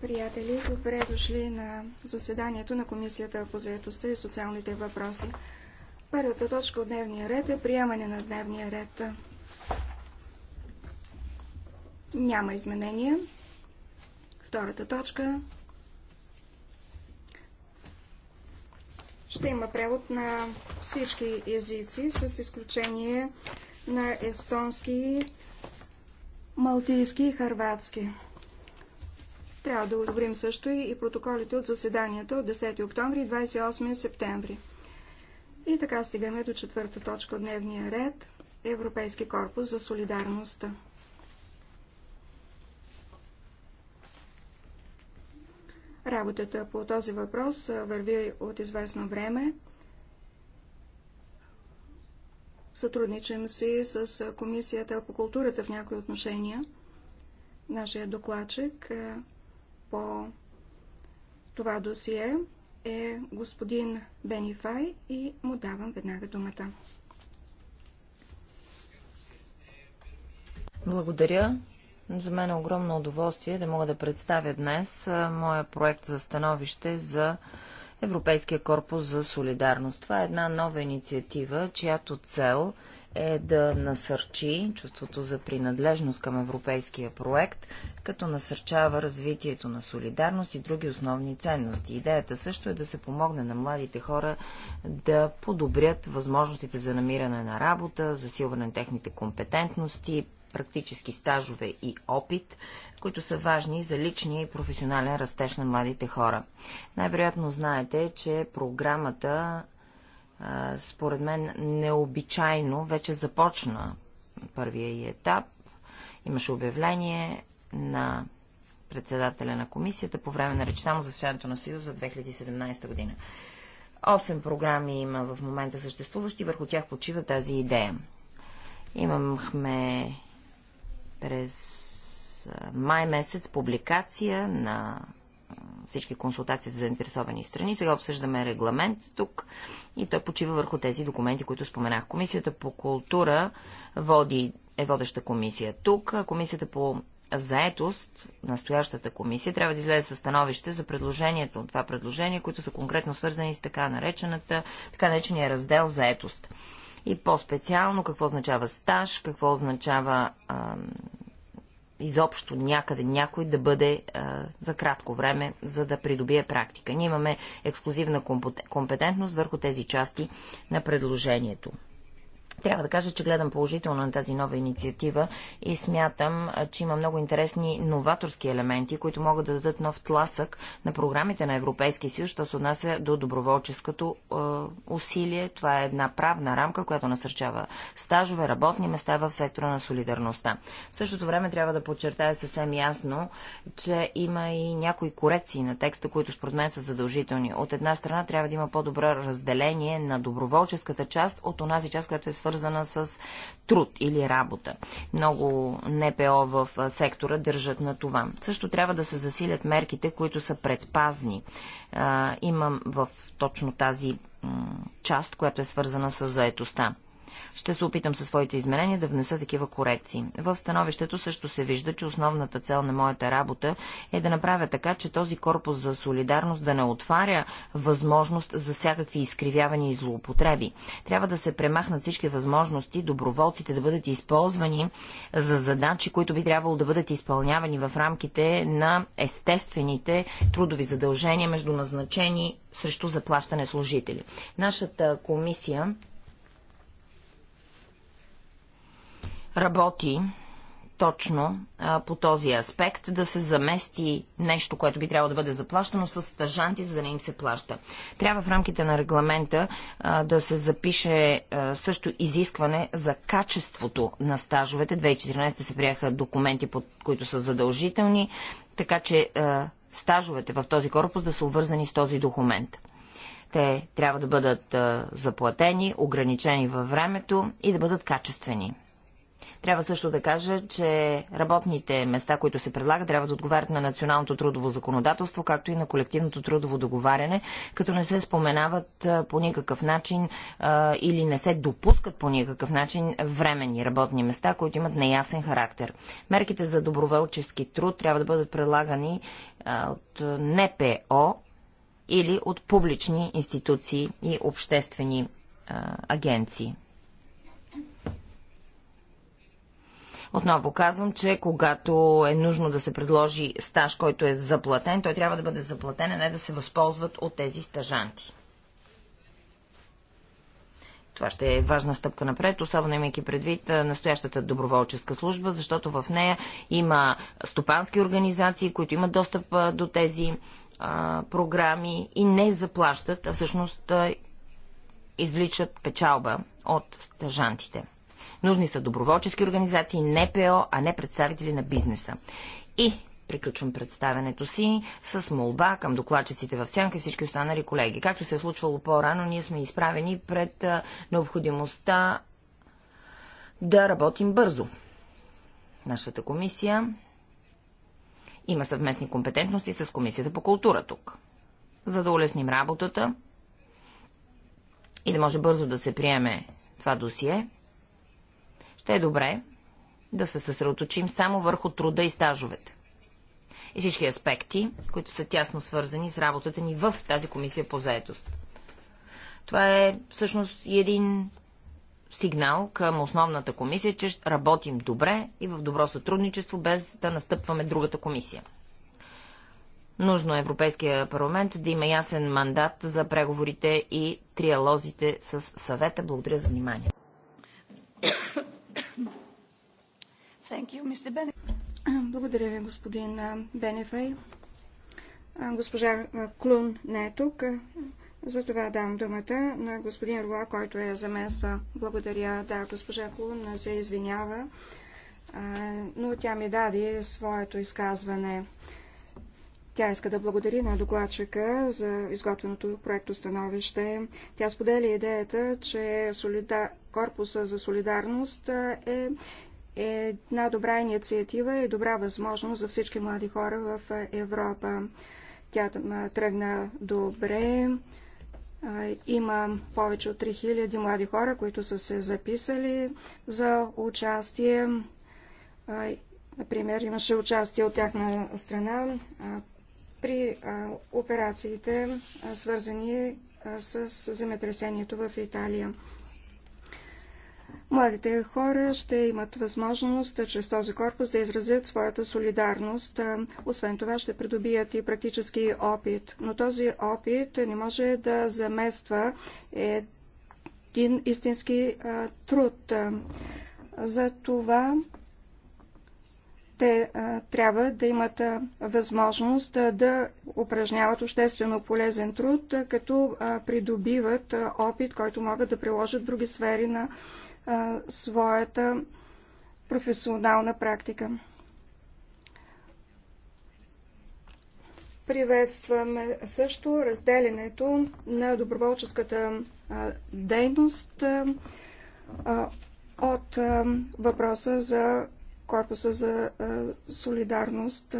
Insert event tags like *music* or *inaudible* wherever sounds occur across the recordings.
Приятели, добре дошли на заседанието на Комисията по заедостта и социалните въпроси. Първата точка от дневния ред е приемане на дневния ред. Няма изменения. Втората точка ще има превод на всички езици, с изключение на естонски, малтийски и харватски. Трябва да одобрим също и протоколите от заседанието от 10 октомври и 28 септември. И така стигаме до четвърта точка от дневния ред – Европейски корпус за солидарността. Работата по този въпрос върви от известно време. Сътрудничам си с Комисията по културата в някои отношения. Нашия докладчик е, по това досие е господин Бенифай и му давам веднага думата. Благодаря. За мен е огромно удоволствие да мога да представя днес е, моя проект за становище за Европейския корпус за солидарност. Това е една нова инициатива, чиято цел е да насърчи чувството за принадлежност към европейския проект, като насърчава развитието на солидарност и други основни ценности. Идеята също е да се помогне на младите хора да подобрят възможностите за намиране на работа, засилване на техните компетентности, практически стажове и опит, които са важни за личния и професионален растеж на младите хора. Най-вероятно знаете, че програмата според мен необичайно вече започна първия и етап. Имаше обявление на председателя на комисията по време на речта му за състоянието на Съюз за 2017 година. Осем програми има в момента съществуващи, върху тях почива тази идея. Имахме през май месец публикация на всички консултации за заинтересовани страни. Сега обсъждаме регламент тук и той почива върху тези документи, които споменах. Комисията по култура води, е водеща комисия тук. Комисията по заетост, настоящата комисия, трябва да излезе със становище за предложението от това предложение, които са конкретно свързани с така наречената, така наречения раздел заетост и по-специално какво означава стаж, какво означава а, изобщо някъде някой да бъде а, за кратко време, за да придобие практика. Ние имаме ексклюзивна компетентност върху тези части на предложението. Трябва да кажа, че гледам положително на тази нова инициатива и смятам, че има много интересни новаторски елементи, които могат да дадат нов тласък на програмите на Европейския съюз, що се отнася до доброволческото е, усилие. Това е една правна рамка, която насърчава стажове, работни места в сектора на солидарността. В същото време трябва да подчертая съвсем ясно, че има и някои корекции на текста, които според мен са задължителни. От една страна трябва да има по-добро разделение на доброволческата част от онази част, която е свързана свързана с труд или работа. Много НПО в сектора държат на това. Също трябва да се засилят мерките, които са предпазни. Имам в точно тази част, която е свързана с заетостта. Ще се опитам със своите изменения да внеса такива корекции. В становището също се вижда, че основната цел на моята работа е да направя така, че този корпус за солидарност да не отваря възможност за всякакви изкривявания и злоупотреби. Трябва да се премахнат всички възможности доброволците да бъдат използвани за задачи, които би трябвало да бъдат изпълнявани в рамките на естествените трудови задължения между назначени срещу заплащане служители. Нашата комисия работи точно а, по този аспект, да се замести нещо, което би трябвало да бъде заплащано с стажанти, за да не им се плаща. Трябва в рамките на регламента а, да се запише а, също изискване за качеството на стажовете. 2014 се приеха документи, под, които са задължителни, така че а, стажовете в този корпус да са обвързани с този документ. Те трябва да бъдат а, заплатени, ограничени във времето и да бъдат качествени. Трябва също да кажа, че работните места, които се предлагат, трябва да отговарят на националното трудово законодателство, както и на колективното трудово договаряне, като не се споменават по никакъв начин или не се допускат по никакъв начин временни работни места, които имат неясен характер. Мерките за доброволчески труд трябва да бъдат предлагани от НПО или от публични институции и обществени агенции. Отново казвам, че когато е нужно да се предложи стаж, който е заплатен, той трябва да бъде заплатен, а не да се възползват от тези стажанти. Това ще е важна стъпка напред, особено имайки предвид настоящата доброволческа служба, защото в нея има стопански организации, които имат достъп до тези а, програми и не заплащат, а всъщност извличат печалба от стажантите. Нужни са доброволчески организации, НПО, а не представители на бизнеса. И приключвам представенето си с молба към докладчиците в сянка и всички останали колеги. Както се е случвало по-рано, ние сме изправени пред необходимостта да работим бързо. Нашата комисия има съвместни компетентности с Комисията по култура тук, за да улесним работата и да може бързо да се приеме това досие. Ще е добре да се съсредоточим само върху труда и стажовете. И всички аспекти, които са тясно свързани с работата ни в тази комисия по заетост. Това е всъщност един сигнал към основната комисия, че работим добре и в добро сътрудничество, без да настъпваме другата комисия. Нужно е Европейския парламент да има ясен мандат за преговорите и триалозите с съвета. Благодаря за внимание. Благодаря ви, господин Бенефей. Госпожа Клун не е тук. Затова дам думата на господин Руа, който я е замества. Благодаря, да, госпожа Клун се извинява, но тя ми даде своето изказване. Тя иска да благодари на докладчика за изготвеното проекто становище. Тя споделя идеята, че солида... корпуса за солидарност е е една добра инициатива и добра възможност за всички млади хора в Европа. Тя тръгна добре. Има повече от 3000 млади хора, които са се записали за участие. Например, имаше участие от тяхна страна при операциите, свързани с земетресението в Италия. Младите хора ще имат възможност чрез този корпус да изразят своята солидарност. Освен това ще придобият и практически опит. Но този опит не може да замества един истински труд. За това те а, трябва да имат а, възможност а, да упражняват обществено полезен труд, а, като а, придобиват а, опит, който могат да приложат в други сфери на а, своята професионална практика. Приветстваме също разделянето на доброволческата а, дейност а, от а, въпроса за корпуса за а, солидарност.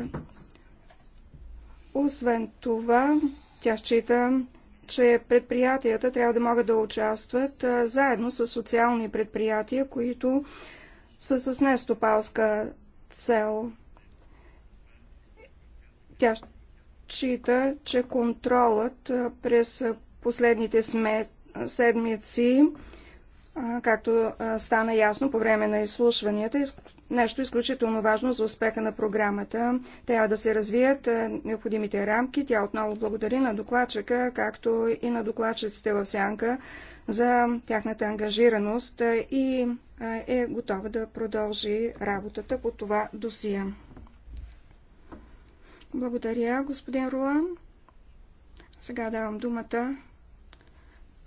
Освен това, тя счита, че предприятията трябва да могат да участват заедно с социални предприятия, които са с нестопалска цел. Тя чита, че контролът през последните седмици, както стана ясно по време на изслушванията, е нещо изключително важно за успеха на програмата. Трябва да се развият е, необходимите рамки. Тя отново благодари на докладчика, както и на докладчиците в Сянка за тяхната ангажираност е, и е, е готова да продължи работата по това досия. Благодаря, господин Рулан. Сега давам думата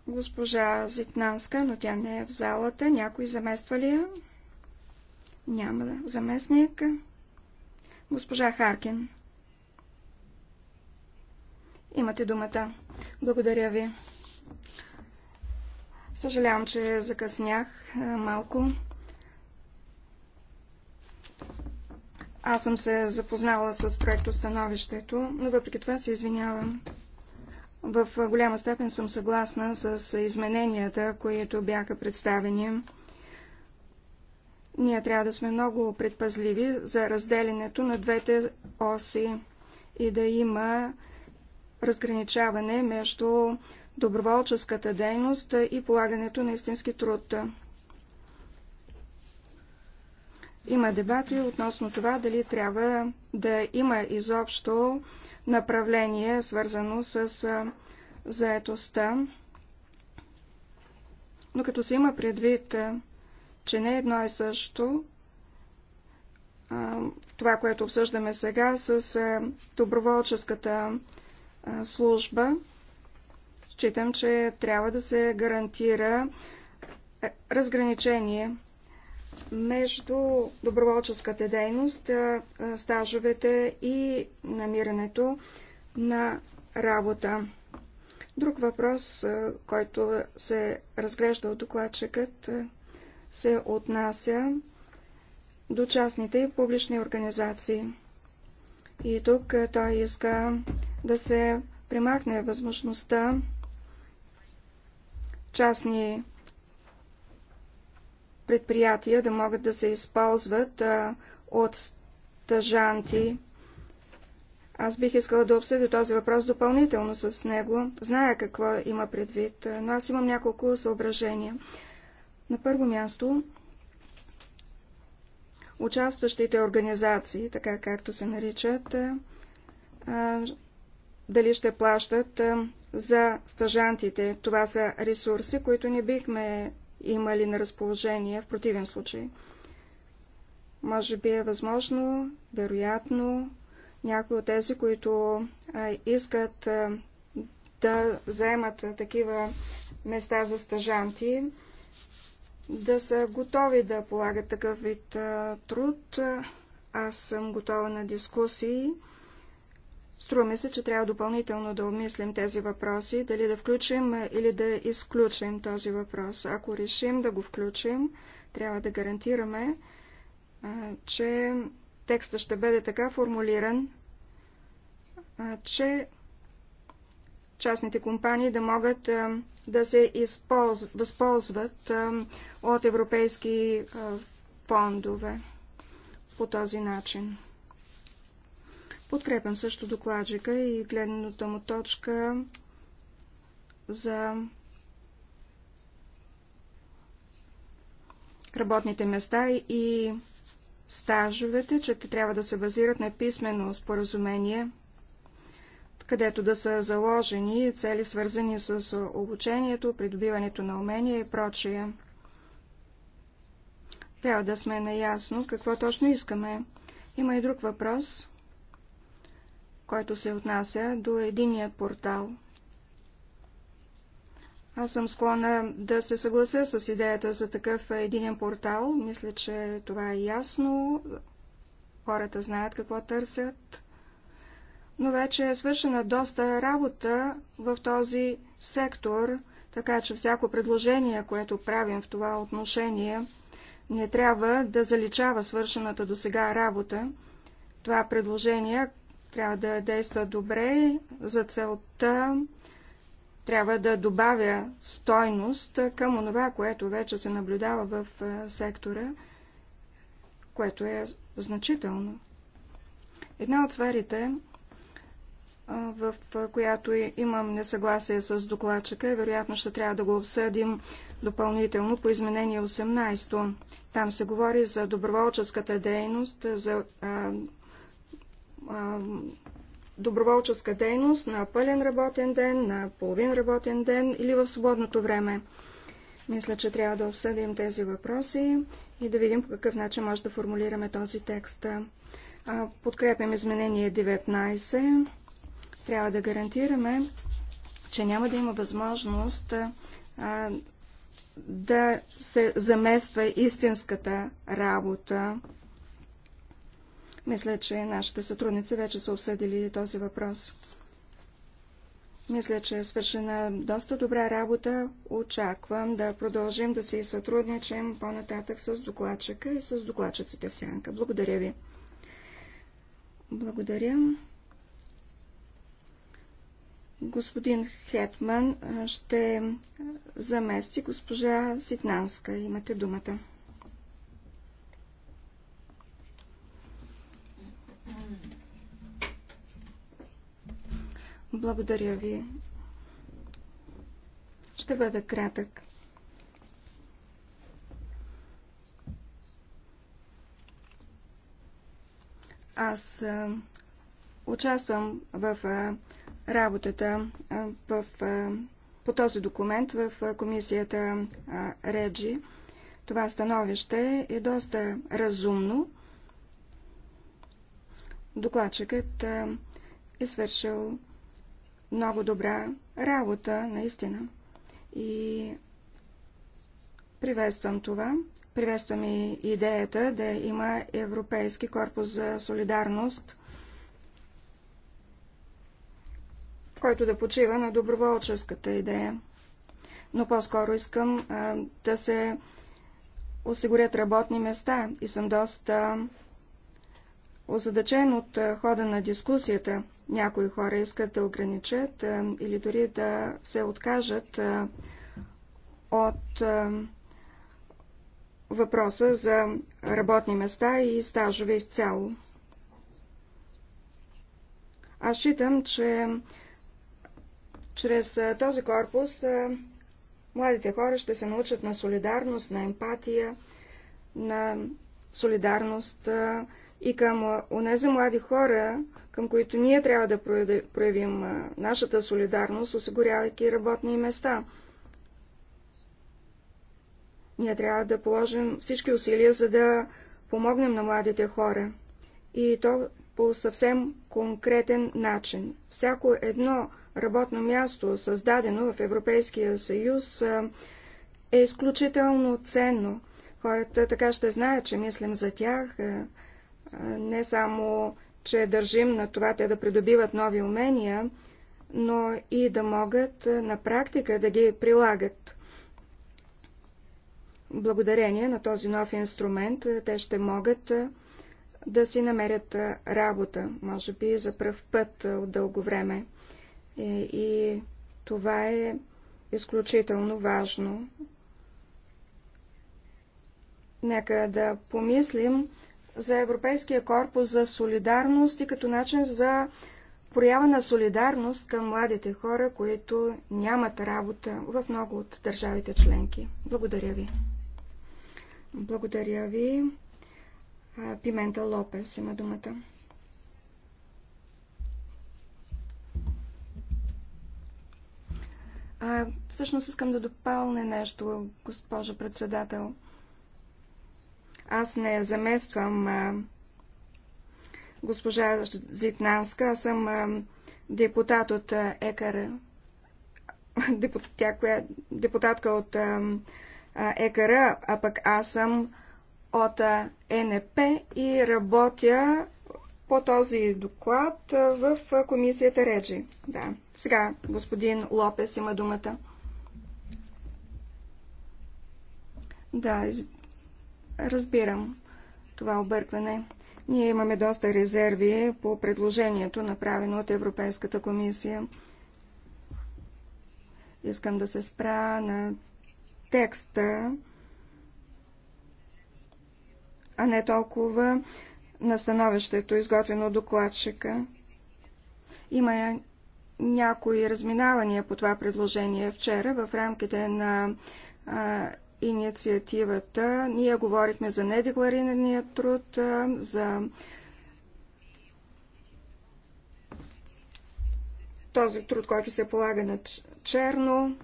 госпожа Зитнанска, но тя не е в залата. Някой замества ли я? Няма да. заместник. Госпожа Харкин. Имате думата. Благодаря ви. Съжалявам, че закъснях малко. Аз съм се запознала с проектостановището, но въпреки това се извинявам. В голяма степен съм съгласна с измененията, които бяха представени. Ние трябва да сме много предпазливи за разделянето на двете оси и да има разграничаване между доброволческата дейност и полагането на истински труд. Има дебати относно това дали трябва да има изобщо направление, свързано с заетостта. Но като се има предвид че не е едно е също това, което обсъждаме сега с доброволческата служба. Читам, че трябва да се гарантира разграничение между доброволческата дейност, стажовете и намирането на работа. Друг въпрос, който се разглежда от докладчикът, се отнася до частните и публични организации. И тук е, той иска да се примахне възможността частни предприятия да могат да се използват е, от стъжанти. Аз бих искала да обсъдя този въпрос допълнително с него. Зная какво има предвид, е, но аз имам няколко съображения. На първо място, участващите организации, така както се наричат, дали ще плащат за стъжантите. Това са ресурси, които не бихме имали на разположение в противен случай. Може би е възможно, вероятно, някои от тези, които искат да заемат такива места за стъжанти, да са готови да полагат такъв вид труд. Аз съм готова на дискусии. Струва ми се, че трябва допълнително да обмислим тези въпроси, дали да включим или да изключим този въпрос. Ако решим да го включим, трябва да гарантираме, че текста ще бъде така формулиран, че частните компании да могат да се използ... възползват от европейски фондове по този начин. Подкрепям също докладчика и гледната му точка за работните места и стажовете, че те трябва да се базират на писмено споразумение, където да са заложени цели, свързани с обучението, придобиването на умения и прочие. Трябва да сме наясно какво точно искаме. Има и друг въпрос, който се отнася до единия портал. Аз съм склонна да се съглася с идеята за такъв единен портал. Мисля, че това е ясно. Хората знаят какво търсят. Но вече е свършена доста работа в този сектор, така че всяко предложение, което правим в това отношение, не трябва да заличава свършената до сега работа. Това предложение трябва да действа добре. За целта трябва да добавя стойност към онова, което вече се наблюдава в сектора, което е значително. Една от сферите, в която имам несъгласие с докладчика, вероятно ще трябва да го обсъдим допълнително по изменение 18. Там се говори за доброволческата дейност, за а, а, доброволческа дейност на пълен работен ден, на половин работен ден или в свободното време. Мисля, че трябва да обсъдим тези въпроси и да видим по какъв начин може да формулираме този текст. Подкрепям изменение 19. Трябва да гарантираме, че няма да има възможност да се замества истинската работа. Мисля, че нашите сътрудници вече са обсъдили този въпрос. Мисля, че е свършена доста добра работа. Очаквам да продължим да си сътрудничим по-нататък с докладчика и с докладчиците в сянка. Благодаря ви. Благодаря. Господин Хетман ще замести госпожа Ситнанска. Имате думата. Благодаря ви. Ще бъда кратък. Аз участвам в работата в, по този документ в комисията Реджи. Това становище е доста разумно. Докладчикът е свършил много добра работа, наистина. И приветствам това. Приветствам и идеята да има Европейски корпус за солидарност – който да почива на доброволческата идея. Но по-скоро искам а, да се осигурят работни места и съм доста озадачен от хода на дискусията. Някои хора искат да ограничат а, или дори да се откажат а, от а, въпроса за работни места и стажове изцяло. Аз считам, че чрез този корпус младите хора ще се научат на солидарност, на емпатия, на солидарност и към онези млади хора, към които ние трябва да проявим нашата солидарност, осигурявайки работни места. Ние трябва да положим всички усилия, за да помогнем на младите хора. И то по съвсем конкретен начин. Всяко едно работно място, създадено в Европейския съюз, е изключително ценно. Хората така ще знаят, че мислим за тях, не само, че държим на това те да придобиват нови умения, но и да могат на практика да ги прилагат. Благодарение на този нов инструмент те ще могат да си намерят работа, може би за пръв път от дълго време. Е, и това е изключително важно. Нека да помислим за Европейския корпус за солидарност и като начин за проява на солидарност към младите хора, които нямат работа в много от държавите членки. Благодаря ви. Благодаря ви. Пимента Лопес има думата. А, всъщност искам да допълня нещо, госпожо председател. Аз не замествам а, госпожа Зитнанска, аз съм а, депутат от а, ЕКР. Депут, тя, коя, депутатка от а, а, ЕКР, а пък аз съм от НП и работя по този доклад в комисията Реджи. Да. Сега господин Лопес има думата. Да, из... разбирам това объркване. Ние имаме доста резерви по предложението, направено от Европейската комисия. Искам да се спра на текста, а не толкова на становището, изготвено от докладчика. Има някои разминавания по това предложение вчера в рамките на а, инициативата. Ние говорихме за недекларирания труд, а, за този труд, който се полага на черно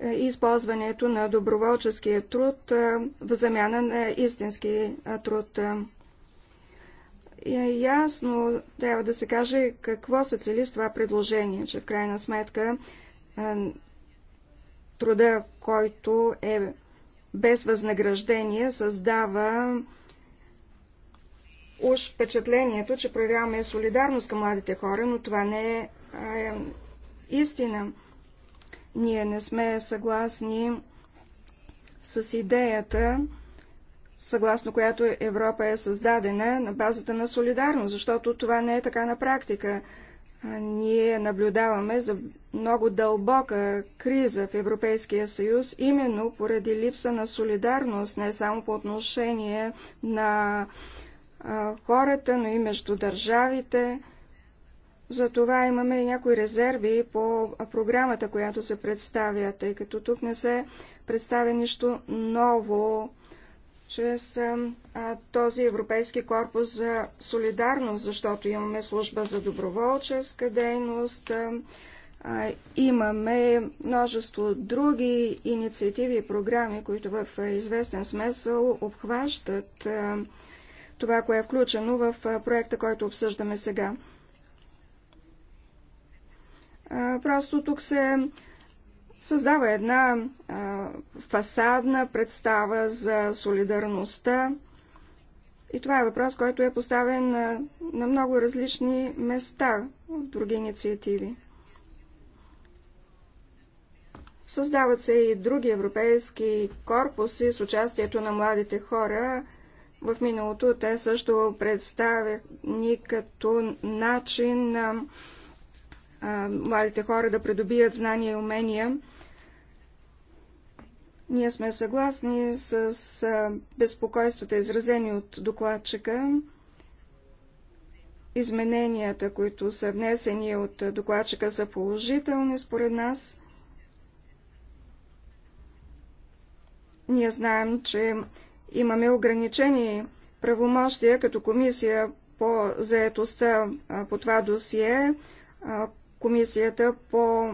е, и използването на доброволческия труд в замяна на истински труд. Е ясно трябва да се каже какво се цели с това предложение, че в крайна сметка е, труда, който е без възнаграждение, създава уж впечатлението, че проявяваме солидарност към младите хора, но това не е, е истина. Ние не сме съгласни с идеята, съгласно която Европа е създадена на базата на солидарност, защото това не е така на практика. Ние наблюдаваме за много дълбока криза в Европейския съюз, именно поради липса на солидарност, не само по отношение на хората, но и между държавите. Затова имаме някои резерви по програмата, която се представя, тъй като тук не се представя нищо ново чрез този Европейски корпус за солидарност, защото имаме служба за доброволческа дейност, имаме множество други инициативи и програми, които в известен смисъл обхващат това, кое е включено в проекта, който обсъждаме сега. Просто тук се създава една а, фасадна представа за солидарността. И това е въпрос, който е поставен на, на много различни места от други инициативи. Създават се и други европейски корпуси с участието на младите хора. В миналото те също представят ни като начин на младите хора да придобият знания и умения. Ние сме съгласни с безпокойствата, изразени от докладчика. Измененията, които са внесени от докладчика, са положителни според нас. Ние знаем, че имаме ограничени правомощия като комисия по заетостта по това досие. Комисията по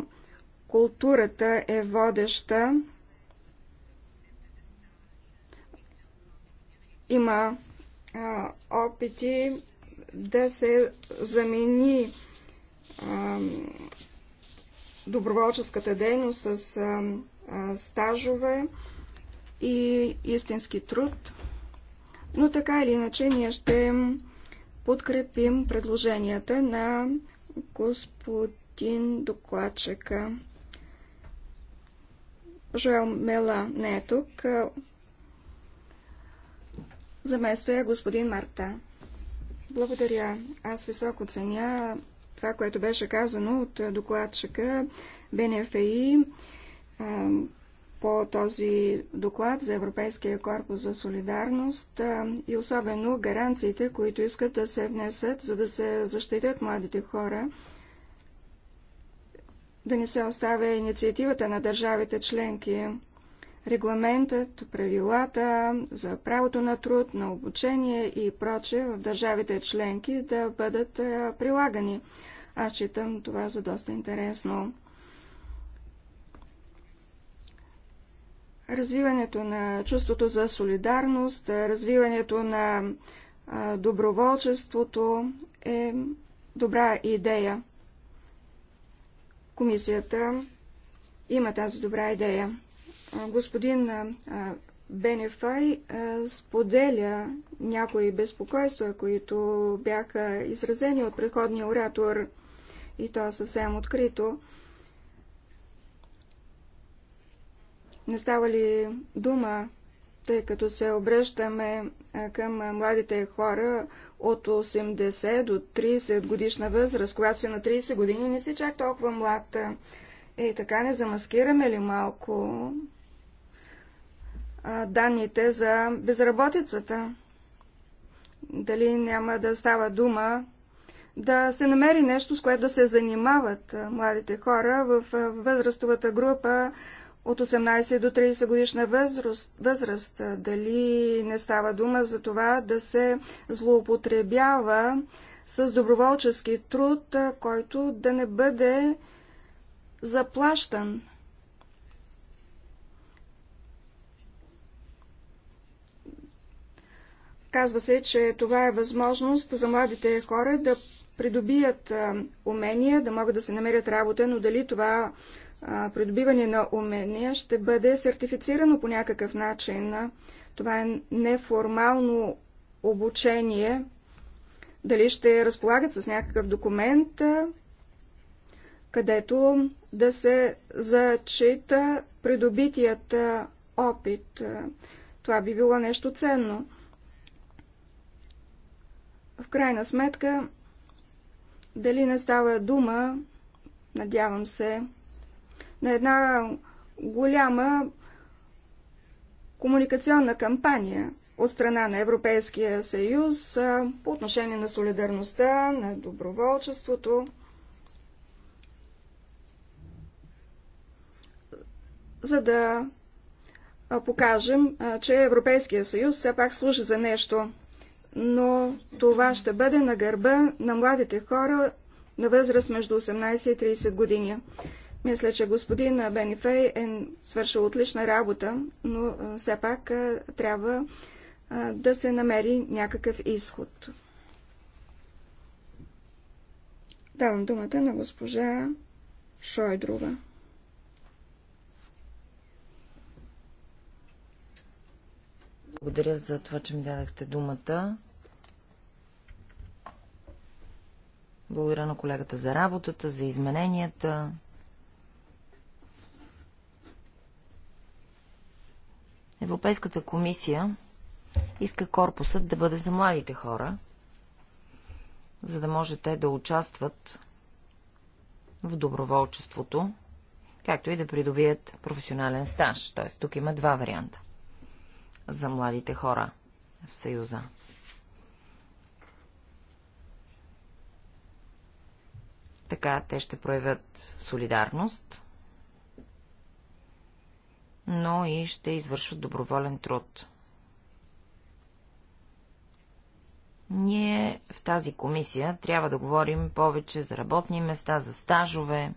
културата е водеща Има а, опити да се замени а, доброволческата дейност с а, а, стажове и истински труд. Но така или иначе ние ще подкрепим предложенията на господин докладчика. Жоел Мела не е тук. Замества господин Марта. Благодаря. Аз високо ценя това, което беше казано от докладчика БНФИ по този доклад за Европейския корпус за солидарност и особено гаранциите, които искат да се внесат, за да се защитят младите хора, да не се оставя инициативата на държавите членки регламентът, правилата за правото на труд, на обучение и прочее в държавите членки да бъдат прилагани. Аз читам това за доста интересно. Развиването на чувството за солидарност, развиването на доброволчеството е добра идея. Комисията има тази добра идея господин Бенефай споделя някои безпокойства, които бяха изразени от предходния оратор и то е съвсем открито. Не става ли дума, тъй като се обръщаме към младите хора от 80 до 30 годишна възраст, когато си на 30 години, не си чак толкова млад. Ей, така не замаскираме ли малко данните за безработицата. Дали няма да става дума да се намери нещо, с което да се занимават младите хора в възрастовата група от 18 до 30 годишна възраст, възраст. Дали не става дума за това да се злоупотребява с доброволчески труд, който да не бъде заплащан. Казва се, че това е възможност за младите хора да придобият умения, да могат да се намерят работа, но дали това придобиване на умения ще бъде сертифицирано по някакъв начин. Това е неформално обучение. Дали ще разполагат с някакъв документ, където да се зачита придобитият опит. Това би било нещо ценно. В крайна сметка, дали не става дума, надявам се, на една голяма комуникационна кампания от страна на Европейския съюз по отношение на солидарността, на доброволчеството. за да покажем, че Европейския съюз все пак служи за нещо но това ще бъде на гърба на младите хора на възраст между 18 и 30 години. Мисля, че господин Бенифей е свършил отлична работа, но все пак трябва да се намери някакъв изход. Давам думата на госпожа Шойдрова. Благодаря за това, че ми дадахте думата. Благодаря на колегата за работата, за измененията. Европейската комисия иска корпусът да бъде за младите хора, за да може те да участват в доброволчеството, както и да придобият професионален стаж. Т.е. тук има два варианта за младите хора в Съюза. Така те ще проявят солидарност, но и ще извършват доброволен труд. Ние в тази комисия трябва да говорим повече за работни места, за стажове,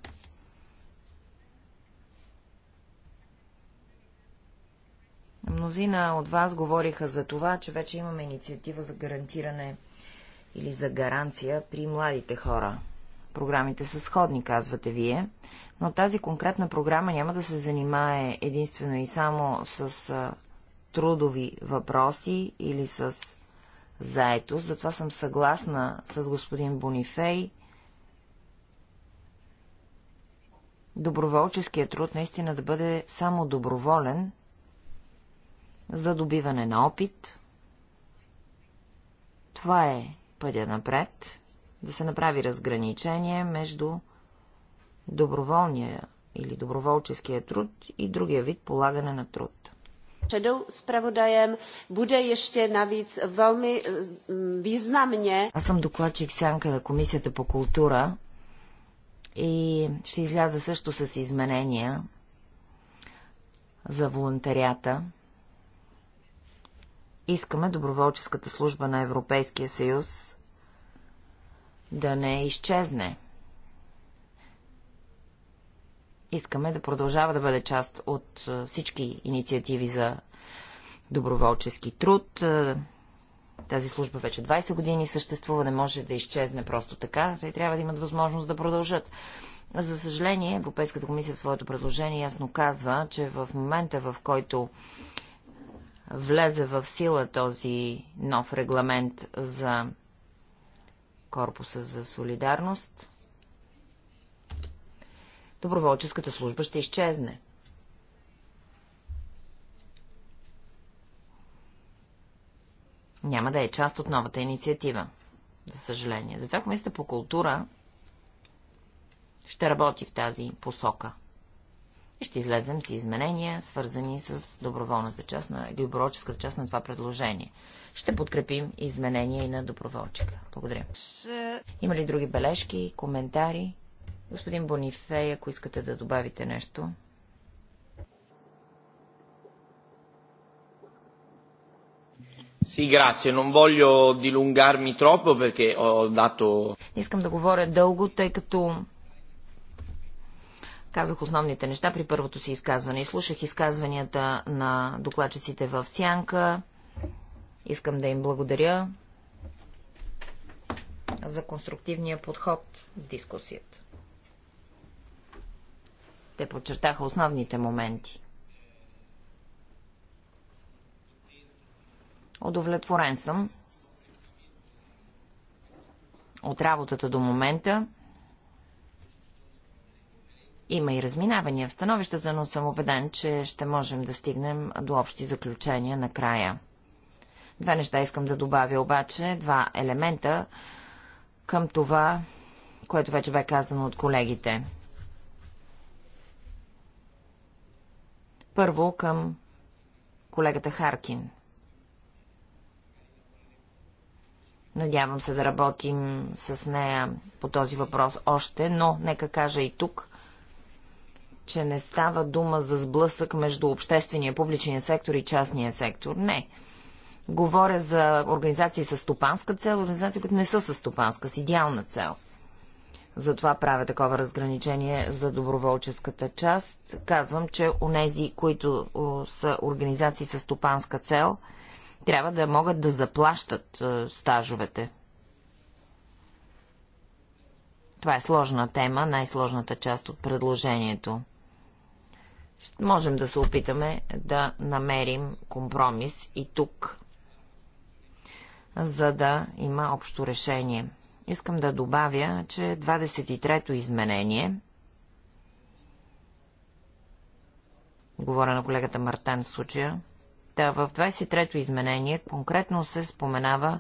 Мнозина от вас говориха за това, че вече имаме инициатива за гарантиране или за гаранция при младите хора. Програмите са сходни, казвате вие, но тази конкретна програма няма да се занимае единствено и само с трудови въпроси или с заетост. Затова съм съгласна с господин Бонифей. Доброволческият труд наистина да бъде само доброволен за добиване на опит. Това е пътя напред, да се направи разграничение между доброволния или доброволческия труд и другия вид полагане на труд. Шедоу буде významně. Аз съм докладчик сянка на Комисията по култура и ще изляза също с изменения за волонтарията. Искаме доброволческата служба на Европейския съюз да не изчезне. Искаме да продължава да бъде част от всички инициативи за доброволчески труд. Тази служба вече 20 години съществува, не може да изчезне просто така. Те трябва да имат възможност да продължат. За съжаление, Европейската комисия в своето предложение ясно казва, че в момента, в който влезе в сила този нов регламент за Корпуса за солидарност, доброволческата служба ще изчезне. Няма да е част от новата инициатива, за съжаление. Затова Комисията по култура ще работи в тази посока – ще излезем с изменения, свързани с доброволната част на, доброволческата част на това предложение. Ще подкрепим изменения и на доброволчика. Благодаря. Има ли други бележки, коментари? Господин Бонифей, ако искате да добавите нещо. Sì, grazie. Non voglio dilungarmi troppo perché ho dato... Искам да говоря дълго, тъй като Казах основните неща при първото си изказване. И слушах изказванията на докладчиците в Сянка. Искам да им благодаря за конструктивния подход в дискусията. Те подчертаха основните моменти. Удовлетворен съм от работата до момента. Има и разминавания в становищата, но съм убеден, че ще можем да стигнем до общи заключения накрая. Две неща искам да добавя обаче, два елемента към това, което вече бе казано от колегите. Първо към колегата Харкин. Надявам се да работим с нея по този въпрос още, но нека кажа и тук, че не става дума за сблъсък между обществения, публичния сектор и частния сектор. Не. Говоря за организации с стопанска цел, организации, които не са с стопанска, с идеална цел. Затова правя такова разграничение за доброволческата част. Казвам, че у нези, които са организации с стопанска цел, трябва да могат да заплащат стажовете. Това е сложна тема, най-сложната част от предложението можем да се опитаме да намерим компромис и тук, за да има общо решение. Искам да добавя, че 23-то изменение, говоря на колегата Мартан в случая, да, в 23-то изменение конкретно се споменава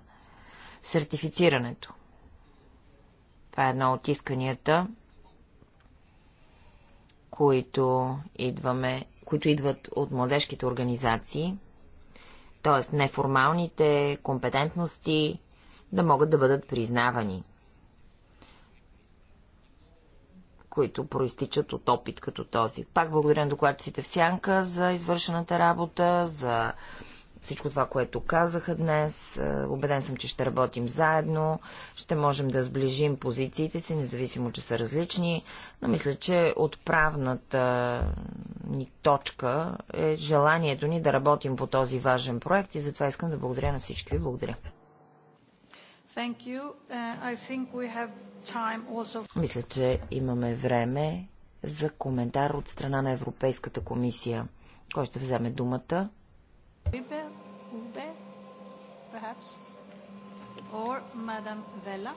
сертифицирането. Това е едно от исканията, които, идваме, които идват от младежките организации, т.е. неформалните компетентности да могат да бъдат признавани, които проистичат от опит като този. Пак благодаря на докладците в Сянка за извършената работа, за всичко това, което казаха днес. Обеден е, съм, че ще работим заедно, ще можем да сближим позициите си, независимо, че са различни, но мисля, че отправната е, ни точка е желанието ни да работим по този важен проект и затова искам да благодаря на всички ви. Благодаря. Uh, also... Мисля, че имаме време за коментар от страна на Европейската комисия. Кой ще вземе думата? perhaps, or Madam Vella.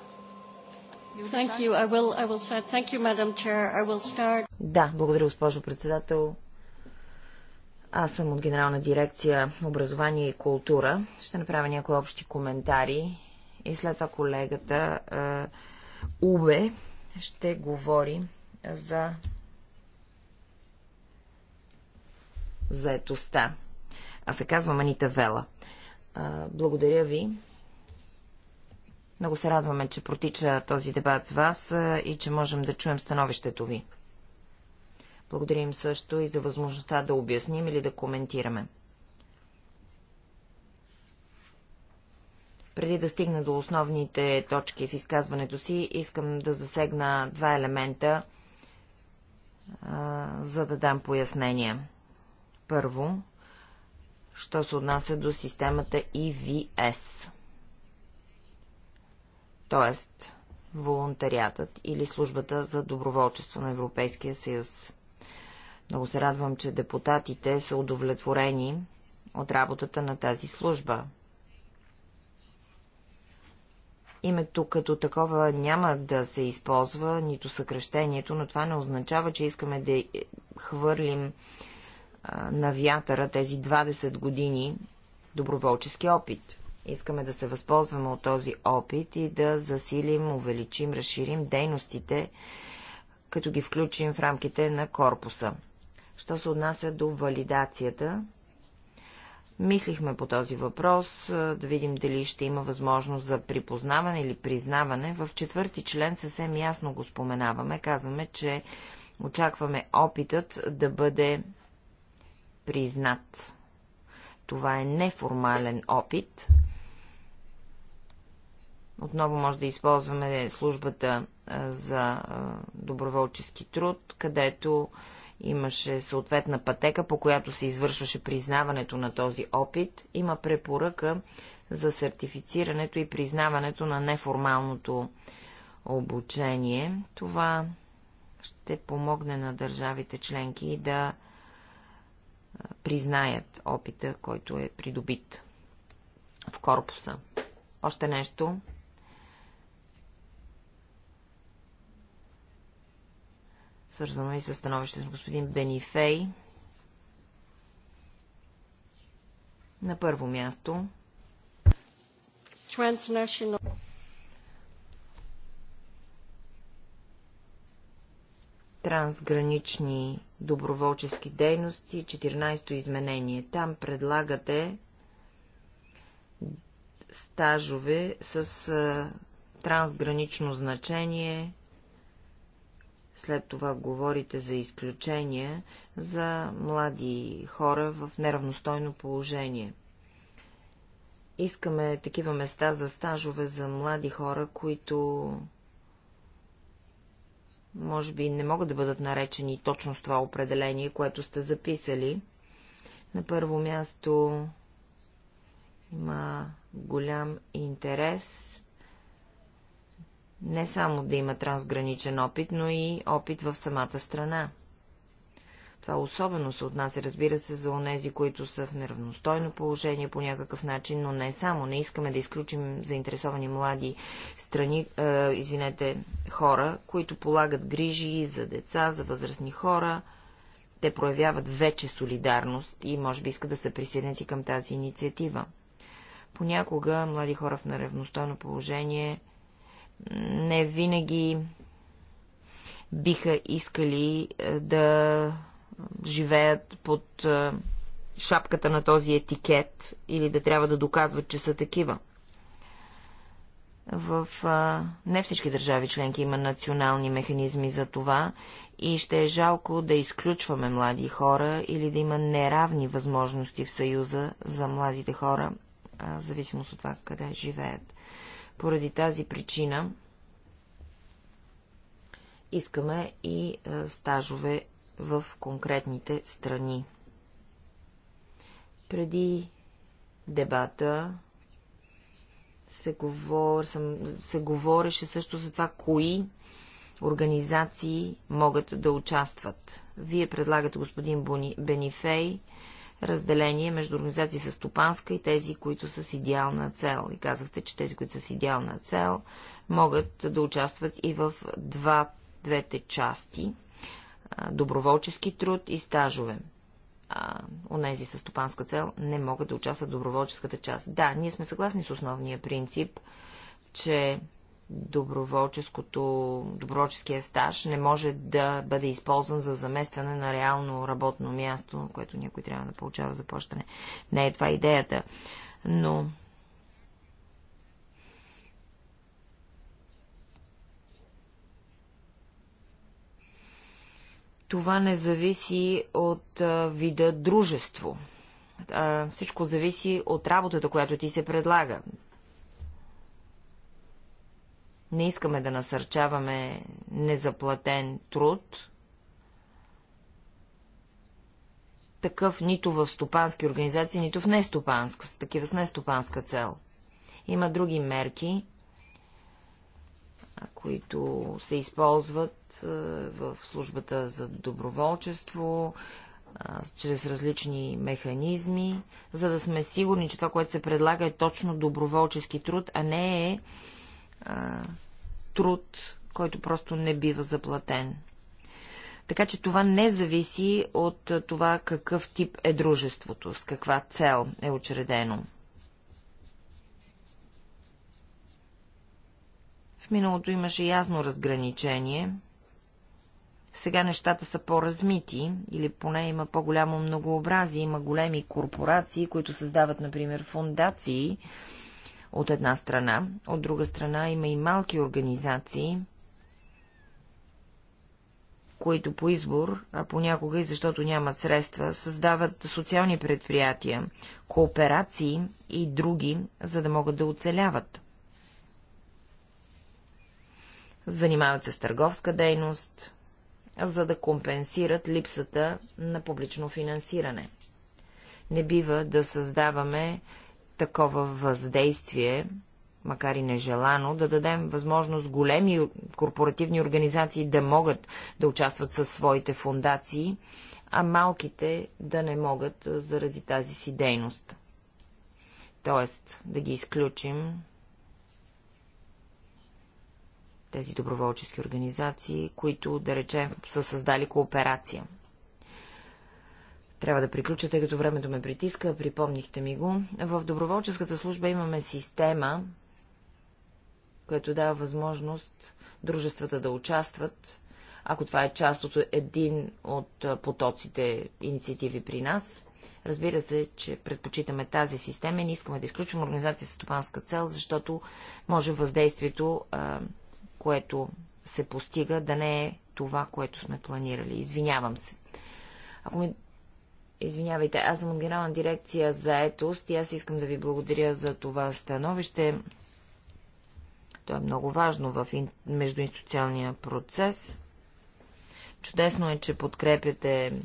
Thank you. I will, I will start. Thank you, Madam Chair. I will start. Да, благодаря, госпожо председател. Аз съм от Генерална дирекция Образование и култура. Ще направя някои общи коментари и след това колегата Убе ще говори за заетостта а се казва Манита Вела. Благодаря ви. Много се радваме, че протича този дебат с вас и че можем да чуем становището ви. Благодарим също и за възможността да обясним или да коментираме. Преди да стигна до основните точки в изказването си, искам да засегна два елемента, а, за да дам пояснения. Първо, що се отнася до системата EVS. Тоест, волонтариатът или службата за доброволчество на Европейския съюз. Много се радвам, че депутатите са удовлетворени от работата на тази служба. Името като такова няма да се използва, нито съкръщението, но това не означава, че искаме да хвърлим на вятъра тези 20 години доброволчески опит. Искаме да се възползваме от този опит и да засилим, увеличим, разширим дейностите, като ги включим в рамките на корпуса. Що се отнася до валидацията, мислихме по този въпрос, да видим дали ще има възможност за припознаване или признаване. В четвърти член съвсем ясно го споменаваме. Казваме, че очакваме опитът да бъде признат. Това е неформален опит. Отново може да използваме службата за доброволчески труд, където имаше съответна пътека, по която се извършваше признаването на този опит. Има препоръка за сертифицирането и признаването на неформалното обучение. Това ще помогне на държавите членки да признаят опита, който е придобит в корпуса. Още нещо. Свързано и с становището на господин Бенифей. На първо място. Transnational. Трансгранични доброволчески дейности, 14-то изменение. Там предлагате стажове с а, трансгранично значение. След това говорите за изключения за млади хора в неравностойно положение. Искаме такива места за стажове за млади хора, които може би не могат да бъдат наречени точно с това определение, което сте записали. На първо място има голям интерес не само да има трансграничен опит, но и опит в самата страна. Това особено се отнася, разбира се, за онези, които са в неравностойно положение по някакъв начин, но не само. Не искаме да изключим заинтересовани млади страни, е, извинете, хора, които полагат грижи за деца, за възрастни хора. Те проявяват вече солидарност и може би искат да се присъединят и към тази инициатива. Понякога млади хора в неравностойно положение не винаги биха искали да живеят под е, шапката на този етикет или да трябва да доказват, че са такива. В а, е, не всички държави членки има национални механизми за това и ще е жалко да изключваме млади хора или да има неравни възможности в Съюза за младите хора, а, е, в зависимост от това къде живеят. Поради тази причина искаме и а, стажове в конкретните страни. Преди дебата се, говор, се говореше също за това, кои организации могат да участват. Вие предлагате, господин Бенифей, разделение между организации с стопанска и тези, които са с идеална цел. И казахте, че тези, които са с идеална цел, могат да участват и в два, двете части доброволчески труд и стажове. А, онези с стопанска цел не могат да участват в доброволческата част. Да, ние сме съгласни с основния принцип, че доброволческото, доброволческия стаж не може да бъде използван за заместване на реално работно място, което някой трябва да получава заплащане. Не е това идеята. Но Това не зависи от а, вида дружество. А, всичко зависи от работата, която ти се предлага. Не искаме да насърчаваме незаплатен труд. Такъв нито в стопански организации, нито в нестопанска, с такива с нестопанска цел. Има други мерки, които се използват в службата за доброволчество, чрез различни механизми, за да сме сигурни, че това, което се предлага е точно доброволчески труд, а не е а, труд, който просто не бива заплатен. Така че това не зависи от това какъв тип е дружеството, с каква цел е учредено. В миналото имаше ясно разграничение. Сега нещата са по-размити, или поне има по-голямо многообразие, има големи корпорации, които създават, например, фундации от една страна, от друга страна има и малки организации, които по избор, а понякога и защото няма средства, създават социални предприятия, кооперации и други, за да могат да оцеляват занимават се с търговска дейност, за да компенсират липсата на публично финансиране. Не бива да създаваме такова въздействие, макар и нежелано, да дадем възможност големи корпоративни организации да могат да участват със своите фундации, а малките да не могат заради тази си дейност. Тоест да ги изключим тези доброволчески организации, които, да речем, са създали кооперация. Трябва да приключа, тъй като времето ме притиска, припомнихте ми го. В доброволческата служба имаме система, която дава възможност дружествата да участват, ако това е част от един от потоците инициативи при нас. Разбира се, че предпочитаме тази система и не искаме да изключим организация с стопанска цел, защото може въздействието а, което се постига, да не е това, което сме планирали. Извинявам се. Ако ми... Извинявайте, аз съм от генерална дирекция за етост и аз искам да ви благодаря за това становище. То е много важно в междуинституционния процес. Чудесно е, че подкрепяте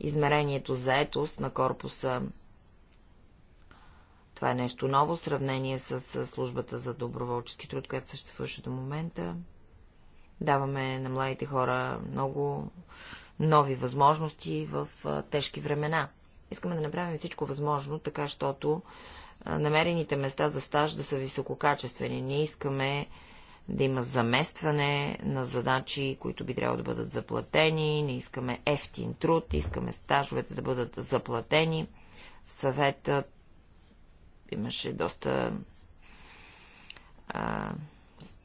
измерението за етост на корпуса това е нещо ново в сравнение с службата за доброволчески труд, която съществуваше до момента. Даваме на младите хора много нови възможности в тежки времена. Искаме да направим всичко възможно, така, щото намерените места за стаж да са висококачествени. Ние искаме да има заместване на задачи, които би трябвало да бъдат заплатени, не искаме ефтин труд, искаме стажовете да бъдат заплатени. В съветът Имаше доста а,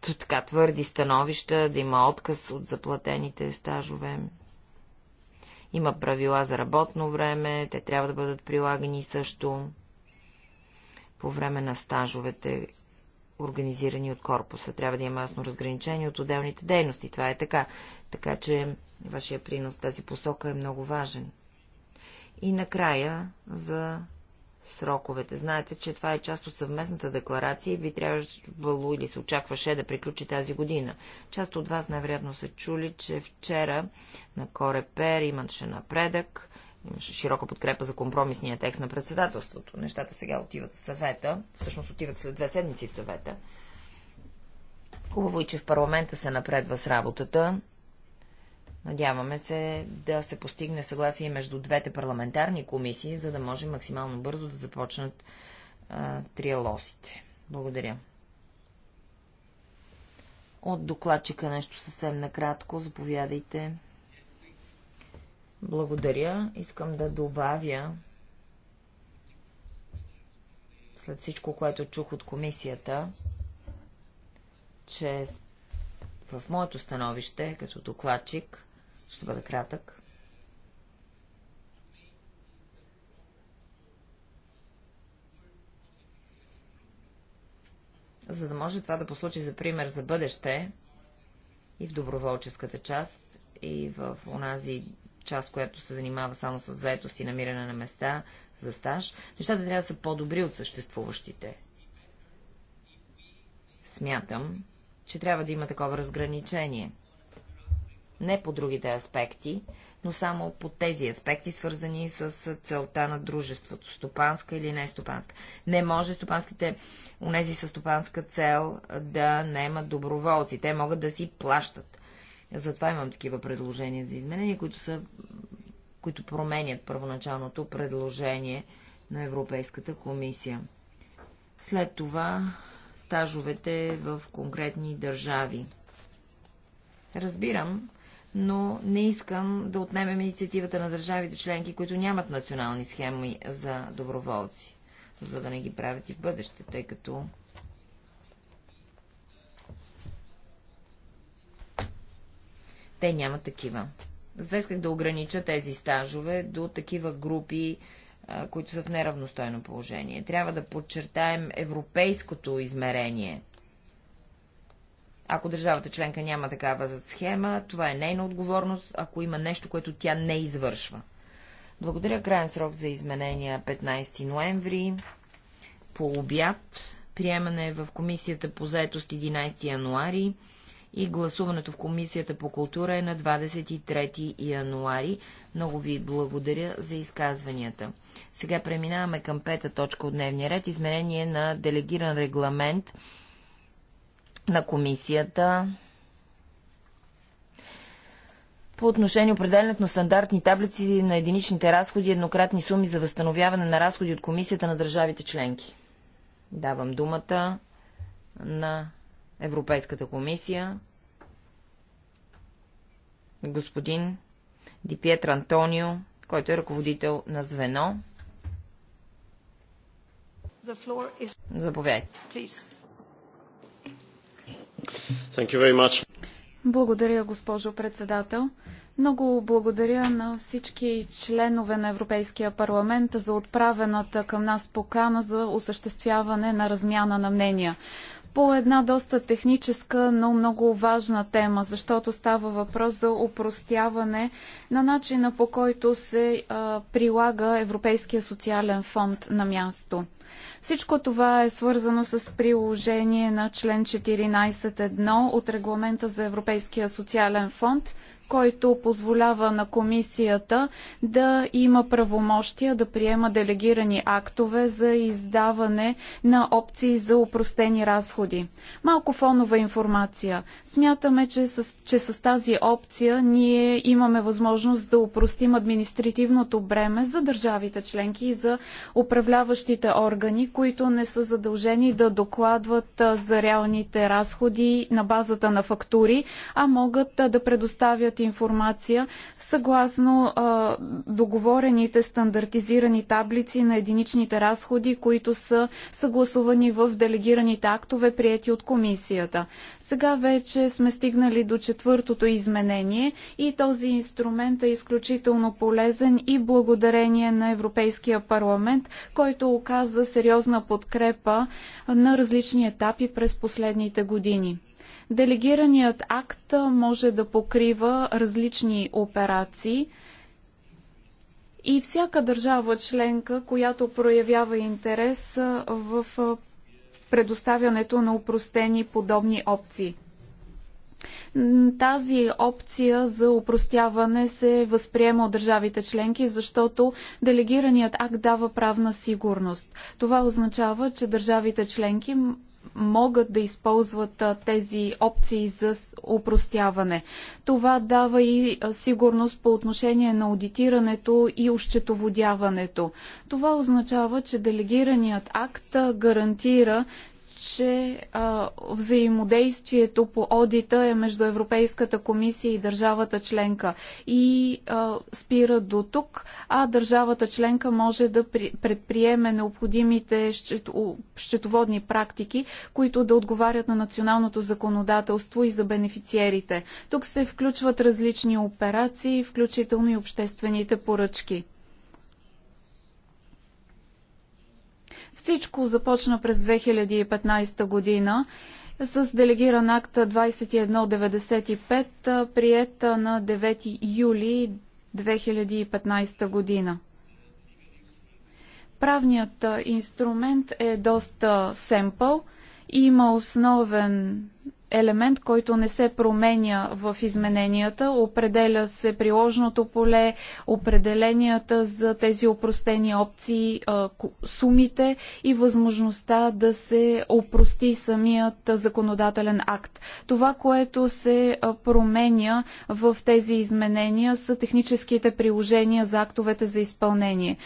така твърди становища, да има отказ от заплатените стажове. Има правила за работно време, те трябва да бъдат прилагани също по време на стажовете, организирани от корпуса. Трябва да има ясно разграничение от отделните дейности. Това е така. Така че вашия принос в тази посока е много важен. И накрая за сроковете. Знаете, че това е част от съвместната декларация и би трябвало или се очакваше да приключи тази година. Част от вас най-вероятно са чули, че вчера на Корепер имаше напредък, имаше широка подкрепа за компромисния текст на председателството. Нещата сега отиват в съвета, всъщност отиват след две седмици в съвета. Хубаво е, че в парламента се напредва с работата. Надяваме се да се постигне съгласие между двете парламентарни комисии, за да може максимално бързо да започнат а, триалосите. Благодаря. От докладчика нещо съвсем накратко. Заповядайте. Благодаря. Искам да добавя след всичко, което чух от комисията, че в моето становище, като докладчик, ще бъда кратък. За да може това да послучи за пример за бъдеще и в доброволческата част, и в онази част, която се занимава само с заетост и намиране на места за стаж, нещата трябва да са по-добри от съществуващите. Смятам, че трябва да има такова разграничение не по другите аспекти, но само по тези аспекти, свързани с целта на дружеството, стопанска или не стопанска. Не може стопанските, унези с стопанска цел да имат доброволци. Те могат да си плащат. Затова имам такива предложения за изменения, които, са, които променят първоначалното предложение на Европейската комисия. След това стажовете в конкретни държави. Разбирам, но не искам да отнемем инициативата на държавите членки, които нямат национални схеми за доброволци, за да не ги правят и в бъдеще, тъй като те нямат такива. Звесках да огранича тези стажове до такива групи, които са в неравностойно положение. Трябва да подчертаем европейското измерение ако държавата членка няма такава схема, това е нейна отговорност, ако има нещо, което тя не извършва. Благодаря. Крайен срок за изменения 15 е ноември. По обяд. Приемане е в комисията по заетост 11 януари и гласуването в Комисията по култура е на 23 януари. Много ви благодаря за изказванията. Сега преминаваме към пета точка от дневния ред. Изменение на делегиран регламент на комисията по отношение определенето на стандартни таблици на единичните разходи и еднократни суми за възстановяване на разходи от комисията на държавите членки. Давам думата на Европейската комисия. Господин Дипиетр Антонио, който е ръководител на звено. Заповядайте. Please. Благодаря, госпожо председател. Много благодаря на всички членове на Европейския парламент за отправената към нас покана за осъществяване на размяна на мнения по една доста техническа, но много важна тема, защото става въпрос за упростяване на начина по който се а, прилага Европейския социален фонд на място. Всичко това е свързано с приложение на член 14.1 от регламента за Европейския социален фонд, който позволява на комисията да има правомощия да приема делегирани актове за издаване на опции за упростени разходи. Малко фонова информация. Смятаме, че с, че с тази опция ние имаме възможност да упростим административното бреме за държавите членки и за управляващите органи, които не са задължени да докладват за реалните разходи на базата на фактури, а могат да предоставят информация съгласно а, договорените стандартизирани таблици на единичните разходи, които са съгласувани в делегираните актове, прияти от комисията. Сега вече сме стигнали до четвъртото изменение и този инструмент е изключително полезен и благодарение на Европейския парламент, който оказа сериозна подкрепа на различни етапи през последните години. Делегираният акт може да покрива различни операции и всяка държава членка, която проявява интерес в предоставянето на упростени подобни опции. Тази опция за упростяване се възприема от държавите членки, защото делегираният акт дава правна сигурност. Това означава, че държавите членки могат да използват тези опции за упростяване. Това дава и сигурност по отношение на аудитирането и ощетоводяването. Това означава, че делегираният акт гарантира, че а, взаимодействието по одита е между Европейската комисия и държавата членка и а, спира до тук, а държавата членка може да при, предприеме необходимите щетоводни счетоводни практики, които да отговарят на националното законодателство и за бенефициерите. Тук се включват различни операции, включително и обществените поръчки. Всичко започна през 2015 година с делегиран акт 2195, прият на 9 юли 2015 година. Правният инструмент е доста семпъл. Има основен елемент, който не се променя в измененията. Определя се приложното поле, определенията за тези опростени опции, сумите и възможността да се опрости самият законодателен акт. Това, което се променя в тези изменения са техническите приложения за актовете за изпълнение.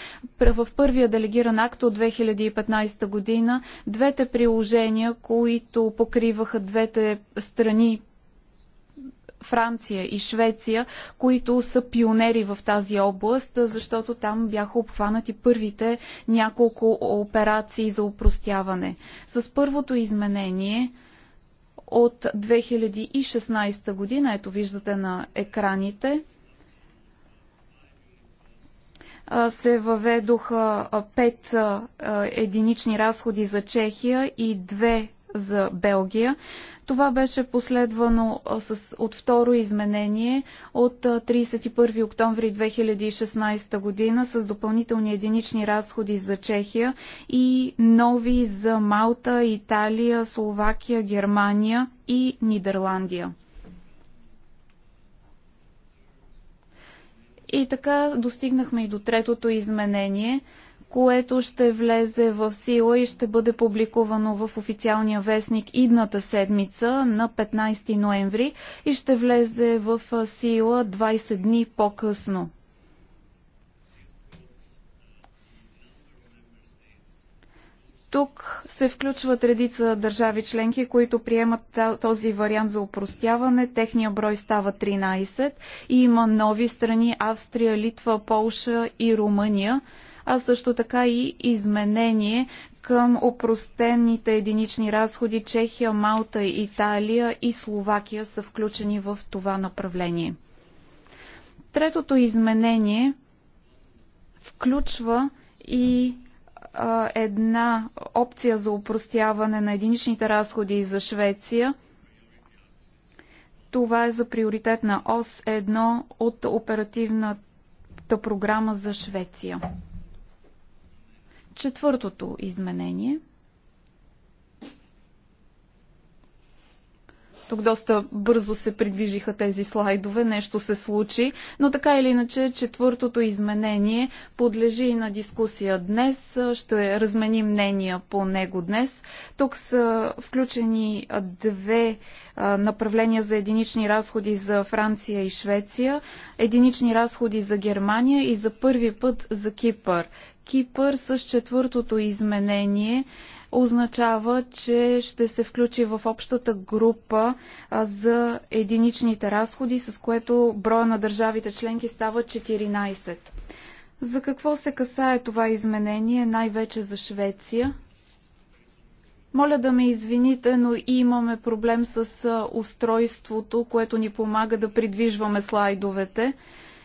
В първия делегиран акт от 2015 година двете приложения, които покриваха двете страни Франция и Швеция, които са пионери в тази област, защото там бяха обхванати първите няколко операции за упростяване. С първото изменение от 2016 година, ето виждате на екраните, се въведоха пет единични разходи за Чехия и две за Белгия. Това беше последвано с, от второ изменение от 31 октомври 2016 година с допълнителни единични разходи за Чехия и нови за Малта, Италия, Словакия, Германия и Нидерландия. И така достигнахме и до третото изменение – което ще влезе в сила и ще бъде публикувано в официалния вестник идната седмица на 15 ноември и ще влезе в сила 20 дни по-късно. Тук се включват редица държави членки, които приемат този вариант за упростяване. Техния брой става 13 и има нови страни Австрия, Литва, Полша и Румъния – а също така и изменение към опростените единични разходи Чехия, Малта, Италия и Словакия са включени в това направление. Третото изменение включва и а, една опция за опростяване на единичните разходи за Швеция. Това е за приоритет на ОС 1 от оперативната програма за Швеция. Четвъртото изменение. Тук доста бързо се придвижиха тези слайдове, нещо се случи, но така или иначе четвъртото изменение подлежи на дискусия днес. Ще размени мнения по него днес. Тук са включени две направления за единични разходи за Франция и Швеция, единични разходи за Германия и за първи път за Кипър. Кипър с четвъртото изменение означава, че ще се включи в общата група за единичните разходи, с което броя на държавите членки става 14. За какво се касае това изменение, най-вече за Швеция? Моля да ме извините, но имаме проблем с устройството, което ни помага да придвижваме слайдовете.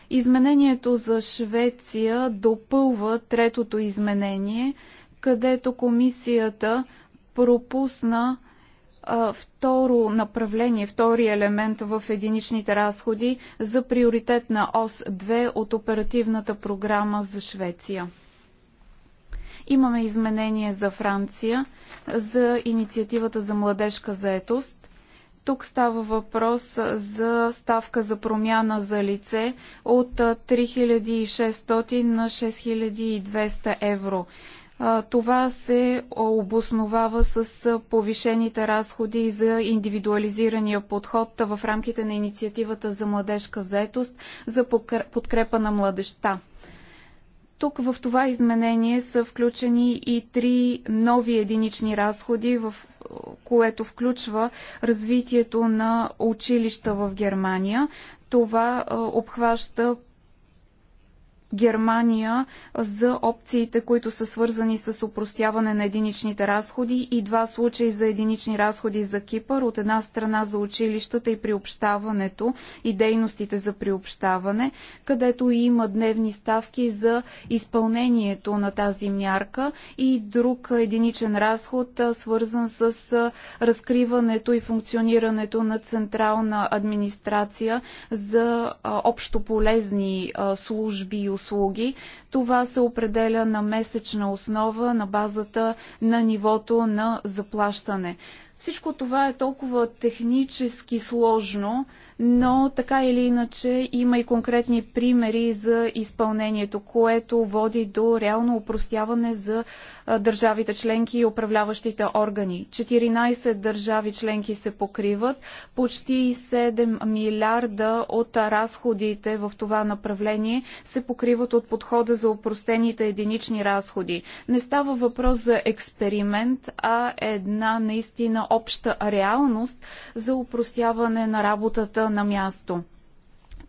Изменението за Швеция допълва третото изменение, където комисията пропусна а, второ направление, втори елемент в единичните разходи за приоритет на ОС 2 от оперативната програма за Швеция. Имаме изменение за Франция за инициативата за младежка заетост. Тук става въпрос за ставка за промяна за лице от 3600 на 6200 евро. Това се обосновава с повишените разходи за индивидуализирания подход в рамките на инициативата за младежка заетост за подкрепа на младеща. Тук в това изменение са включени и три нови единични разходи, в което включва развитието на училища в Германия. Това обхваща Германия за опциите, които са свързани с упростяване на единичните разходи и два случаи за единични разходи за Кипър. От една страна за училищата и приобщаването и дейностите за приобщаване, където има дневни ставки за изпълнението на тази мярка и друг единичен разход, свързан с разкриването и функционирането на централна администрация за общо полезни служби и услуги услуги. Това се определя на месечна основа на базата на нивото на заплащане. Всичко това е толкова технически сложно, но така или иначе има и конкретни примери за изпълнението, което води до реално упростяване за държавите членки и управляващите органи. 14 държави членки се покриват, почти 7 милиарда от разходите в това направление се покриват от подхода за упростените единични разходи. Не става въпрос за експеримент, а една наистина обща реалност за упростяване на работата на място.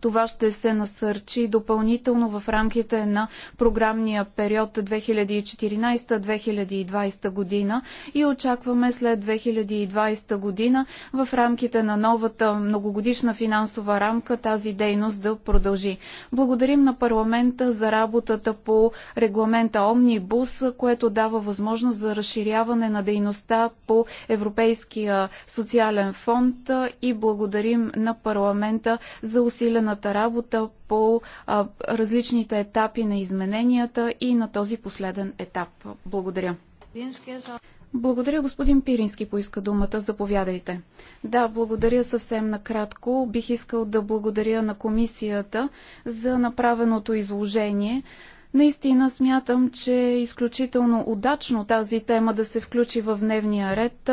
Това ще се насърчи допълнително в рамките на програмния период 2014-2020 година и очакваме след 2020 година в рамките на новата многогодишна финансова рамка тази дейност да продължи. Благодарим на парламента за работата по регламента Омнибус, което дава възможност за разширяване на дейността по Европейския социален фонд и благодарим на парламента за усилена съвместната работа по а, различните етапи на измененията и на този последен етап. Благодаря. Благодаря, господин Пирински поиска думата. Заповядайте. Да, благодаря съвсем накратко. Бих искал да благодаря на комисията за направеното изложение. Наистина смятам, че е изключително удачно тази тема да се включи в дневния ред,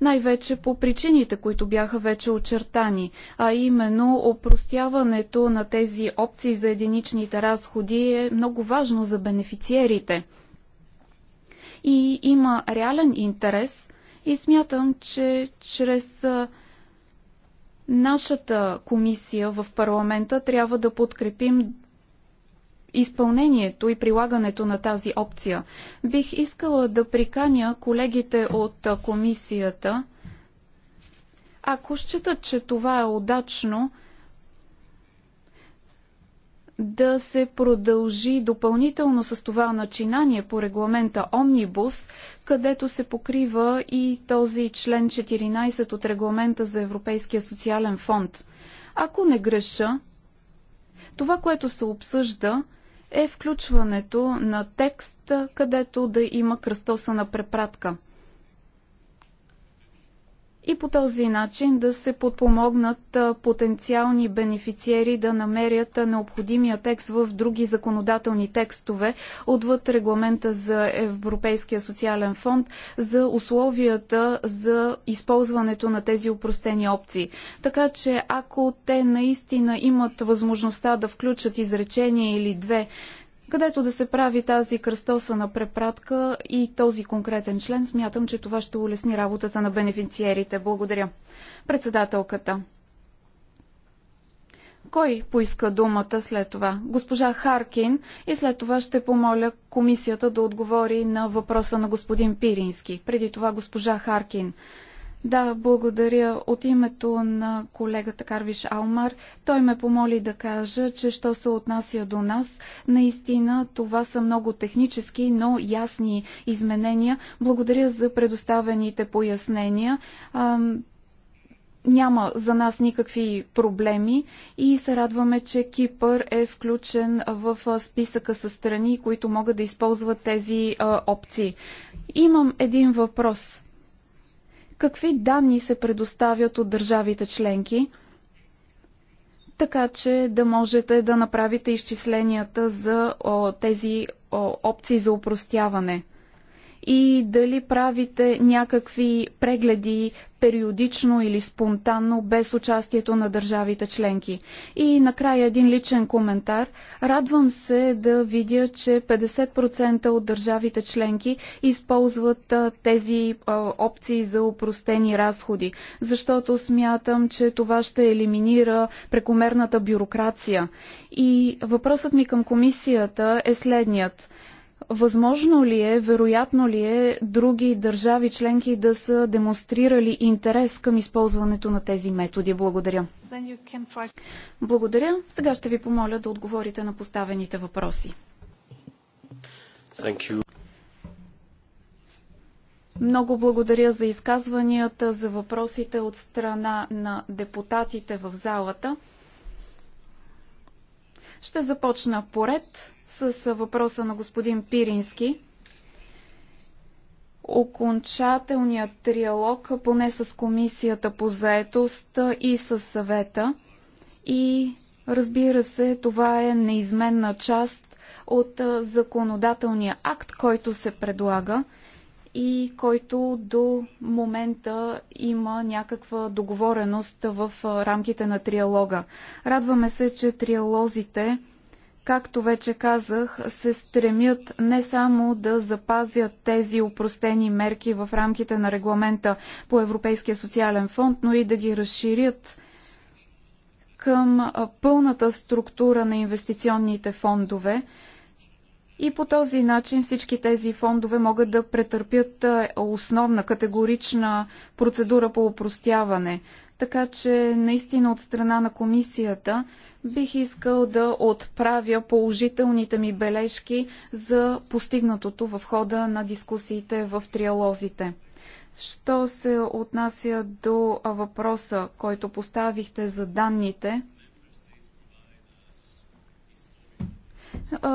най-вече по причините, които бяха вече очертани, а именно опростяването на тези опции за единичните разходи е много важно за бенефициерите. И има реален интерес и смятам, че чрез нашата комисия в парламента трябва да подкрепим изпълнението и прилагането на тази опция. Бих искала да приканя колегите от комисията, ако считат, че това е удачно, да се продължи допълнително с това начинание по регламента Омнибус, където се покрива и този член 14 от регламента за Европейския социален фонд. Ако не греша, това, което се обсъжда, е включването на текст, където да има кръстосана препратка – и по този начин да се подпомогнат потенциални бенефициери да намерят необходимия текст в други законодателни текстове отвъд регламента за Европейския социален фонд за условията за използването на тези упростени опции. Така че ако те наистина имат възможността да включат изречение или две където да се прави тази кръстосана препратка и този конкретен член. Смятам, че това ще улесни работата на бенефициерите. Благодаря. Председателката. Кой поиска думата след това? Госпожа Харкин и след това ще помоля комисията да отговори на въпроса на господин Пирински. Преди това госпожа Харкин. Да, благодаря от името на колегата Карвиш Алмар. Той ме помоли да кажа, че що се отнася до нас, наистина това са много технически, но ясни изменения. Благодаря за предоставените пояснения няма за нас никакви проблеми и се радваме, че Кипър е включен в списъка с страни, които могат да използват тези а, опции. Имам един въпрос какви данни се предоставят от държавите членки, така че да можете да направите изчисленията за тези опции за упростяване и дали правите някакви прегледи периодично или спонтанно, без участието на държавите членки. И накрая един личен коментар. Радвам се да видя, че 50% от държавите членки използват тези опции за упростени разходи, защото смятам, че това ще елиминира прекомерната бюрокрация. И въпросът ми към комисията е следният – Възможно ли е, вероятно ли е други държави членки да са демонстрирали интерес към използването на тези методи? Благодаря. Благодаря. Сега ще ви помоля да отговорите на поставените въпроси. Много благодаря за изказванията, за въпросите от страна на депутатите в залата. Ще започна поред с въпроса на господин Пирински. Окончателният триалог поне с комисията по заетост и с съвета. И разбира се, това е неизменна част от законодателния акт, който се предлага и който до момента има някаква договореност в рамките на триалога. Радваме се, че триалозите, както вече казах, се стремят не само да запазят тези упростени мерки в рамките на регламента по Европейския социален фонд, но и да ги разширят към пълната структура на инвестиционните фондове, и по този начин всички тези фондове могат да претърпят е, основна категорична процедура по упростяване. Така че наистина от страна на комисията бих искал да отправя положителните ми бележки за постигнатото в хода на дискусиите в триалозите. Що се отнася до въпроса, който поставихте за данните,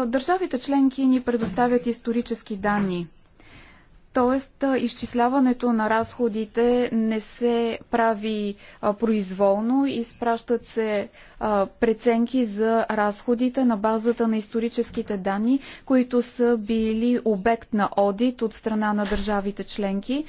Държавите членки ни предоставят исторически данни. Тоест, изчисляването на разходите не се прави произволно, изпращат се преценки за разходите на базата на историческите данни, които са били обект на одит от страна на държавите членки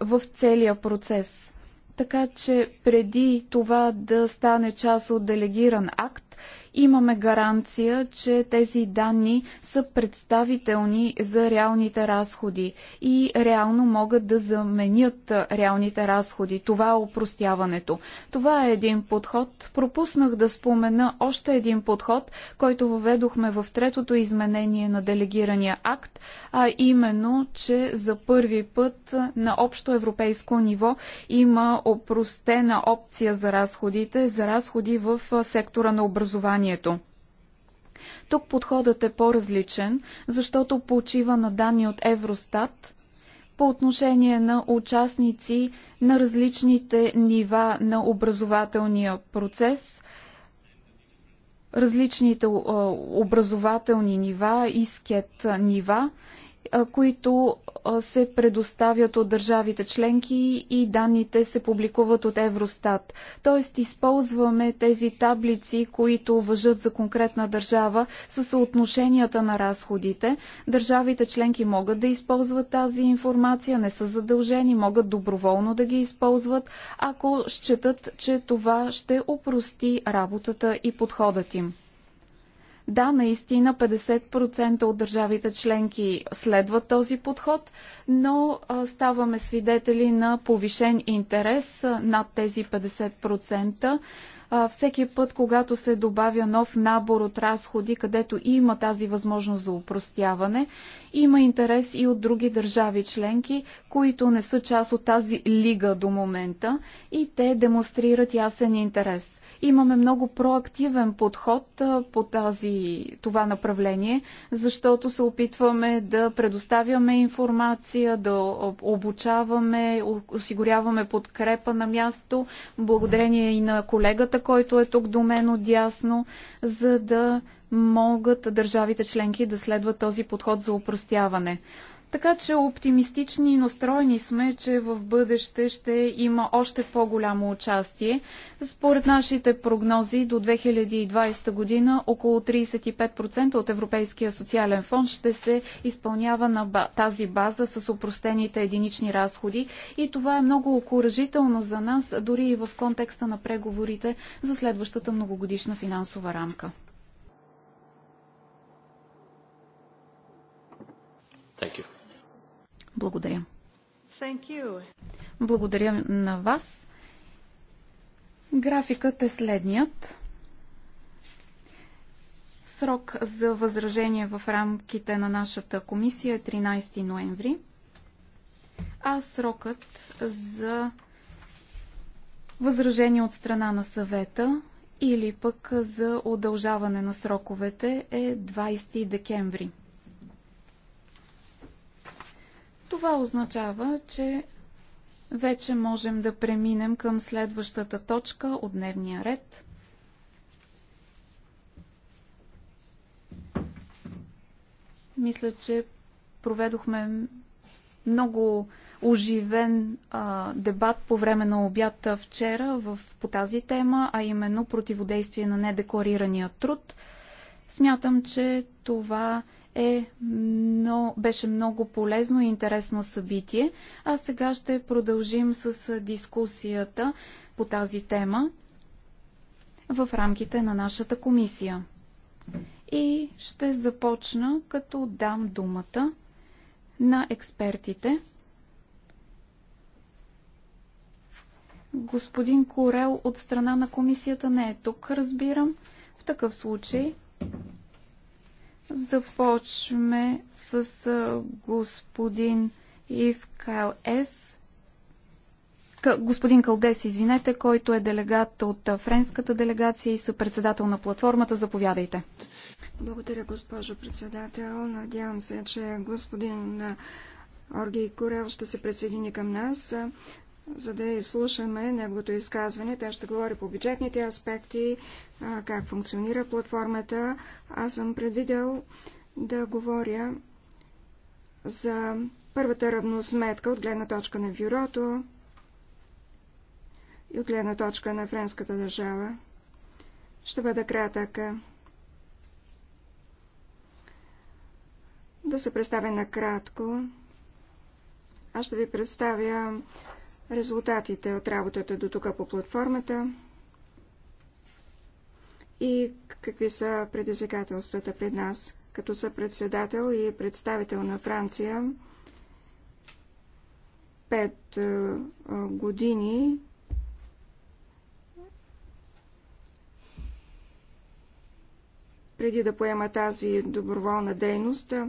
в целия процес. Така че преди това да стане част от делегиран акт, имаме гаранция, че тези данни са представителни за реалните разходи и реално могат да заменят реалните разходи. Това е опростяването. Това е един подход. Пропуснах да спомена още един подход, който въведохме в третото изменение на делегирания акт, а именно, че за първи път на общо европейско ниво има опростена опция за разходите, за разходи в сектора на образование съдържанието. Тук подходът е по-различен, защото почива на данни от Евростат по отношение на участници на различните нива на образователния процес, различните образователни нива, изкет нива, които се предоставят от държавите членки и данните се публикуват от Евростат. Тоест използваме тези таблици, които въжат за конкретна държава с съотношенията на разходите. Държавите членки могат да използват тази информация, не са задължени, могат доброволно да ги използват, ако считат, че това ще упрости работата и подходът им. Да, наистина 50% от държавите членки следват този подход, но ставаме свидетели на повишен интерес над тези 50% всеки път, когато се добавя нов набор от разходи, където има тази възможност за упростяване, има интерес и от други държави членки, които не са част от тази лига до момента и те демонстрират ясен интерес. Имаме много проактивен подход по тази, това направление, защото се опитваме да предоставяме информация, да обучаваме, осигуряваме подкрепа на място, благодарение и на колегата, който е тук до мен отясно, за да могат държавите членки да следват този подход за упростяване. Така че оптимистични и настроени сме, че в бъдеще ще има още по-голямо участие. Според нашите прогнози до 2020 година около 35% от Европейския социален фонд ще се изпълнява на тази база с упростените единични разходи и това е много окоръжително за нас, дори и в контекста на преговорите за следващата многогодишна финансова рамка. Thank you. Благодаря. Благодаря на вас. Графикът е следният. Срок за възражение в рамките на нашата комисия е 13 ноември, а срокът за възражение от страна на съвета или пък за удължаване на сроковете е 20 декември. Това означава, че вече можем да преминем към следващата точка от дневния ред. Мисля, че проведохме много оживен а, дебат по време на обята вчера в, по тази тема, а именно противодействие на недекларирания труд. Смятам, че това е е, но беше много полезно и интересно събитие. А сега ще продължим с дискусията по тази тема в рамките на нашата комисия. И ще започна като дам думата на експертите. Господин Корел от страна на комисията не е тук, разбирам. В такъв случай Започваме с господин Ив Кайл С. Господин Калдес, извинете, който е делегат от френската делегация и съпредседател на платформата. Заповядайте. Благодаря, госпожо председател. Надявам се, че господин Орги Корел ще се присъедини към нас за да изслушаме неговото изказване. Той ще говори по бюджетните аспекти, как функционира платформата. Аз съм предвидел да говоря за първата равносметка от гледна точка на бюрото и от гледна точка на френската държава. Ще бъда кратък. Да се представя накратко. Аз ще ви представя резултатите от работата до тук по платформата и какви са предизвикателствата пред нас. Като съпредседател и представител на Франция, пет е, е, години преди да поема тази доброволна дейност, е,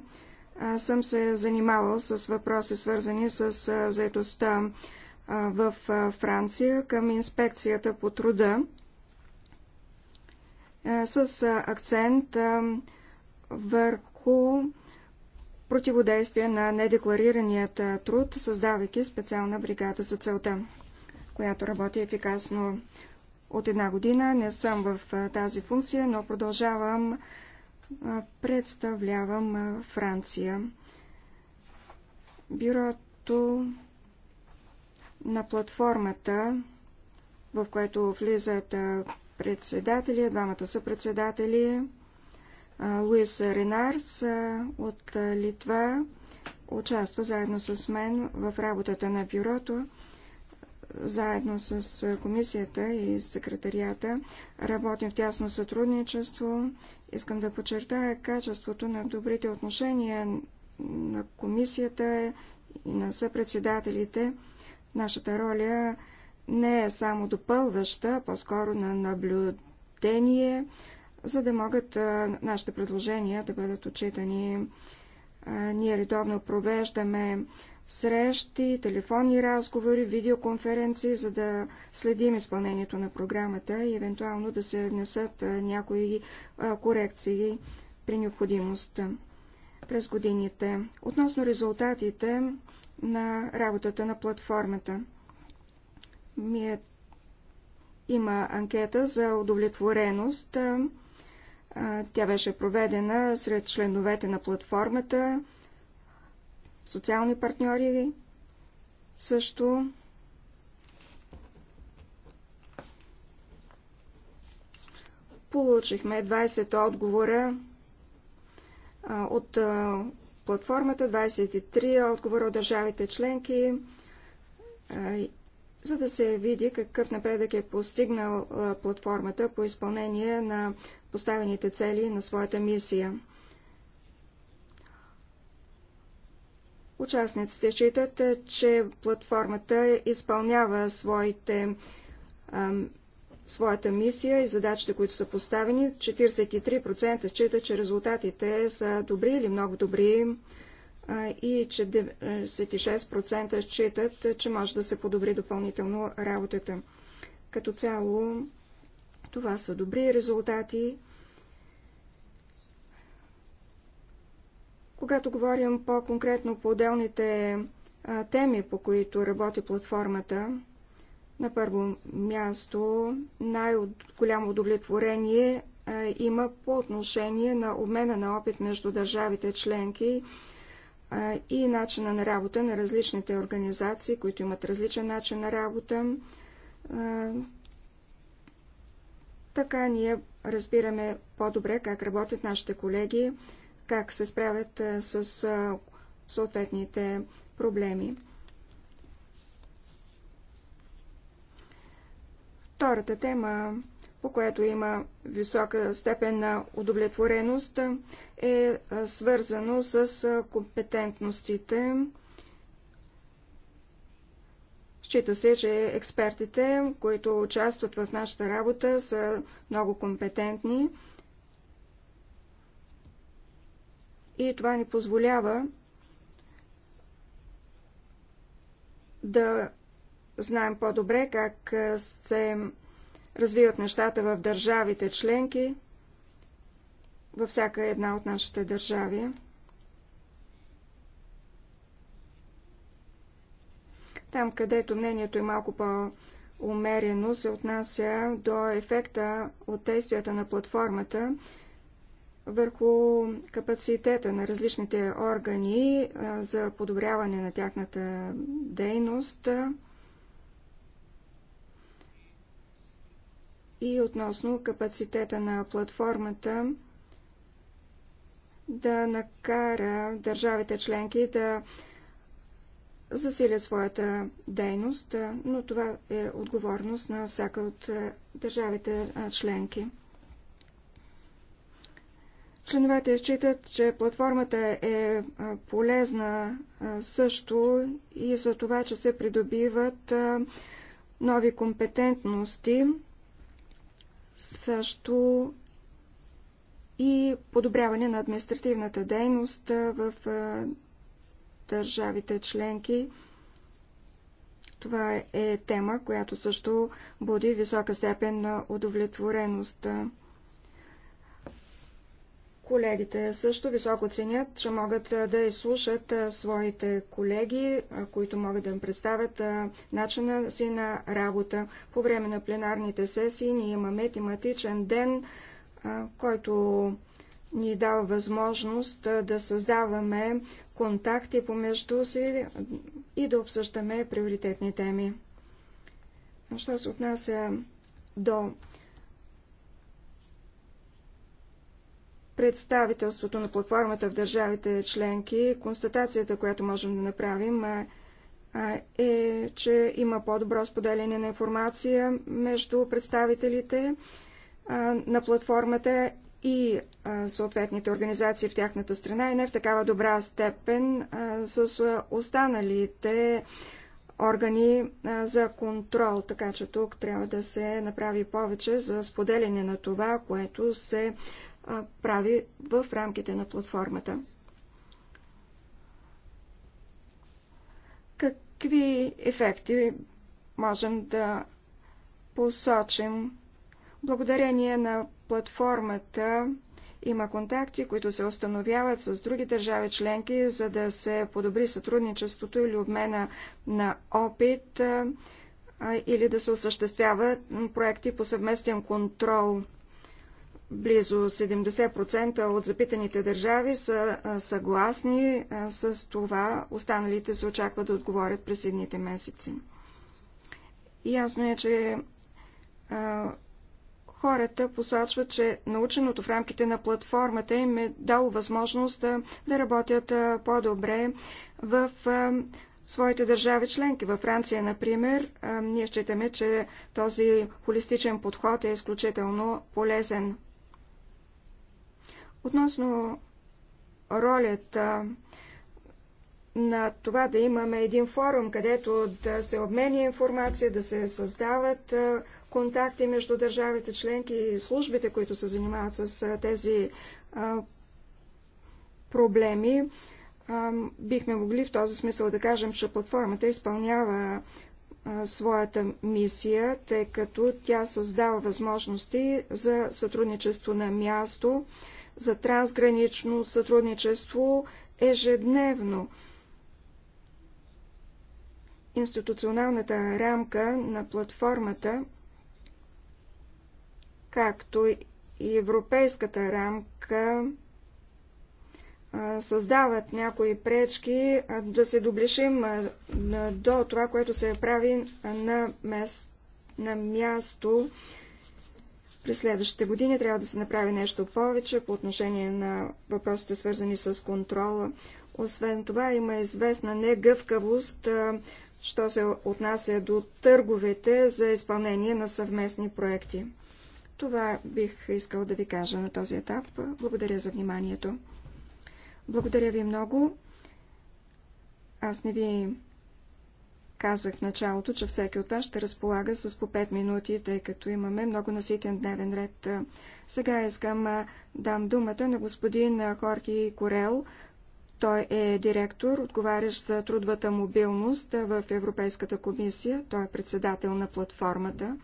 съм се занимавал с въпроси, свързани с заедостта в Франция към инспекцията по труда с акцент върху противодействие на недекларираният труд, създавайки специална бригада за целта, която работи ефикасно от една година. Не съм в тази функция, но продължавам. Представлявам Франция. Бюрото на платформата, в което влизат председатели, двамата са председатели, Луис Ренарс от Литва участва заедно с мен в работата на бюрото. Заедно с комисията и секретарията работим в тясно сътрудничество. Искам да подчертая качеството на добрите отношения на комисията и на съпредседателите. Нашата роля не е само допълваща, по-скоро на наблюдение, за да могат нашите предложения да бъдат отчитани. Ние редовно провеждаме срещи, телефонни разговори, видеоконференции, за да следим изпълнението на програмата и евентуално да се внесат някои корекции при необходимост през годините. Относно резултатите, на работата на платформата. Има анкета за удовлетвореност. Тя беше проведена сред членовете на платформата, социални партньори също. Получихме 20 отговора от платформата, 23 е отговора от държавите членки, за да се види какъв напредък е постигнал платформата по изпълнение на поставените цели на своята мисия. Участниците считат, че платформата изпълнява своите своята мисия и задачите, които са поставени. 43% счита, че резултатите са добри или много добри и 46% считат, че може да се подобри допълнително работата. Като цяло, това са добри резултати. Когато говорим по-конкретно по отделните теми, по които работи платформата, на първо място най-голямо удовлетворение има по отношение на обмена на опит между държавите членки и начина на работа на различните организации, които имат различен начин на работа. Така ние разбираме по-добре как работят нашите колеги, как се справят с съответните проблеми. Втората тема, по която има висока степен на удовлетвореност, е свързано с компетентностите. Счита се, че експертите, които участват в нашата работа, са много компетентни. И това ни позволява да знаем по-добре как се развиват нещата в държавите членки, във всяка една от нашите държави. Там, където мнението е малко по-умерено, се отнася до ефекта от действията на платформата върху капацитета на различните органи за подобряване на тяхната дейност – и относно капацитета на платформата да накара държавите членки да засилят своята дейност, но това е отговорност на всяка от държавите членки. Членовете считат, че платформата е полезна също и за това, че се придобиват нови компетентности също и подобряване на административната дейност в държавите членки. Това е тема, която също буди висока степен на удовлетвореност. Колегите също високо ценят, че могат да изслушат своите колеги, които могат да им представят начина си на работа. По време на пленарните сесии ние имаме тематичен ден, който ни дава възможност да създаваме контакти помежду си и да обсъждаме приоритетни теми. Що се отнася до представителството на платформата в държавите членки, констатацията, която можем да направим е, че има по-добро споделяне на информация между представителите на платформата и съответните организации в тяхната страна и не в такава добра степен с останалите органи за контрол, така че тук трябва да се направи повече за споделяне на това, което се прави в рамките на платформата. Какви ефекти можем да посочим? Благодарение на платформата има контакти, които се установяват с други държави членки, за да се подобри сътрудничеството или обмена на опит или да се осъществяват проекти по съвместен контрол Близо 70% от запитаните държави са съгласни с това. Останалите се очаква да отговорят през едните месеци. Ясно е, че хората посочват, че наученото в рамките на платформата им е дало възможност да, работят по-добре в своите държави членки. Във Франция, например, ние считаме, че този холистичен подход е изключително полезен. Относно ролята на това да имаме един форум, където да се обменя информация, да се създават контакти между държавите членки и службите, които се занимават с тези проблеми. Бихме могли в този смисъл да кажем, че платформата изпълнява своята мисия, тъй като тя създава възможности за сътрудничество на място, за трансгранично сътрудничество ежедневно. Институционалната рамка на платформата, както и европейската рамка, създават някои пречки да се доблишим до това, което се прави на, на място през следващите години трябва да се направи нещо повече по отношение на въпросите, свързани с контрола. Освен това, има известна негъвкавост, що се отнася до търговете за изпълнение на съвместни проекти. Това бих искал да ви кажа на този етап. Благодаря за вниманието. Благодаря ви много. Аз не ви Казах в началото, че всеки от вас ще разполага с по 5 минути, тъй като имаме много наситен дневен ред. Сега искам дам думата на господин Хорхи Корел. Той е директор, отговарящ за трудвата мобилност в Европейската комисия. Той е председател на платформата.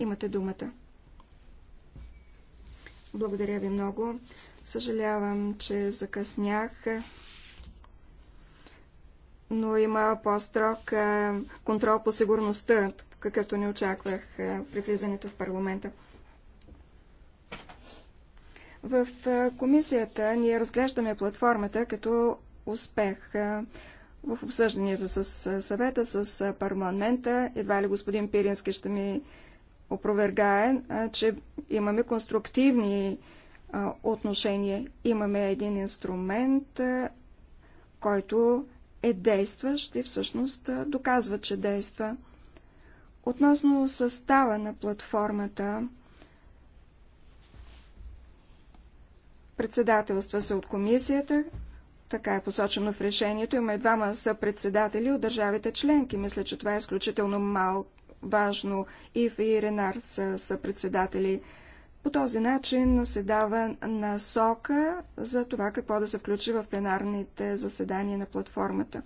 Имате думата. Благодаря ви много. Съжалявам, че закъснях но има по-строг е, контрол по сигурността, какъвто не очаквах е, при влизането в парламента. В е, комисията ние разглеждаме платформата като успех в обсъжданията с съвета, с парламента. Едва ли господин Пирински ще ми опровергае, че имаме конструктивни отношения. Имаме един инструмент, който е действащ и всъщност доказва, че действа. Относно състава на платформата, председателства се от комисията, така е посочено в решението. Има и двама са председатели от държавите членки. Мисля, че това е изключително мал, важно. И в и Ренар са председатели. По този начин се дава насока за това какво да се включи в пленарните заседания на платформата.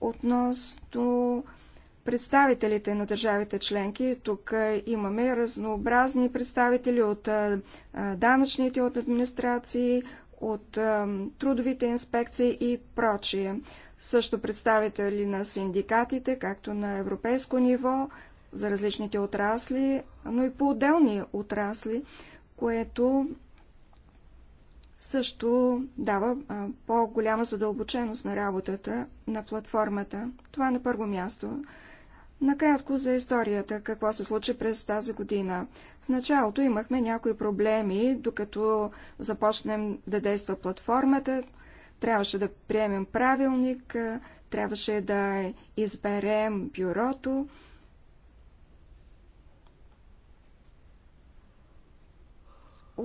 Относно представителите на държавите членки, тук имаме разнообразни представители от данъчните, от администрации, от трудовите инспекции и прочие. Също представители на синдикатите, както на европейско ниво, за различните отрасли, но и по отделни отрасли, което също дава по-голяма задълбоченост на работата на платформата. Това е на първо място. Накратко за историята, какво се случи през тази година. В началото имахме някои проблеми, докато започнем да действа платформата. Трябваше да приемем правилник, трябваше да изберем бюрото.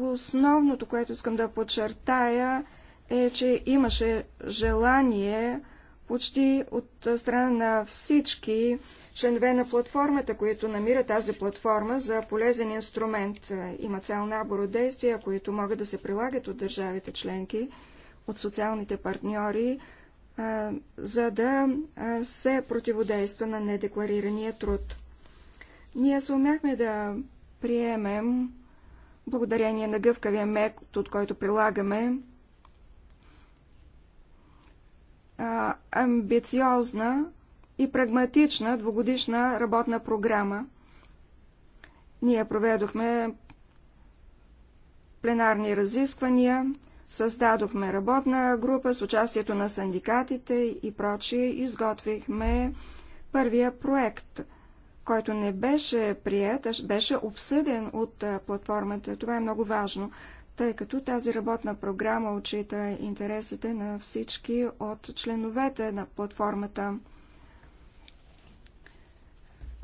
Основното, което искам да подчертая, е, че имаше желание почти от страна на всички членове на платформата, които намират тази платформа за полезен инструмент. Има цял набор от действия, които могат да се прилагат от държавите членки, от социалните партньори, за да се противодейства на недекларирания труд. Ние се умяхме да приемем благодарение на гъвкавия метод, който прилагаме, амбициозна и прагматична двогодишна работна програма. Ние проведохме пленарни разисквания, създадохме работна група с участието на синдикатите и прочие, изготвихме първия проект – който не беше прият, беше обсъден от платформата. Това е много важно, тъй като тази работна програма отчита интересите на всички от членовете на платформата.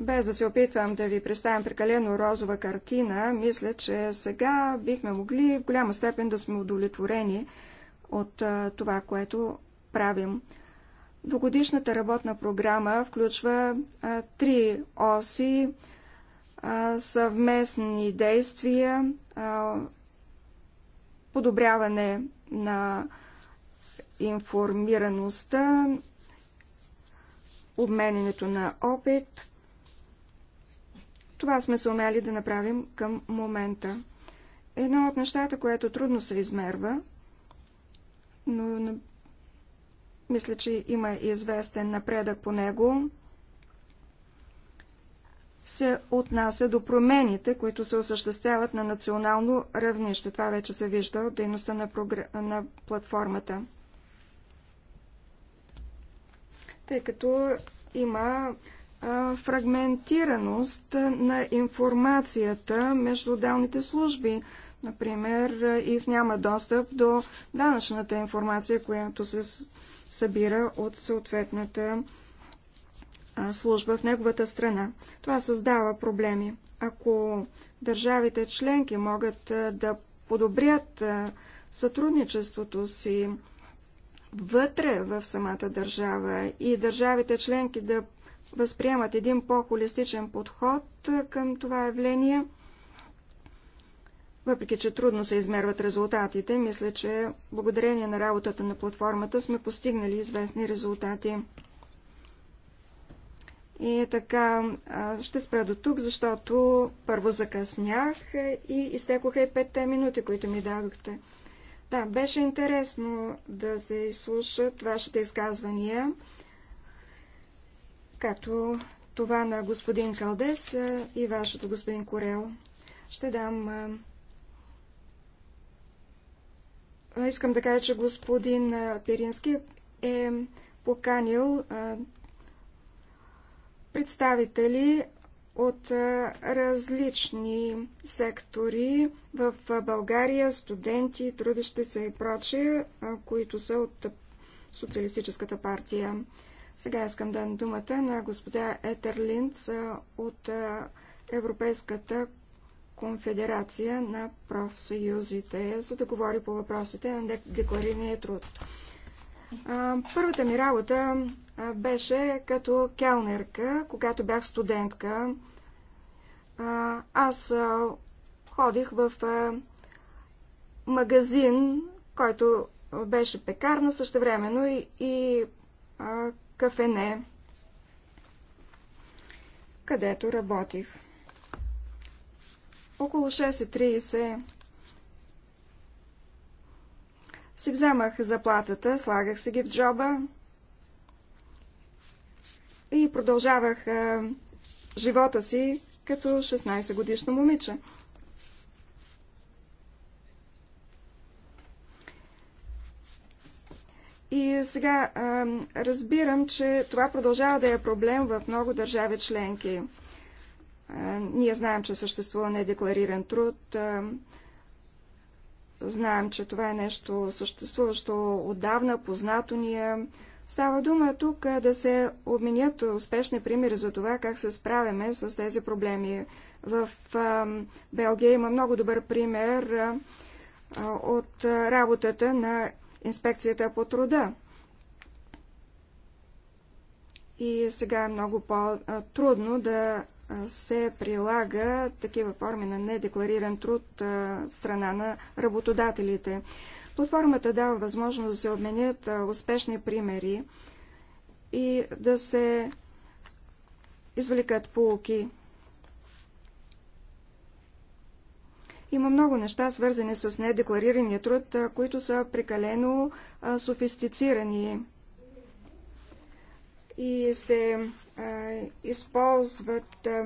Без да се опитвам да ви представям прекалено розова картина, мисля, че сега бихме могли в голяма степен да сме удовлетворени от това, което правим. Двогодишната работна програма включва три оси, съвместни действия, подобряване на информираността, обмененето на опит. Това сме се умели да направим към момента. Едно от нещата, което трудно се измерва, но мисля, че има известен напредък по него. Се отнася до промените, които се осъществяват на национално равнище. Това вече се вижда от дейността на, прогр... на платформата. Тъй като има фрагментираност на информацията между отделните служби. Например, ИФ няма достъп до данъчната информация, която се събира от съответната служба в неговата страна. Това създава проблеми. Ако държавите членки могат да подобрят сътрудничеството си вътре в самата държава и държавите членки да възприемат един по-холистичен подход към това явление – въпреки, че трудно се измерват резултатите, мисля, че благодарение на работата на платформата сме постигнали известни резултати. И така, ще спра до тук, защото първо закъснях и изтекоха и петте минути, които ми дадохте. Да, беше интересно да се изслушат вашите изказвания, както това на господин Калдес и вашето господин Корел. Ще дам Искам да кажа, че господин Пирински е поканил представители от различни сектори в България, студенти, трудещи се и прочие, които са от Социалистическата партия. Сега искам да дам думата на господа Етерлинц от Европейската конфедерация на профсъюзите, за да говори по въпросите на декларирания труд. Първата ми работа беше като келнерка, когато бях студентка. Аз ходих в магазин, който беше пекарна, същевременно и, и а, кафене, където работих. Около 6.30 си вземах заплатата, слагах си ги в джоба и продължавах а, живота си като 16 годишно момиче. И сега а, разбирам, че това продължава да е проблем в много държави членки. Ние знаем, че съществува недеклариран труд. Знаем, че това е нещо съществуващо отдавна, познато ни е. Става дума тук да се обменят успешни примери за това как се справяме с тези проблеми. В Белгия има много добър пример от работата на инспекцията по труда. И сега е много по-трудно да се прилага такива форми на недеклариран труд страна на работодателите. Платформата дава възможност да се обменят успешни примери и да се извлекат полуки. Има много неща, свързани с недекларирания труд, които са прекалено софистицирани и се а, използват а,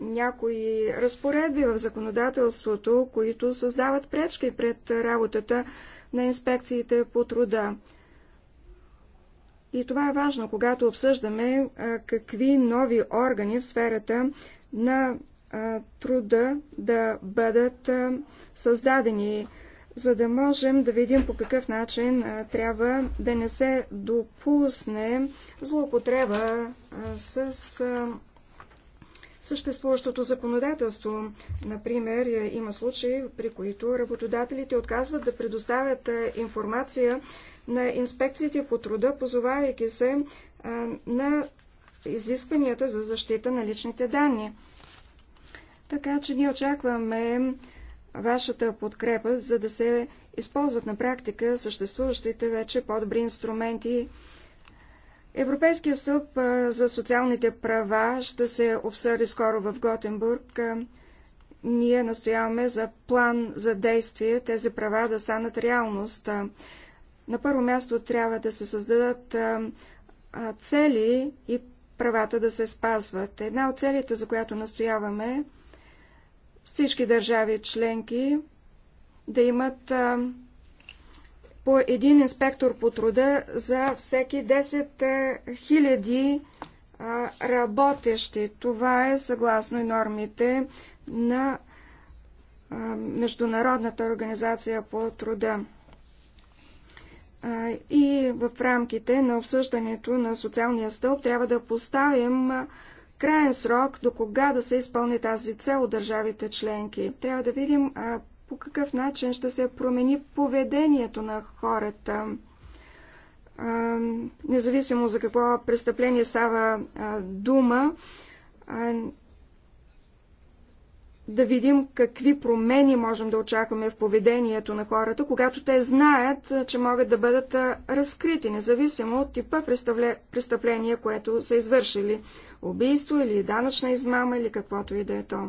някои разпоредби в законодателството, които създават пречки пред работата на инспекциите по труда. И това е важно, когато обсъждаме а, какви нови органи в сферата на а, труда да бъдат а, създадени за да можем да видим по какъв начин трябва да не се допусне злоупотреба с съществуващото законодателство. Например, е, има случаи, при които работодателите отказват да предоставят информация на инспекциите по труда, позовавайки се на изискванията за защита на личните данни. Така че ние очакваме вашата подкрепа, за да се използват на практика съществуващите вече по-добри инструменти. Европейския стълб за социалните права ще се обсъди скоро в Готенбург. Ние настояваме за план за действие тези права да станат реалност. На първо място трябва да се създадат цели и правата да се спазват. Една от целите, за която настояваме, всички държави членки да имат по един инспектор по труда за всеки 10 000 работещи. Това е съгласно и нормите на Международната организация по труда. И в рамките на обсъждането на социалния стълб трябва да поставим краен срок, до кога да се изпълни тази цел от държавите членки. Трябва да видим а, по какъв начин ще се промени поведението на хората. А, независимо за какво престъпление става а, дума, а, да видим какви промени можем да очакваме в поведението на хората, когато те знаят, че могат да бъдат разкрити, независимо от типа престъпления, което са извършили – убийство или данъчна измама или каквото и да е то.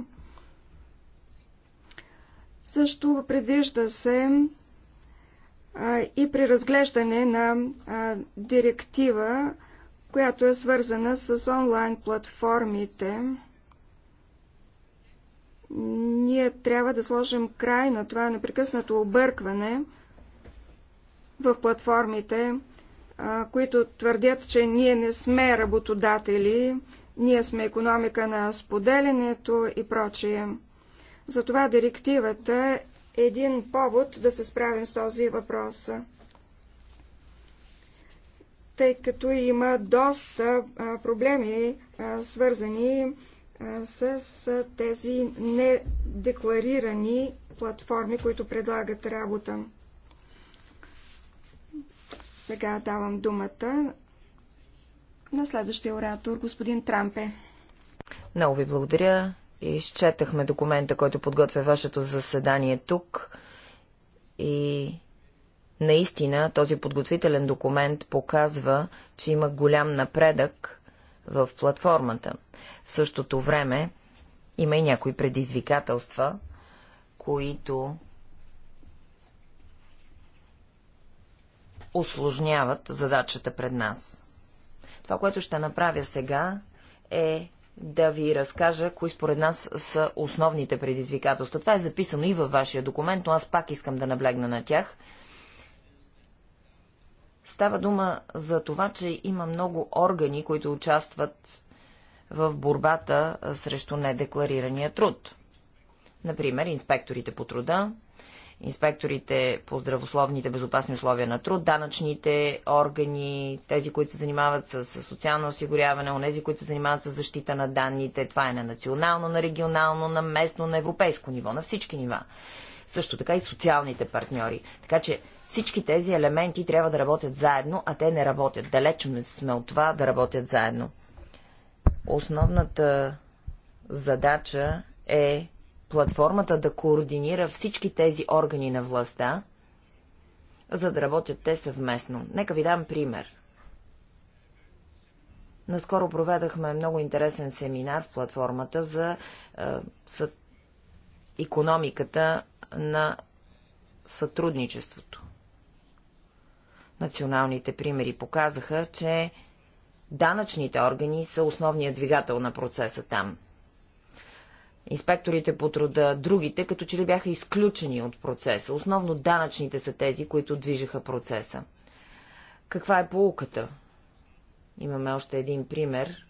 Също предвижда се а, и при разглеждане на а, директива, която е свързана с онлайн платформите – ние трябва да сложим край на това непрекъснато объркване в платформите, които твърдят, че ние не сме работодатели, ние сме економика на споделянето и прочие. Затова директивата е един повод да се справим с този въпрос. Тъй като има доста проблеми, свързани с тези недекларирани платформи, които предлагат работа. Сега давам думата на следващия оратор, господин Трампе. Много ви благодаря. Изчетахме документа, който подготвя вашето заседание тук. И наистина този подготвителен документ показва, че има голям напредък в платформата. В същото време има и някои предизвикателства, които осложняват задачата пред нас. Това, което ще направя сега, е да ви разкажа, кои според нас са основните предизвикателства. Това е записано и във вашия документ, но аз пак искам да наблегна на тях – Става дума за това, че има много органи, които участват в борбата срещу недекларирания труд. Например, инспекторите по труда, инспекторите по здравословните безопасни условия на труд, данъчните органи, тези, които се занимават с социално осигуряване, онези, които се занимават с защита на данните. Това е на национално, на регионално, на местно, на европейско ниво, на всички нива. Също така и социалните партньори. Така че всички тези елементи трябва да работят заедно, а те не работят. Далечно сме от това да работят заедно. Основната задача е платформата да координира всички тези органи на властта, за да работят те съвместно. Нека ви дам пример. Наскоро проведахме много интересен семинар в платформата за е, економиката на сътрудничеството. Националните примери показаха, че данъчните органи са основният двигател на процеса там. Инспекторите по труда, другите, като че ли бяха изключени от процеса. Основно данъчните са тези, които движиха процеса. Каква е полуката? Имаме още един пример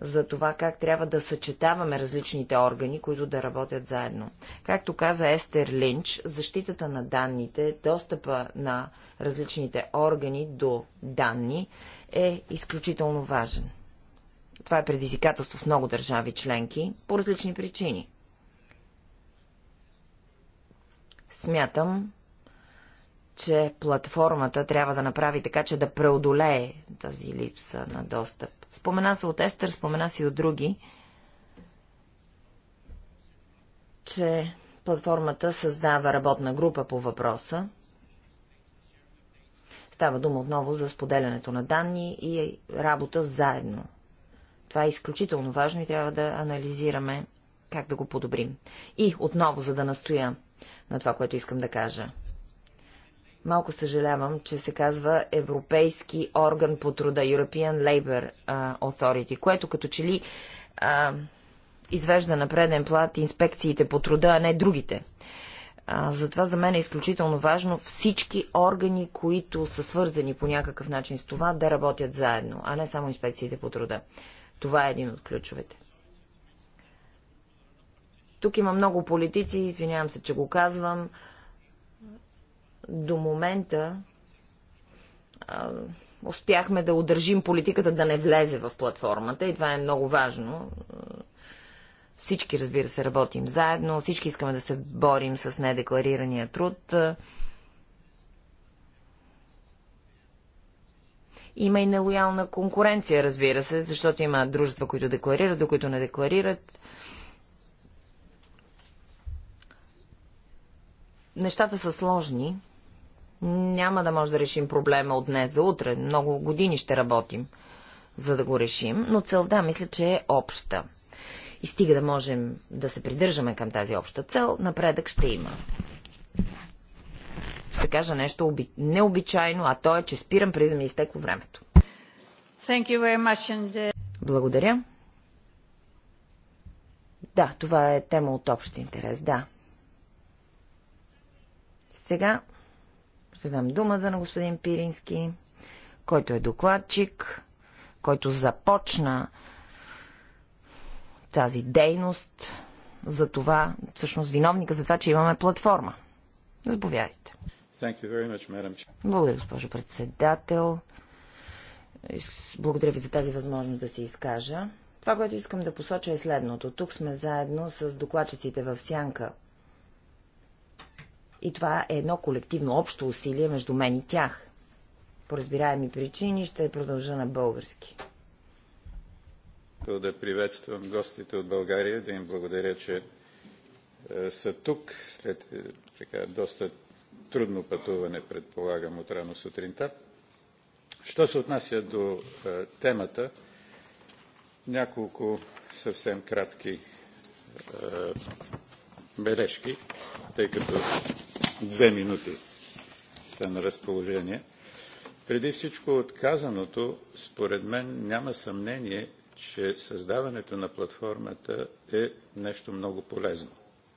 за това как трябва да съчетаваме различните органи, които да работят заедно. Както каза Естер Линч, защитата на данните, достъпа на различните органи до данни е изключително важен. Това е предизвикателство в много държави членки по различни причини. Смятам, че платформата трябва да направи така, че да преодолее тази липса на достъп. Спомена се от Естер, спомена се и от други, че платформата създава работна група по въпроса. Става дума отново за споделянето на данни и работа заедно. Това е изключително важно и трябва да анализираме как да го подобрим. И отново, за да настоя на това, което искам да кажа. Малко съжалявам, че се казва Европейски орган по труда, European Labour Authority, което като че ли а, извежда на преден плат инспекциите по труда, а не другите. А, затова за мен е изключително важно всички органи, които са свързани по някакъв начин с това, да работят заедно, а не само инспекциите по труда. Това е един от ключовете. Тук има много политици, извинявам се, че го казвам, до момента а, успяхме да удържим политиката да не влезе в платформата и това е много важно. Всички, разбира се, работим заедно, всички искаме да се борим с недекларирания труд. Има и нелоялна конкуренция, разбира се, защото има дружества, които декларират, до които не декларират. Нещата са сложни няма да може да решим проблема от днес за утре. Много години ще работим, за да го решим, но целта мисля, че е обща. И стига да можем да се придържаме към тази обща цел, напредък ще има. Ще кажа нещо оби... необичайно, а то е, че спирам преди да ми е изтекло времето. And... Uh, Благодаря. Да, това е тема от общ интерес, да. Сега ще дам думата на господин Пирински, който е докладчик, който започна тази дейност за това, всъщност виновника за това, че имаме платформа. Заповядайте. Благодаря, госпожо председател. Благодаря ви за тази възможност да се изкажа. Това, което искам да посоча е следното. Тук сме заедно с докладчиците в Сянка и това е едно колективно общо усилие между мен и тях. По разбираеми причини ще продължа на български. Да приветствам гостите от България, да им благодаря, че е, са тук след е, така, доста трудно пътуване, предполагам, от рано сутринта. Що се отнася до е, темата, няколко съвсем кратки е, бележки, тъй като Две минути са на разположение. Преди всичко от казаното, според мен няма съмнение, че създаването на платформата е нещо много полезно,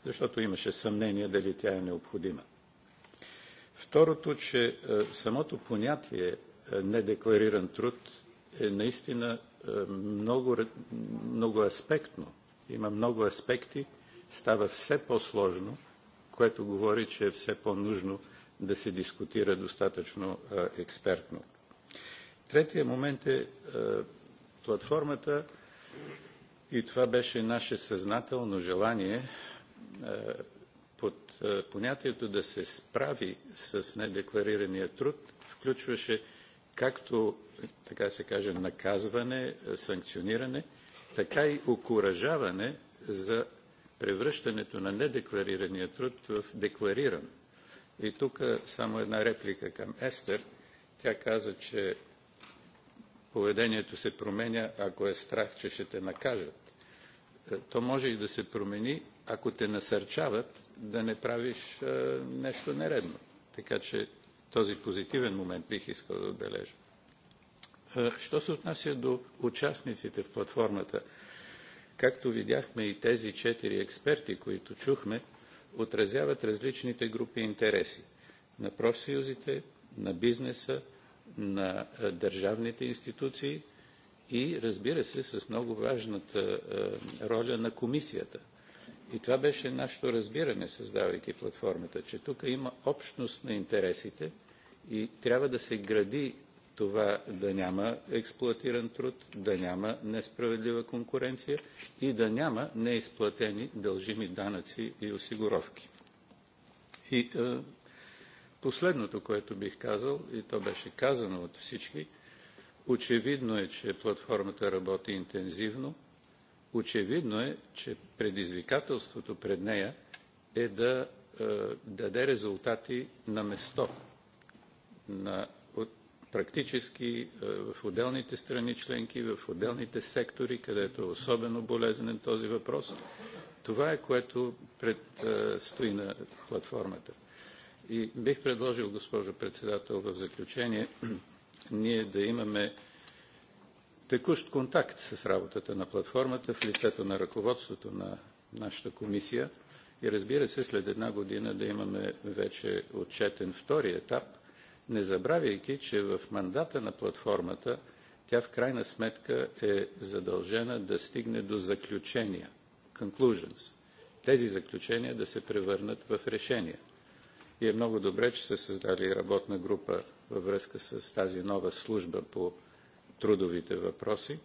защото имаше съмнение дали тя е необходима. Второто, че е, самото понятие е, недеклариран труд е наистина е, много, много аспектно. Има много аспекти, става все по-сложно – което говори, че е все по-нужно да се дискутира достатъчно експертно. Третия момент е платформата и това беше наше съзнателно желание под понятието да се справи с недекларирания труд включваше както, така се каже, наказване, санкциониране, така и окоръжаване за превръщането на недекларирания труд в деклариран. И тук само една реплика към Естер. Тя каза, че поведението се променя, ако е страх, че ще те накажат. Е, то може и да се промени, ако те насърчават да не правиш е, нещо нередно. Така че този позитивен момент бих искал да отбележа. Е, що се отнася до участниците в платформата – Както видяхме и тези четири експерти, които чухме, отразяват различните групи интереси на профсъюзите, на бизнеса, на държавните институции и, разбира се, с много важната роля на комисията. И това беше нашето разбиране, създавайки платформата, че тук има общност на интересите и трябва да се гради това да няма експлоатиран труд, да няма несправедлива конкуренция и да няма неизплатени дължими данъци и осигуровки. И е, последното, което бих казал, и то беше казано от всички, очевидно е, че платформата работи интензивно, очевидно е, че предизвикателството пред нея е да е, даде резултати на место, на практически е, в отделните страни членки, в отделните сектори, където е особено болезнен този въпрос. Това е което предстои е, на платформата. И бих предложил, госпожо председател, в заключение, *clears throat* ние да имаме текущ контакт с работата на платформата в лицето на ръководството на нашата комисия и разбира се, след една година да имаме вече отчетен втори етап – не забравяйки, че в мандата на платформата тя в крайна сметка е задължена да стигне до заключения, conclusions. Тези заключения да се превърнат в решения. И е много добре, че са създали работна група във връзка с тази нова служба по трудовите въпроси.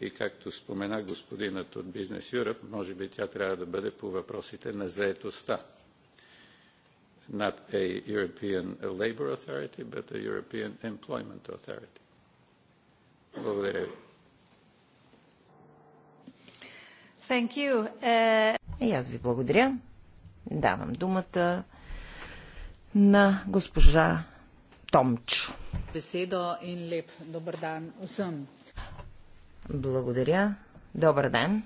И както спомена господинът от Бизнес Europe, може би тя трябва да бъде по въпросите на заетостта not a European labor authority, but a European employment authority. Over there. Thank you. Uh, и аз ви благодаря. Давам думата на госпожа Томчо. Беседо и леп. Добър ден. всем. Благодаря. Добър ден.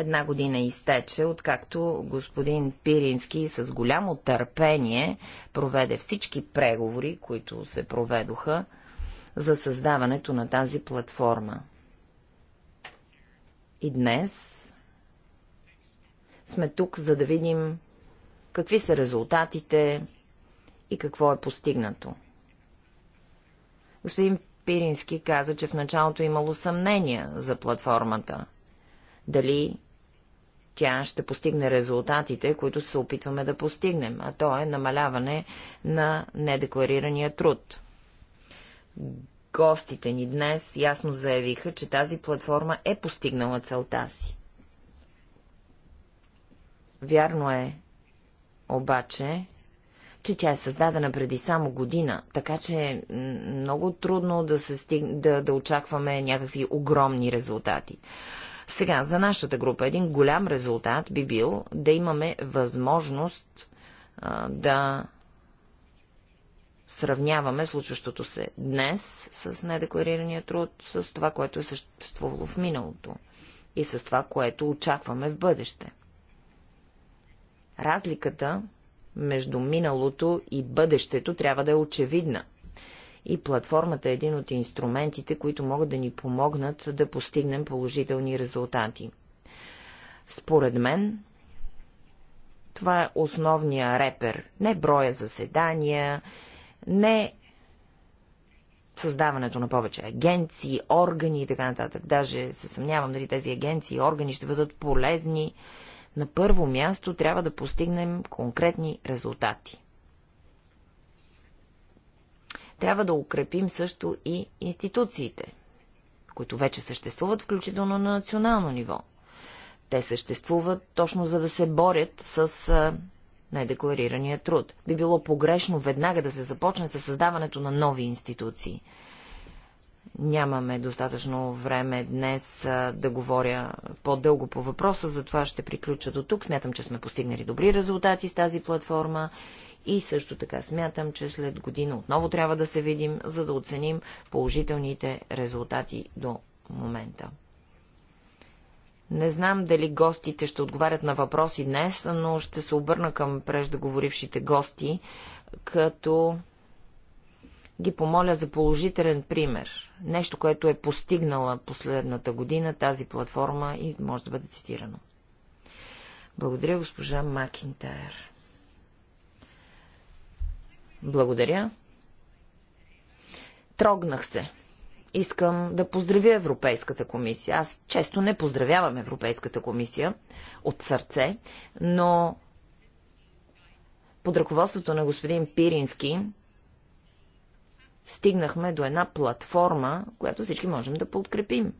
Една година изтече, откакто господин Пирински с голямо търпение проведе всички преговори, които се проведоха за създаването на тази платформа. И днес сме тук, за да видим какви са резултатите и какво е постигнато. Господин Пирински каза, че в началото имало съмнения за платформата. Дали тя ще постигне резултатите, които се опитваме да постигнем, а то е намаляване на недекларирания труд. Гостите ни днес ясно заявиха, че тази платформа е постигнала целта си. Вярно е, обаче, че тя е създадена преди само година, така че е много трудно да, се стиг... да, да очакваме някакви огромни резултати. Сега, за нашата група един голям резултат би бил да имаме възможност а, да сравняваме случващото се днес с недекларирания труд, с това, което е съществувало в миналото и с това, което очакваме в бъдеще. Разликата между миналото и бъдещето трябва да е очевидна – и платформата е един от инструментите, които могат да ни помогнат да постигнем положителни резултати. Според мен, това е основния репер. Не броя заседания, не създаването на повече агенции, органи и така нататък. Даже се съмнявам дали тези агенции и органи ще бъдат полезни. На първо място трябва да постигнем конкретни резултати. Трябва да укрепим също и институциите, които вече съществуват, включително на национално ниво. Те съществуват точно за да се борят с най-декларирания труд. Би било погрешно веднага да се започне с създаването на нови институции. Нямаме достатъчно време днес да говоря по-дълго по въпроса, затова ще приключа до тук. Смятам, че сме постигнали добри резултати с тази платформа и също така смятам, че след година отново трябва да се видим, за да оценим положителните резултати до момента. Не знам дали гостите ще отговарят на въпроси днес, но ще се обърна към преждеговорившите гости, като ги помоля за положителен пример. Нещо, което е постигнала последната година тази платформа и може да бъде цитирано. Благодаря, госпожа Макинтайр. Благодаря. Трогнах се. Искам да поздравя Европейската комисия. Аз често не поздравявам Европейската комисия от сърце, но под ръководството на господин Пирински стигнахме до една платформа, която всички можем да подкрепим.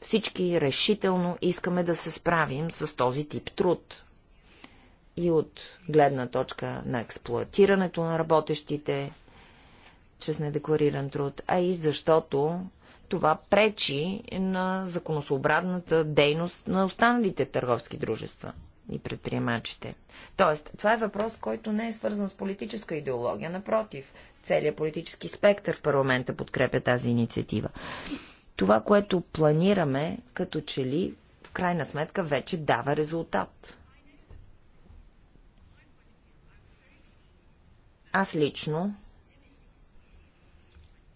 Всички решително искаме да се справим с този тип труд и от гледна точка на експлуатирането на работещите чрез недеклариран труд, а и защото това пречи на законосообразната дейност на останалите търговски дружества и предприемачите. Тоест, това е въпрос, който не е свързан с политическа идеология. Напротив, целият политически спектър в парламента подкрепя тази инициатива. Това, което планираме, като че ли, в крайна сметка вече дава резултат. Аз лично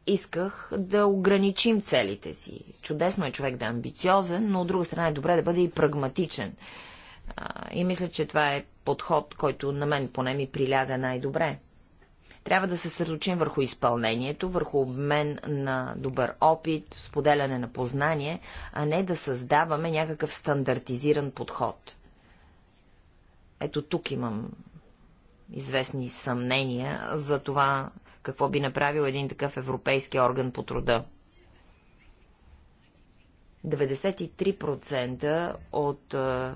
исках да ограничим целите си. Чудесно е човек да е амбициозен, но от друга страна е добре да бъде и прагматичен. И мисля, че това е подход, който на мен поне ми приляга най-добре. Трябва да се съсредоточим върху изпълнението, върху обмен на добър опит, споделяне на познание, а не да създаваме някакъв стандартизиран подход. Ето тук имам известни съмнения за това какво би направил един такъв европейски орган по труда. 93% от е,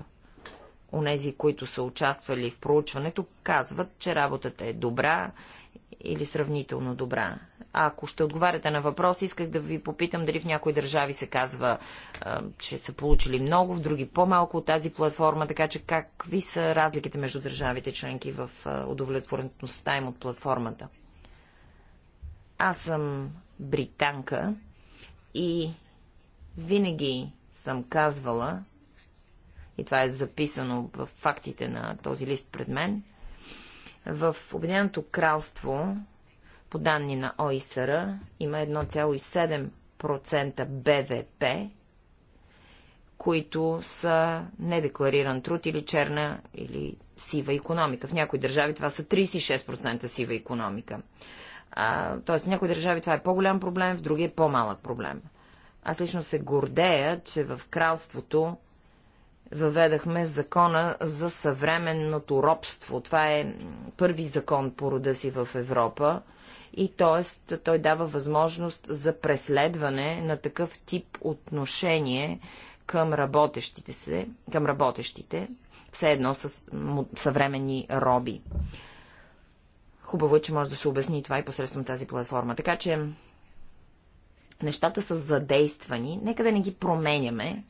онези, които са участвали в проучването, казват, че работата е добра или сравнително добра. Ако ще отговаряте на въпрос, исках да ви попитам дали в някои държави се казва, че са получили много, в други по-малко от тази платформа, така че какви са разликите между държавите членки в удовлетвореността им от платформата? Аз съм британка и винаги съм казвала, и това е записано в фактите на този лист пред мен, в Обединеното кралство по данни на ОИСР има 1,7% БВП, които са недеклариран труд или черна или сива економика. В някои държави това са 36% сива економика. тоест, в някои държави това е по-голям проблем, в други е по-малък проблем. Аз лично се гордея, че в кралството въведахме закона за съвременното робство. Това е първи закон по рода си в Европа и т.е. той дава възможност за преследване на такъв тип отношение към работещите, се, към работещите все едно с съвременни роби. Хубаво е, че може да се обясни това и посредством тази платформа. Така че нещата са задействани, нека да не ги променяме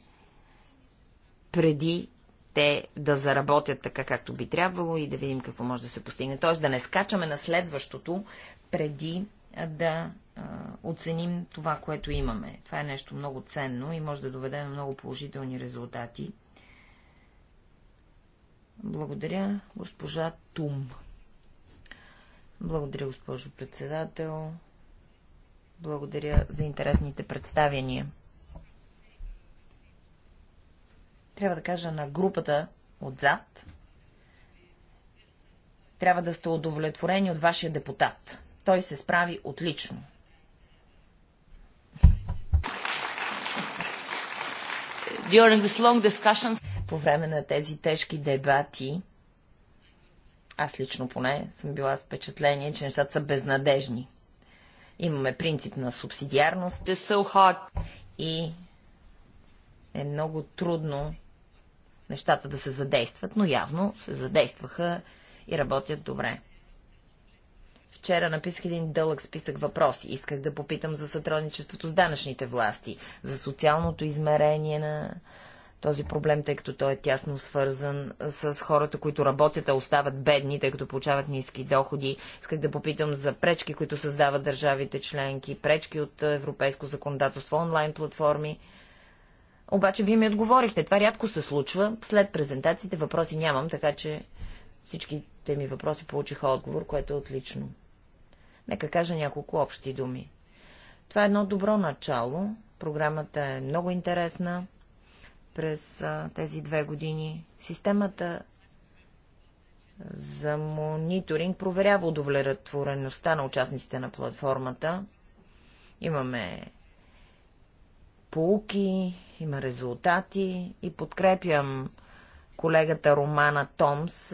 преди те да заработят така, както би трябвало и да видим какво може да се постигне. Тоест да не скачаме на следващото преди да оценим това, което имаме. Това е нещо много ценно и може да доведе до много положителни резултати. Благодаря, госпожа Тум. Благодаря, госпожо председател. Благодаря за интересните представяния. Трябва да кажа на групата отзад. Трябва да сте удовлетворени от вашия депутат. Той се справи отлично. По време на тези тежки дебати, аз лично поне съм била с впечатление, че нещата са безнадежни. Имаме принцип на субсидиарност so и е много трудно нещата да се задействат, но явно се задействаха и работят добре. Вчера написах един дълъг списък въпроси. Исках да попитам за сътрудничеството с данъчните власти, за социалното измерение на този проблем, тъй като той е тясно свързан с хората, които работят, а остават бедни, тъй като получават ниски доходи. Исках да попитам за пречки, които създават държавите членки, пречки от европейско законодателство, онлайн платформи. Обаче вие ми отговорихте. Това рядко се случва. След презентациите въпроси нямам, така че всичките ми въпроси получиха отговор, което е отлично. Нека кажа няколко общи думи. Това е едно добро начало. Програмата е много интересна през а, тези две години. Системата за мониторинг проверява удовлетвореността на участниците на платформата. Имаме полуки, има резултати и подкрепям колегата Романа Томс.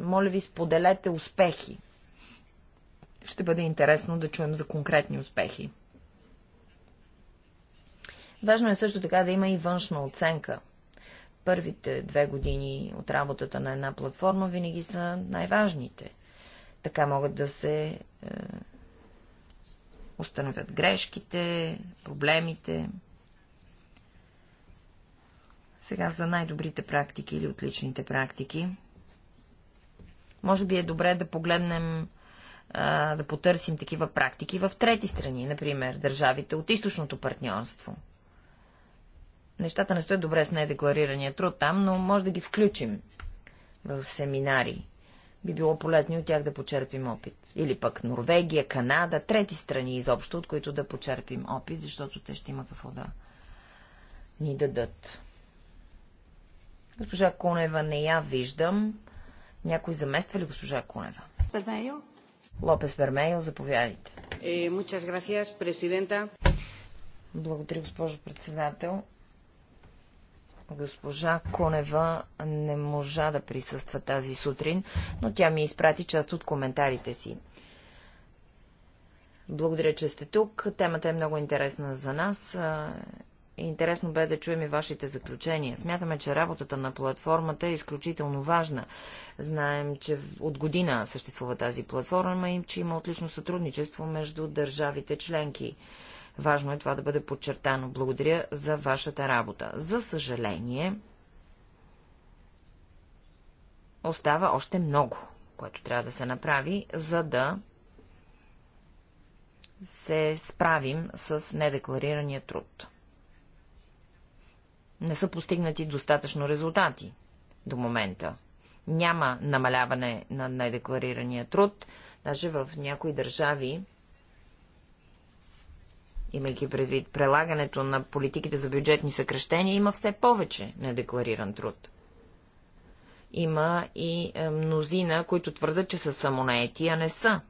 Моля ви, споделете успехи. Ще бъде интересно да чуем за конкретни успехи. Важно е също така да има и външна оценка. Първите две години от работата на една платформа винаги са най-важните. Така могат да се е, установят грешките, проблемите. Сега за най-добрите практики или отличните практики. Може би е добре да погледнем да потърсим такива практики в трети страни, например държавите от източното партньорство. Нещата не стоят добре с недекларирания труд там, но може да ги включим в семинари. Би било полезно от тях да почерпим опит. Или пък Норвегия, Канада, трети страни изобщо, от които да почерпим опит, защото те ще има какво да ни дадат. Госпожа Конева не я виждам. Някой замества ли госпожа Конева? Бермейо? Лопес Бермейо, заповядайте. Е, gracias, президента. Благодаря, госпожо председател. Госпожа Конева не можа да присъства тази сутрин, но тя ми изпрати част от коментарите си. Благодаря, че сте тук. Темата е много интересна за нас. Интересно бе да чуем и вашите заключения. Смятаме, че работата на платформата е изключително важна. Знаем, че от година съществува тази платформа и че има отлично сътрудничество между държавите членки. Важно е това да бъде подчертано. Благодаря за вашата работа. За съжаление, остава още много, което трябва да се направи, за да се справим с недекларирания труд не са постигнати достатъчно резултати до момента. Няма намаляване на недекларирания труд. Даже в някои държави, имайки предвид прелагането на политиките за бюджетни съкрещения, има все повече недеклариран труд. Има и е, мнозина, които твърдат, че са самонаети, а не са.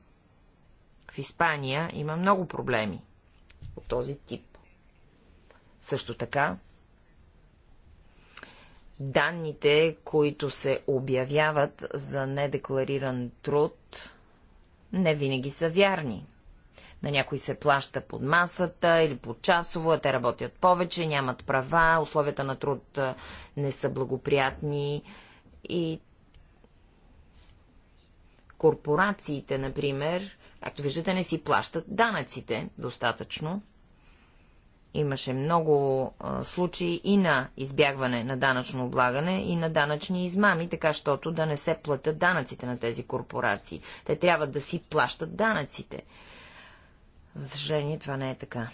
В Испания има много проблеми от този тип. Също така, данните, които се обявяват за недеклариран труд, не винаги са вярни. На някой се плаща под масата или под часово, а те работят повече, нямат права, условията на труд не са благоприятни и корпорациите, например, както виждате, не си плащат данъците достатъчно. Имаше много а, случаи и на избягване на данъчно облагане и на данъчни измами, така щото да не се платят данъците на тези корпорации. Те трябва да си плащат данъците. За съжаление, това не е така.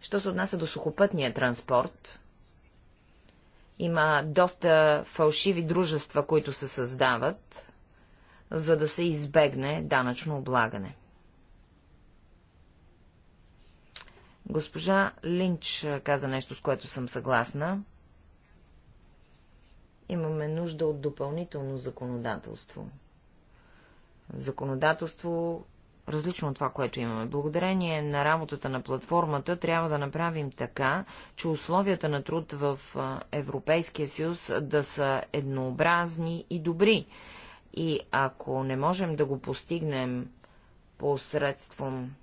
Що се отнася до сухопътния транспорт, има доста фалшиви дружества, които се създават, за да се избегне данъчно облагане. Госпожа Линч каза нещо, с което съм съгласна. Имаме нужда от допълнително законодателство. Законодателство различно от това, което имаме. Благодарение на работата на платформата трябва да направим така, че условията на труд в Европейския съюз да са еднообразни и добри. И ако не можем да го постигнем посредством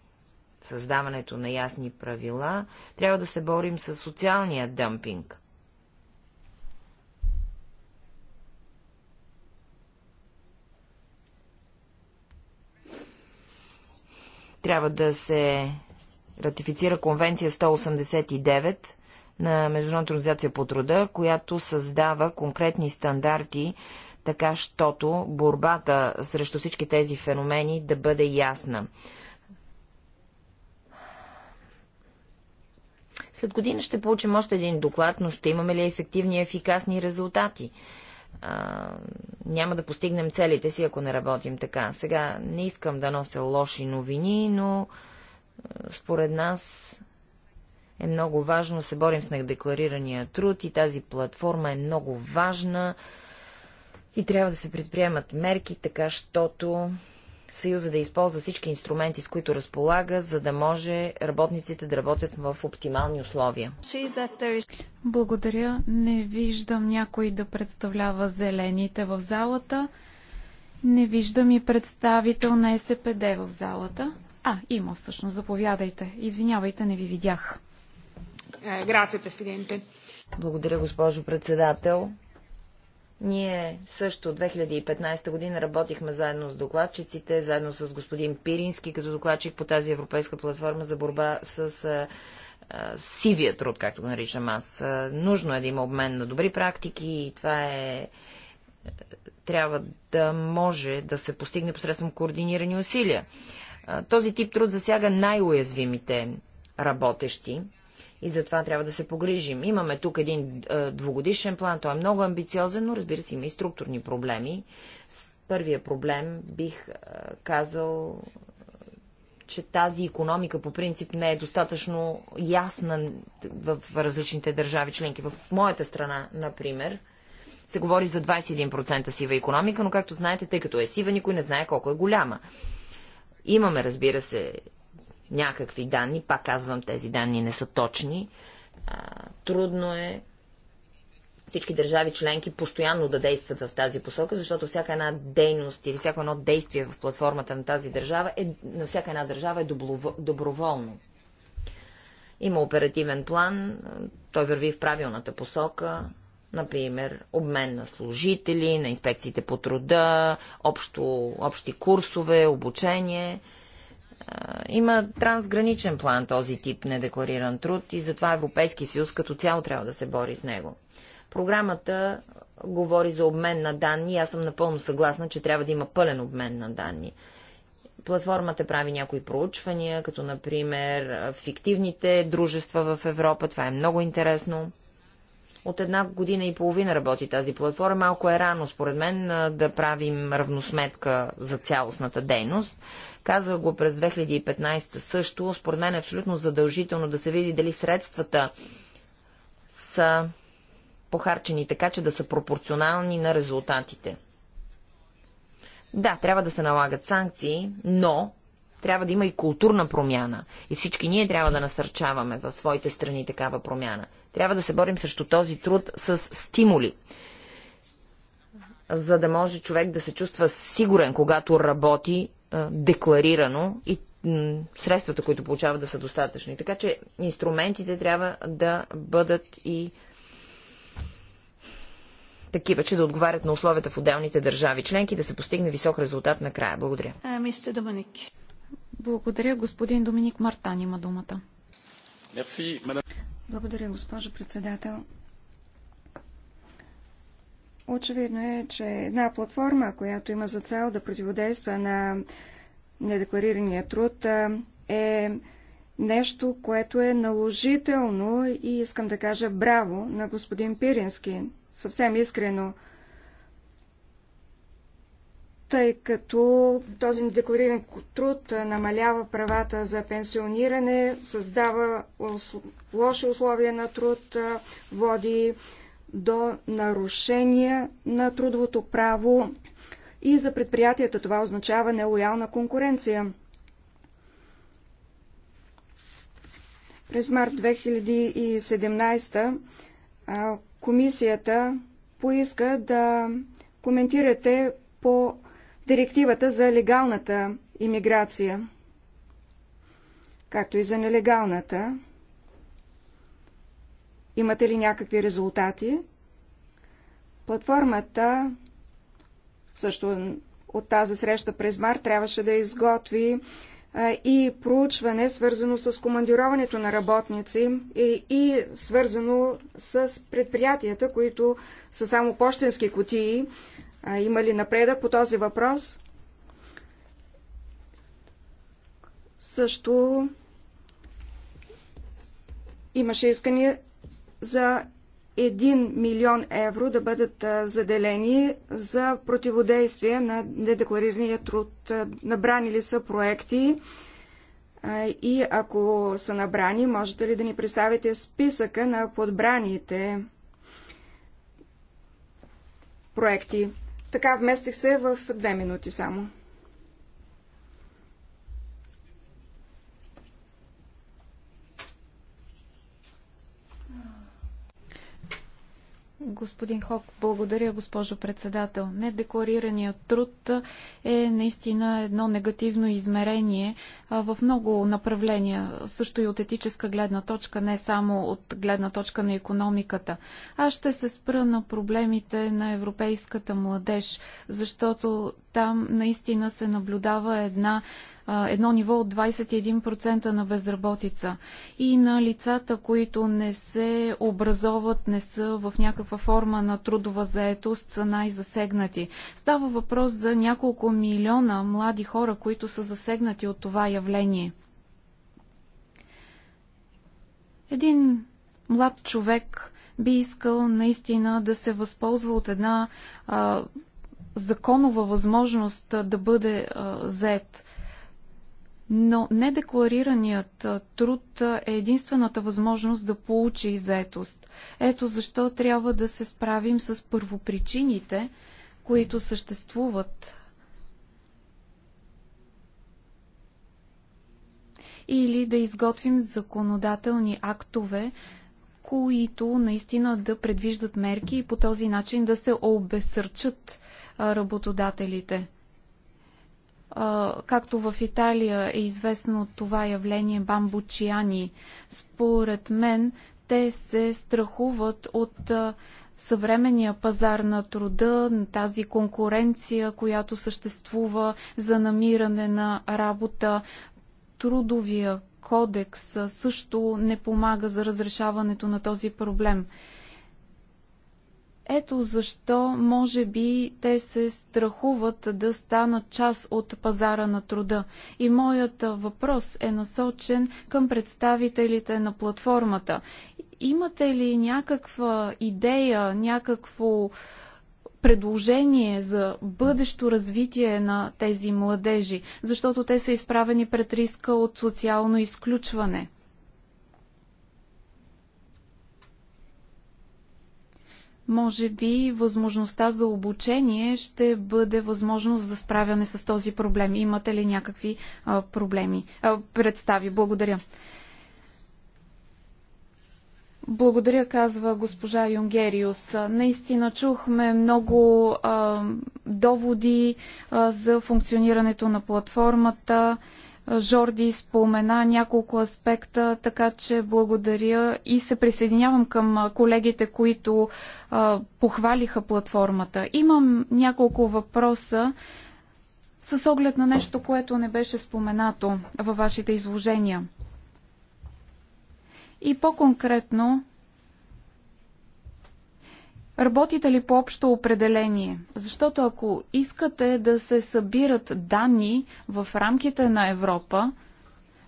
създаването на ясни правила, трябва да се борим с социалния дъмпинг. Трябва да се ратифицира конвенция 189 на Международната организация по труда, която създава конкретни стандарти, така щото борбата срещу всички тези феномени да бъде ясна. След година ще получим още един доклад, но ще имаме ли ефективни и ефикасни резултати? а, няма да постигнем целите си, ако не работим така. Сега не искам да нося лоши новини, но според нас е много важно да се борим с недекларирания труд и тази платформа е много важна и трябва да се предприемат мерки, така щото Съюза да използва всички инструменти, с които разполага, за да може работниците да работят в оптимални условия. Благодаря. Не виждам някой да представлява зелените в залата. Не виждам и представител на СПД в залата. А, има всъщност. Заповядайте. Извинявайте, не ви видях. Е, Благодаря, госпожо председател. Ние също 2015 година работихме заедно с докладчиците, заедно с господин Пирински, като докладчик по тази европейска платформа за борба с а, а, сивия труд, както го наричам аз. А, нужно е да има обмен на добри практики и това е, е трябва да може да се постигне посредством координирани усилия. Този тип труд засяга най-уязвимите работещи, и за това трябва да се погрижим. Имаме тук един е, двугодишен план, той е много амбициозен, но разбира се има и структурни проблеми. Първия проблем бих е, казал, че тази економика по принцип не е достатъчно ясна в различните държави членки. В моята страна, например, се говори за 21% сива економика, но както знаете, тъй като е сива, никой не знае колко е голяма. Имаме, разбира се, някакви данни, пак казвам, тези данни не са точни. А, трудно е всички държави членки постоянно да действат в тази посока, защото всяка една дейност или всяко едно действие в платформата на тази държава е, на всяка една държава е доброволно. Има оперативен план, той върви в правилната посока, например, обмен на служители, на инспекциите по труда, общо, общи курсове, обучение – има трансграничен план този тип недеклариран труд и затова Европейски съюз като цяло трябва да се бори с него. Програмата говори за обмен на данни. Аз съм напълно съгласна, че трябва да има пълен обмен на данни. Платформата прави някои проучвания, като например фиктивните дружества в Европа. Това е много интересно. От една година и половина работи тази платформа. Малко е рано, според мен, да правим равносметка за цялостната дейност. Казах го през 2015 също. Според мен е абсолютно задължително да се види дали средствата са похарчени така, че да са пропорционални на резултатите. Да, трябва да се налагат санкции, но трябва да има и културна промяна. И всички ние трябва да насърчаваме в своите страни такава промяна. Трябва да се борим срещу този труд с стимули, за да може човек да се чувства сигурен, когато работи е, декларирано и средствата, които получава да са достатъчни. Така че инструментите трябва да бъдат и такива, че да отговарят на условията в отделните държави членки, да се постигне висок резултат накрая. Благодаря. Мисте Доминик. Благодаря. Господин Доминик Мартан има думата. Merci, благодаря, госпожо председател. Очевидно е, че една платформа, която има за цел да противодейства на недекларирания труд, е нещо, което е наложително и искам да кажа браво на господин Пирински. Съвсем искрено тъй като този недеклариран труд намалява правата за пенсиониране, създава лоши условия на труд, води до нарушения на трудовото право и за предприятията това означава нелоялна конкуренция. През март 2017 комисията поиска да коментирате по директивата за легалната иммиграция, както и за нелегалната. Имате ли някакви резултати? Платформата също от тази среща през март трябваше да изготви и проучване, свързано с командироването на работници и, и свързано с предприятията, които са само почтенски котии, има ли напредък по този въпрос? Също имаше искания за 1 милион евро да бъдат заделени за противодействие на недекларирания труд. Набрани ли са проекти и ако са набрани, можете ли да ни представите списъка на подбраните проекти? Така вместих се в две минути само. Господин Хок, благодаря, госпожо председател. Недекларираният труд е наистина едно негативно измерение в много направления, също и от етическа гледна точка, не само от гледна точка на економиката. Аз ще се спра на проблемите на европейската младеж, защото там наистина се наблюдава една едно ниво от 21% на безработица и на лицата, които не се образоват, не са в някаква форма на трудова заетост, са най-засегнати. Става въпрос за няколко милиона млади хора, които са засегнати от това явление. Един млад човек би искал наистина да се възползва от една а, законова възможност да бъде а, зает но недекларираният труд е единствената възможност да получи заетост. Ето защо трябва да се справим с първопричините, които съществуват или да изготвим законодателни актове, които наистина да предвиждат мерки и по този начин да се обесърчат работодателите както в Италия е известно това явление бамбучиани. Според мен те се страхуват от съвременния пазар на труда, тази конкуренция, която съществува за намиране на работа, трудовия кодекс също не помага за разрешаването на този проблем. Ето защо, може би, те се страхуват да станат част от пазара на труда. И моят въпрос е насочен към представителите на платформата. Имате ли някаква идея, някакво предложение за бъдещо развитие на тези младежи, защото те са изправени пред риска от социално изключване? Може би възможността за обучение ще бъде възможност за справяне с този проблем. Имате ли някакви а, проблеми? А, представи. Благодаря. Благодаря, казва госпожа Юнгериус. Наистина чухме много а, доводи а, за функционирането на платформата. Жорди спомена няколко аспекта, така че благодаря и се присъединявам към колегите, които а, похвалиха платформата. Имам няколко въпроса с оглед на нещо, което не беше споменато във вашите изложения. И по-конкретно Работите ли по общо определение? Защото ако искате да се събират данни в рамките на Европа,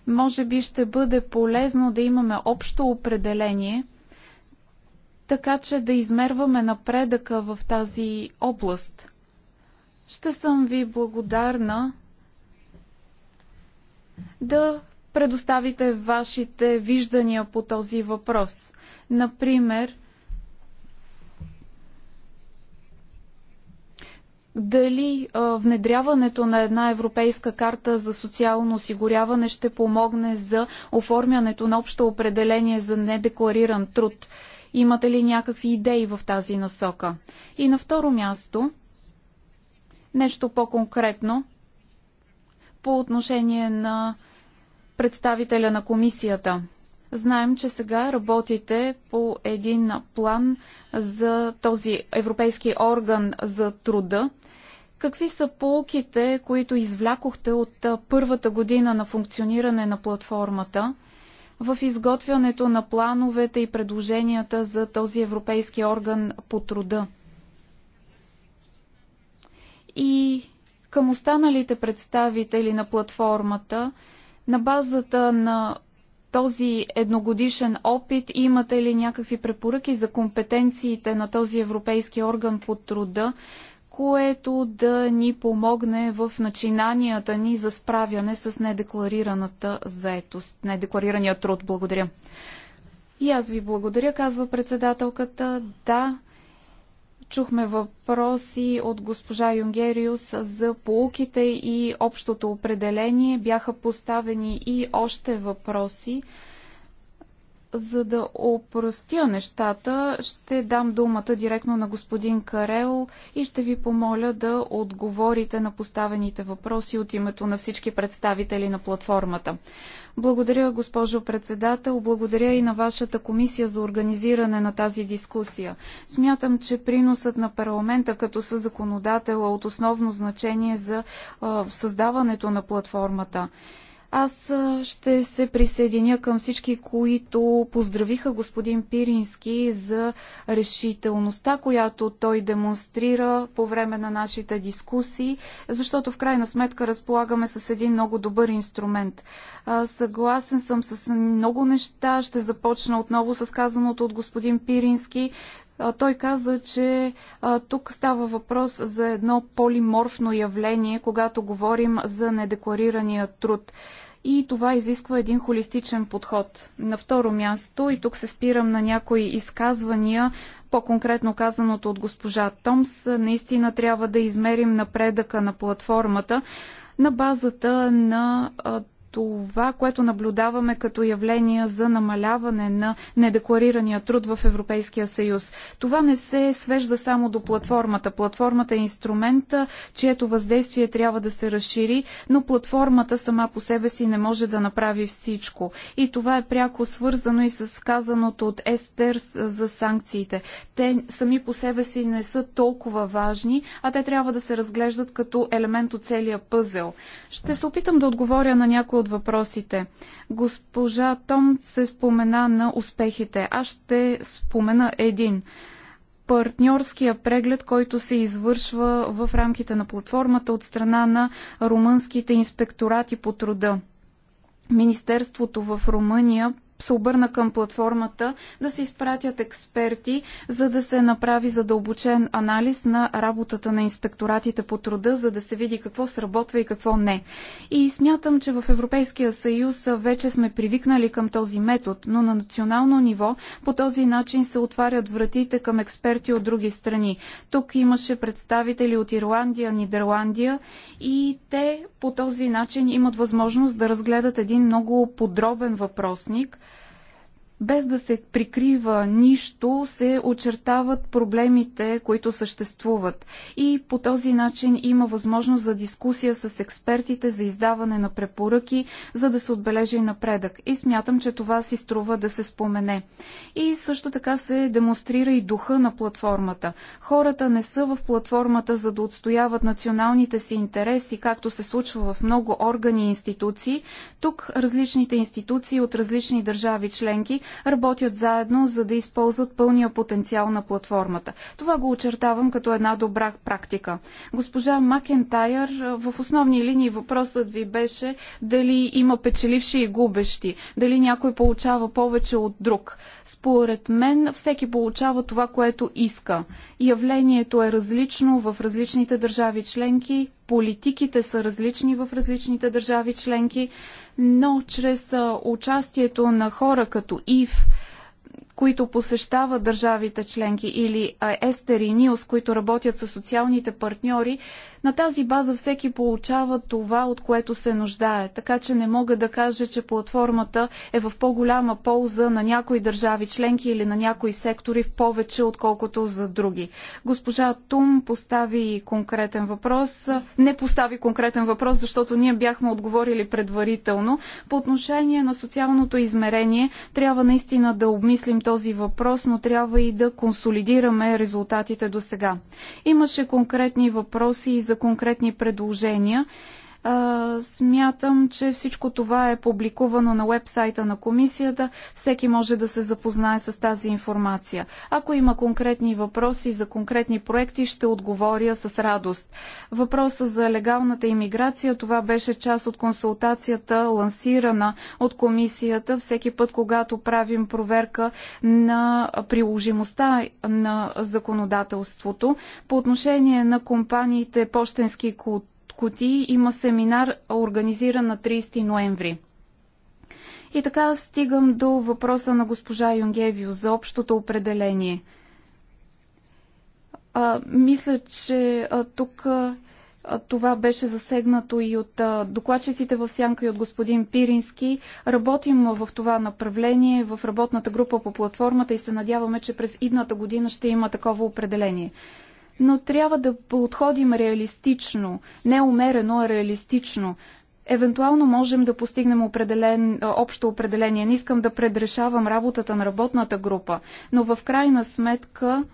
може би ще бъде полезно да имаме общо определение, така че да измерваме напредъка в тази област. Ще съм ви благодарна да предоставите вашите виждания по този въпрос. Например, дали внедряването на една европейска карта за социално осигуряване ще помогне за оформянето на общо определение за недеклариран труд. Имате ли някакви идеи в тази насока? И на второ място, нещо по-конкретно по отношение на представителя на комисията. Знаем, че сега работите по един план за този европейски орган за труда. Какви са полуките, които извлякохте от първата година на функциониране на платформата в изготвянето на плановете и предложенията за този европейски орган по труда? И към останалите представители на платформата, на базата на този едногодишен опит имате ли някакви препоръки за компетенциите на този европейски орган по труда, което да ни помогне в начинанията ни за справяне с недекларираната заетост, недекларирания труд. Благодаря. И аз ви благодаря, казва председателката. Да, чухме въпроси от госпожа Юнгериус за полуките и общото определение. Бяха поставени и още въпроси. За да опростя нещата, ще дам думата директно на господин Карел и ще ви помоля да отговорите на поставените въпроси от името на всички представители на платформата. Благодаря, госпожо председател. Благодаря и на вашата комисия за организиране на тази дискусия. Смятам, че приносът на парламента като съзаконодател е от основно значение за а, създаването на платформата. Аз ще се присъединя към всички, които поздравиха господин Пирински за решителността, която той демонстрира по време на нашите дискусии, защото в крайна сметка разполагаме с един много добър инструмент. Съгласен съм с много неща. Ще започна отново с казаното от господин Пирински той каза, че тук става въпрос за едно полиморфно явление, когато говорим за недекларирания труд и това изисква един холистичен подход. На второ място, и тук се спирам на някои изказвания, по-конкретно казаното от госпожа Томс, наистина трябва да измерим напредъка на платформата на базата на това, което наблюдаваме като явление за намаляване на недекларирания труд в Европейския съюз. Това не се свежда само до платформата. Платформата е инструмента, чието въздействие трябва да се разшири, но платформата сама по себе си не може да направи всичко. И това е пряко свързано и с казаното от Естер за санкциите. Те сами по себе си не са толкова важни, а те трябва да се разглеждат като елемент от целия пъзел. Ще се опитам да отговоря на някои от от въпросите. Госпожа Том се спомена на успехите. Аз ще спомена един партньорския преглед, който се извършва в рамките на платформата от страна на румънските инспекторати по труда. Министерството в Румъния се обърна към платформата да се изпратят експерти, за да се направи задълбочен анализ на работата на инспекторатите по труда, за да се види какво сработва и какво не. И смятам, че в Европейския съюз вече сме привикнали към този метод, но на национално ниво по този начин се отварят вратите към експерти от други страни. Тук имаше представители от Ирландия, Нидерландия и те по този начин имат възможност да разгледат един много подробен въпросник, без да се прикрива нищо, се очертават проблемите, които съществуват. И по този начин има възможност за дискусия с експертите за издаване на препоръки, за да се отбележи напредък. И смятам, че това си струва да се спомене. И също така се демонстрира и духа на платформата. Хората не са в платформата, за да отстояват националните си интереси, както се случва в много органи и институции. Тук различните институции от различни държави членки работят заедно, за да използват пълния потенциал на платформата. Това го очертавам като една добра практика. Госпожа Макентайр, в основни линии въпросът ви беше дали има печеливши и губещи, дали някой получава повече от друг. Според мен всеки получава това, което иска. Явлението е различно в различните държави членки, политиките са различни в различните държави членки, но чрез участието на хора като ИВ, които посещават държавите членки или Естер и Нилс, които работят с социалните партньори, на тази база всеки получава това, от което се нуждае. Така че не мога да кажа, че платформата е в по-голяма полза на някои държави членки или на някои сектори в повече, отколкото за други. Госпожа Тум постави конкретен въпрос. Не постави конкретен въпрос, защото ние бяхме отговорили предварително. По отношение на социалното измерение, трябва наистина да обмислим този въпрос, но трябва и да консолидираме резултатите до сега. Имаше конкретни въпроси и за конкретни предложения а, смятам, че всичко това е публикувано на вебсайта на комисията. Всеки може да се запознае с тази информация. Ако има конкретни въпроси за конкретни проекти, ще отговоря с радост. Въпроса за легалната иммиграция, това беше част от консултацията, лансирана от комисията. Всеки път, когато правим проверка на приложимостта на законодателството. По отношение на компаниите Пощенски култури, кутии има семинар, организиран на 30 ноември. И така стигам до въпроса на госпожа Юнгевио за общото определение. А, мисля, че а, тук а, това беше засегнато и от а, докладчиците в Сянка и от господин Пирински. Работим в това направление в работната група по платформата и се надяваме, че през идната година ще има такова определение но трябва да подходим реалистично, не умерено, а реалистично. Евентуално можем да постигнем определен, общо определение. Не искам да предрешавам работата на работната група, но в крайна сметка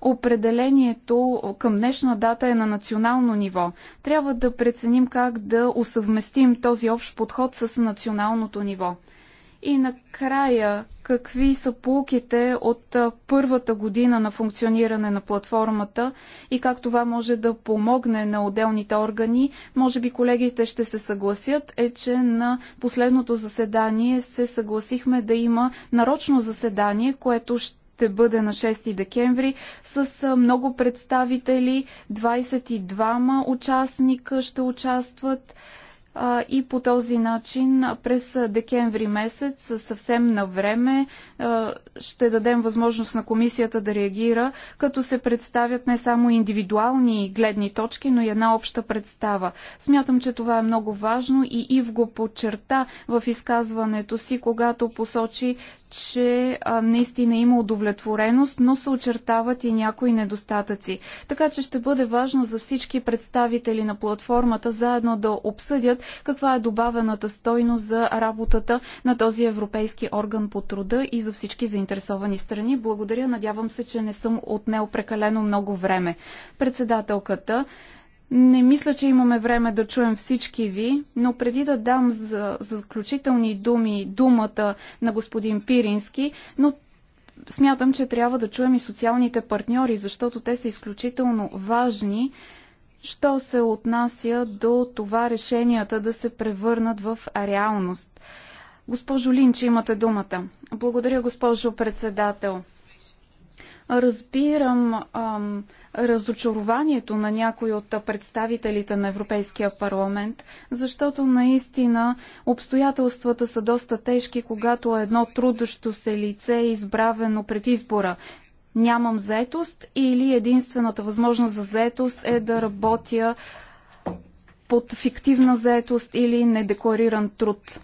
определението към днешна дата е на национално ниво. Трябва да преценим как да усъвместим този общ подход с националното ниво. И накрая, какви са полуките от първата година на функциониране на платформата и как това може да помогне на отделните органи? Може би колегите ще се съгласят, е, че на последното заседание се съгласихме да има нарочно заседание, което ще ще бъде на 6 декември с много представители, 22 участника ще участват и по този начин през декември месец съвсем на време ще дадем възможност на комисията да реагира, като се представят не само индивидуални гледни точки, но и една обща представа. Смятам, че това е много важно и Ив го подчерта в изказването си, когато посочи, че наистина има удовлетвореност, но се очертават и някои недостатъци. Така че ще бъде важно за всички представители на платформата заедно да обсъдят каква е добавената стойност за работата на този европейски орган по труда и за за всички заинтересовани страни. Благодаря. Надявам се, че не съм отнел прекалено много време. Председателката, не мисля, че имаме време да чуем всички ви, но преди да дам за, заключителни думи думата на господин Пирински, но смятам, че трябва да чуем и социалните партньори, защото те са изключително важни що се отнася до това решенията да се превърнат в реалност. Госпожо Линче, имате думата. Благодаря, госпожо председател. Разбирам ам, разочарованието на някои от представителите на Европейския парламент, защото наистина обстоятелствата са доста тежки, когато едно трудощо се лице е избравено пред избора. Нямам заетост или единствената възможност за заетост е да работя под фиктивна заетост или недеклариран труд.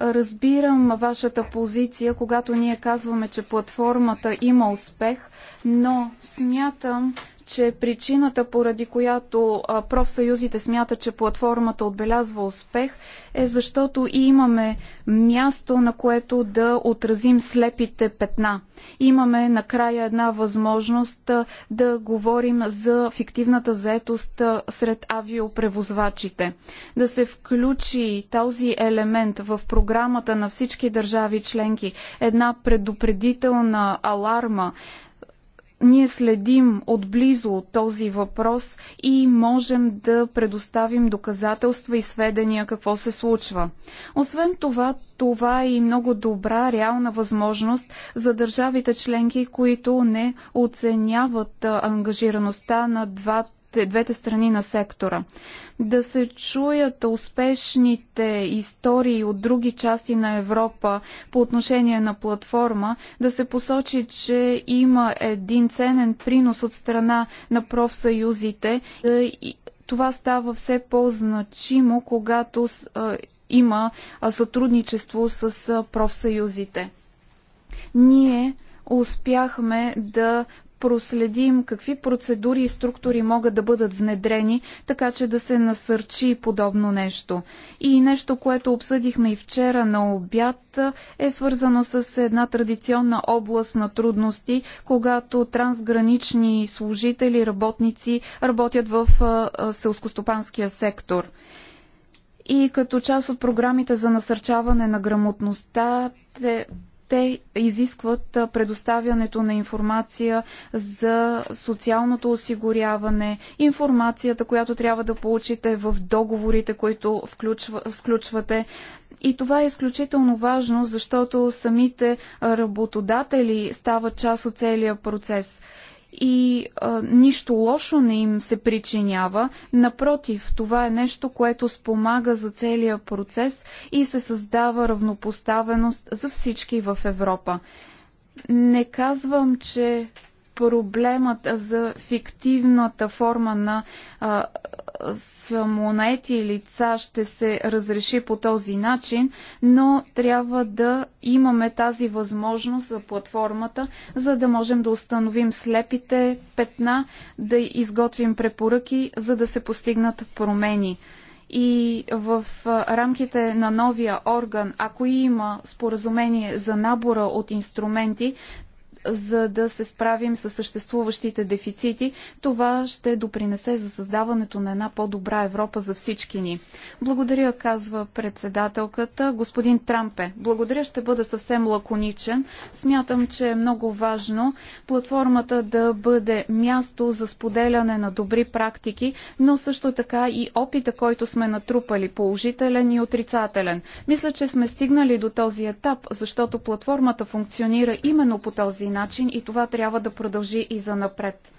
Разбирам вашата позиция, когато ние казваме, че платформата има успех, но смятам, че причината, поради която профсъюзите смятат, че платформата отбелязва успех, е защото и имаме място, на което да отразим слепите петна. Имаме накрая една възможност да говорим за фиктивната заетост сред авиопревозвачите. Да се включи този елемент в програмата на всички държави членки, една предупредителна аларма, ние следим отблизо този въпрос и можем да предоставим доказателства и сведения какво се случва. Освен това, това е и много добра реална възможност за държавите членки, които не оценяват ангажираността на два двете, двете страни на сектора. Да се чуят успешните истории от други части на Европа по отношение на платформа, да се посочи, че има един ценен принос от страна на профсъюзите. Е, това става все по-значимо, когато е, има е, сътрудничество с профсъюзите. Ние успяхме да проследим какви процедури и структури могат да бъдат внедрени, така че да се насърчи подобно нещо. И нещо, което обсъдихме и вчера на обяд, е свързано с една традиционна област на трудности, когато трансгранични служители, работници работят в селскостопанския сектор. И като част от програмите за насърчаване на грамотността, те те изискват предоставянето на информация за социалното осигуряване, информацията, която трябва да получите в договорите, които включва, включвате. И това е изключително важно, защото самите работодатели стават част от целия процес и а, нищо лошо не им се причинява. Напротив, това е нещо, което спомага за целия процес и се създава равнопоставеност за всички в Европа. Не казвам, че проблемът за фиктивната форма на а, самонаети лица ще се разреши по този начин, но трябва да имаме тази възможност за платформата, за да можем да установим слепите петна, да изготвим препоръки, за да се постигнат промени и в рамките на новия орган, ако има споразумение за набора от инструменти, за да се справим с съществуващите дефицити. Това ще допринесе за създаването на една по-добра Европа за всички ни. Благодаря, казва председателката. Господин Трампе, благодаря, ще бъда съвсем лаконичен. Смятам, че е много важно платформата да бъде място за споделяне на добри практики, но също така и опита, който сме натрупали, положителен и отрицателен. Мисля, че сме стигнали до този етап, защото платформата функционира именно по този начин и това трябва да продължи и за напред.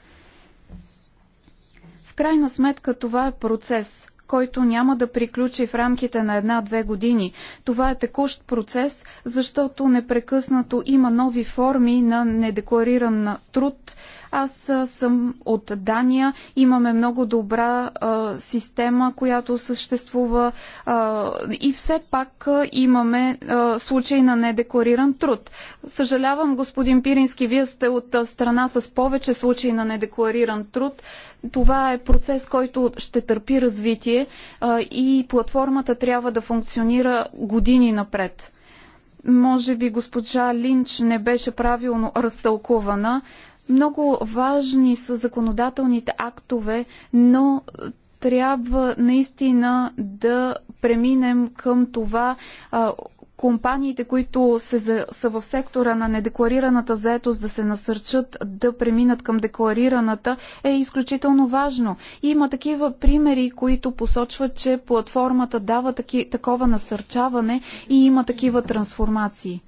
В крайна сметка това е процес, който няма да приключи в рамките на една-две години. Това е текущ процес, защото непрекъснато има нови форми на недеклариран труд, аз съм от Дания. Имаме много добра а, система, която съществува а, и все пак имаме а, случай на недеклариран труд. Съжалявам, господин Пирински, вие сте от страна с повече случаи на недеклариран труд. Това е процес, който ще търпи развитие а, и платформата трябва да функционира години напред може би госпожа Линч не беше правилно разтълкувана. Много важни са законодателните актове, но трябва наистина да преминем към това а, компаниите, които се, за, са в сектора на недекларираната заетост да се насърчат да преминат към декларираната е изключително важно. И има такива примери, които посочват, че платформата дава таки, такова насърчаване и има такива трансформации.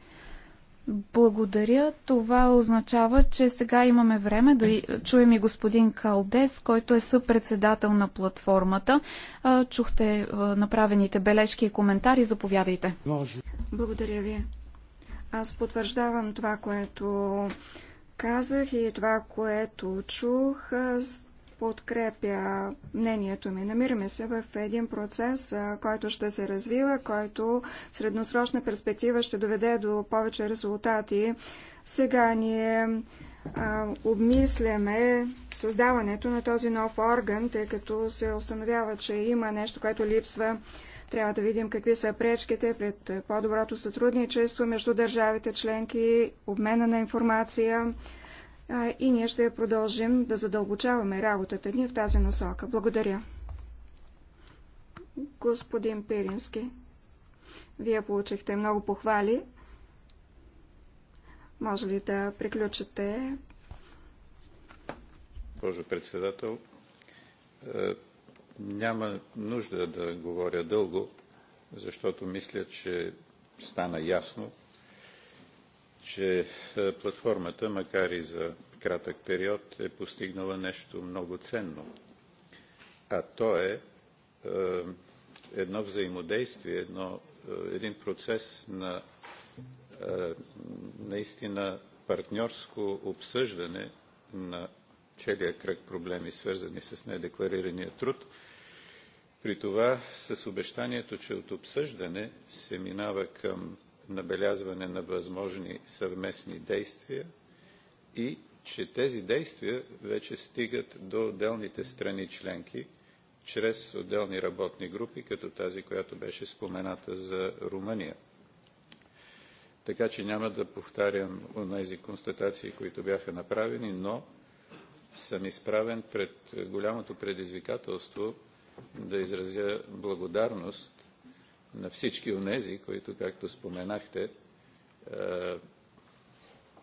Благодаря. Това означава, че сега имаме време да чуем и господин Калдес, който е съпредседател на платформата. Чухте направените бележки и коментари. Заповядайте. Благодаря ви. Аз потвърждавам това, което казах и това, което чух подкрепя мнението ми. Намираме се в един процес, който ще се развива, който в средносрочна перспектива ще доведе до повече резултати. Сега ние обмисляме създаването на този нов орган, тъй като се установява, че има нещо, което липсва. Трябва да видим какви са пречките пред по-доброто сътрудничество между държавите членки, обмена на информация, и ние ще продължим да задълбочаваме работата ни в тази насока. Благодаря. Господин Пирински, вие получихте много похвали. Може ли да приключите? Боже председател, е, няма нужда да говоря дълго, защото мисля, че стана ясно че е, платформата, макар и за кратък период, е постигнала нещо много ценно. А то е, е едно взаимодействие, едно, е, един процес на наистина партньорско обсъждане на целият кръг проблеми, свързани с недекларирания труд, при това с обещанието, че от обсъждане се минава към набелязване на възможни съвместни действия и че тези действия вече стигат до отделните страни членки чрез отделни работни групи, като тази, която беше спомената за Румъния. Така че няма да повтарям онези констатации, които бяха направени, но съм изправен пред голямото предизвикателство да изразя благодарност на всички онези, които, както споменахте, е,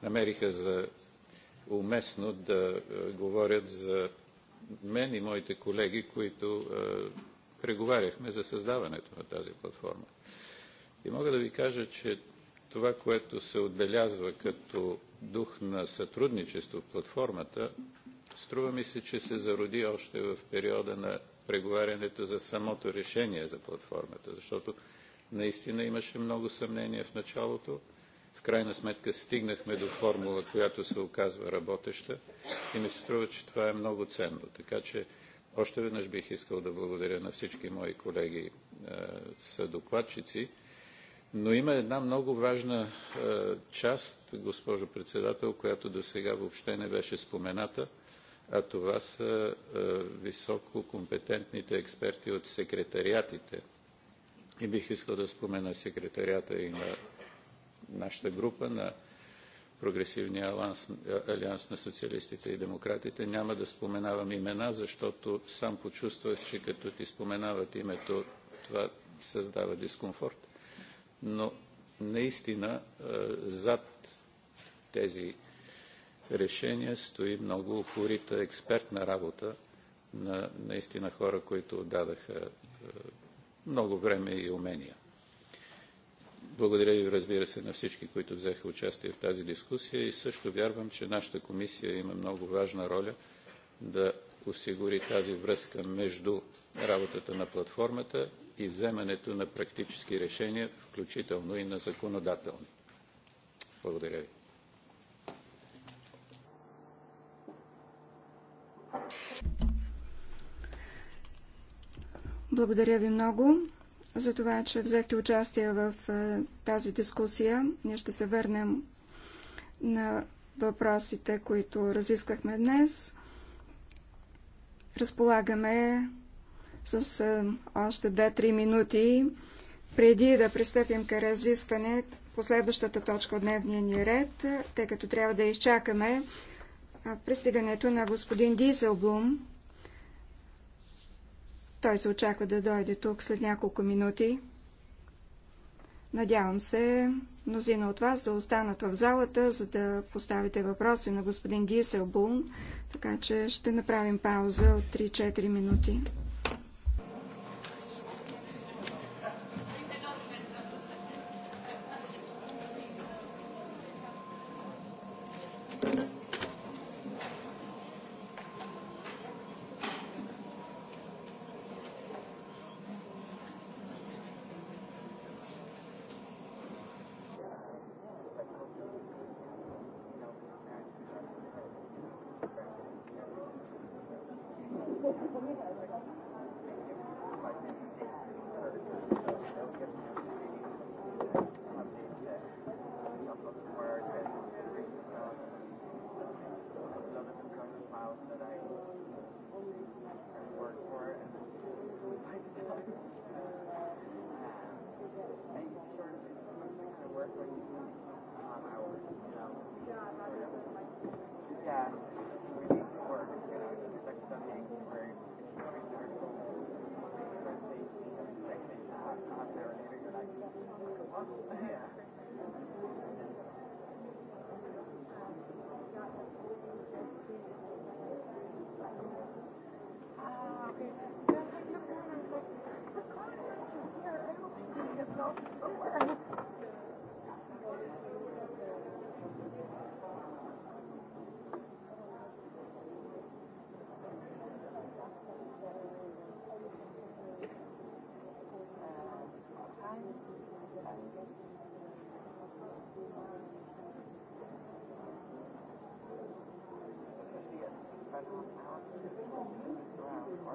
намериха за уместно да е, говорят за мен и моите колеги, които е, преговаряхме за създаването на тази платформа. И мога да ви кажа, че това, което се отбелязва като дух на сътрудничество в платформата, струва ми се, че се зароди още в периода на преговарянето за самото решение за платформата, защото наистина имаше много съмнения в началото. В крайна сметка стигнахме до формула, която се оказва работеща и ми се струва, че това е много ценно. Така че още веднъж бих искал да благодаря на всички мои колеги е, съдокладчици. Но има една много важна е, част, госпожо председател, която до сега въобще не беше спомената – а това са е, висококомпетентните експерти от секретариатите. И бих искал да спомена секретарията и на нашата група, на Прогресивния алианс, алианс на социалистите и демократите. Няма да споменавам имена, защото сам почувствах, че като ти споменават името, това създава дискомфорт. Но наистина е, зад тези решение стои много упорита експертна работа на наистина хора, които отдадаха е, много време и умения. Благодаря ви, разбира се, на всички, които взеха участие в тази дискусия и също вярвам, че нашата комисия има много важна роля да осигури тази връзка между работата на платформата и вземането на практически решения, включително и на законодателни. Благодаря ви. Благодаря ви много за това, че взехте участие в тази дискусия. Ние ще се върнем на въпросите, които разисквахме днес. Разполагаме с още 2-3 минути преди да пристъпим към разискване последващата точка от дневния ни ред, тъй като трябва да изчакаме пристигането на господин Дизелблум. Той се очаква да дойде тук след няколко минути. Надявам се мнозина от вас да останат в залата, за да поставите въпроси на господин Диселбун, така че ще направим пауза от 3-4 минути.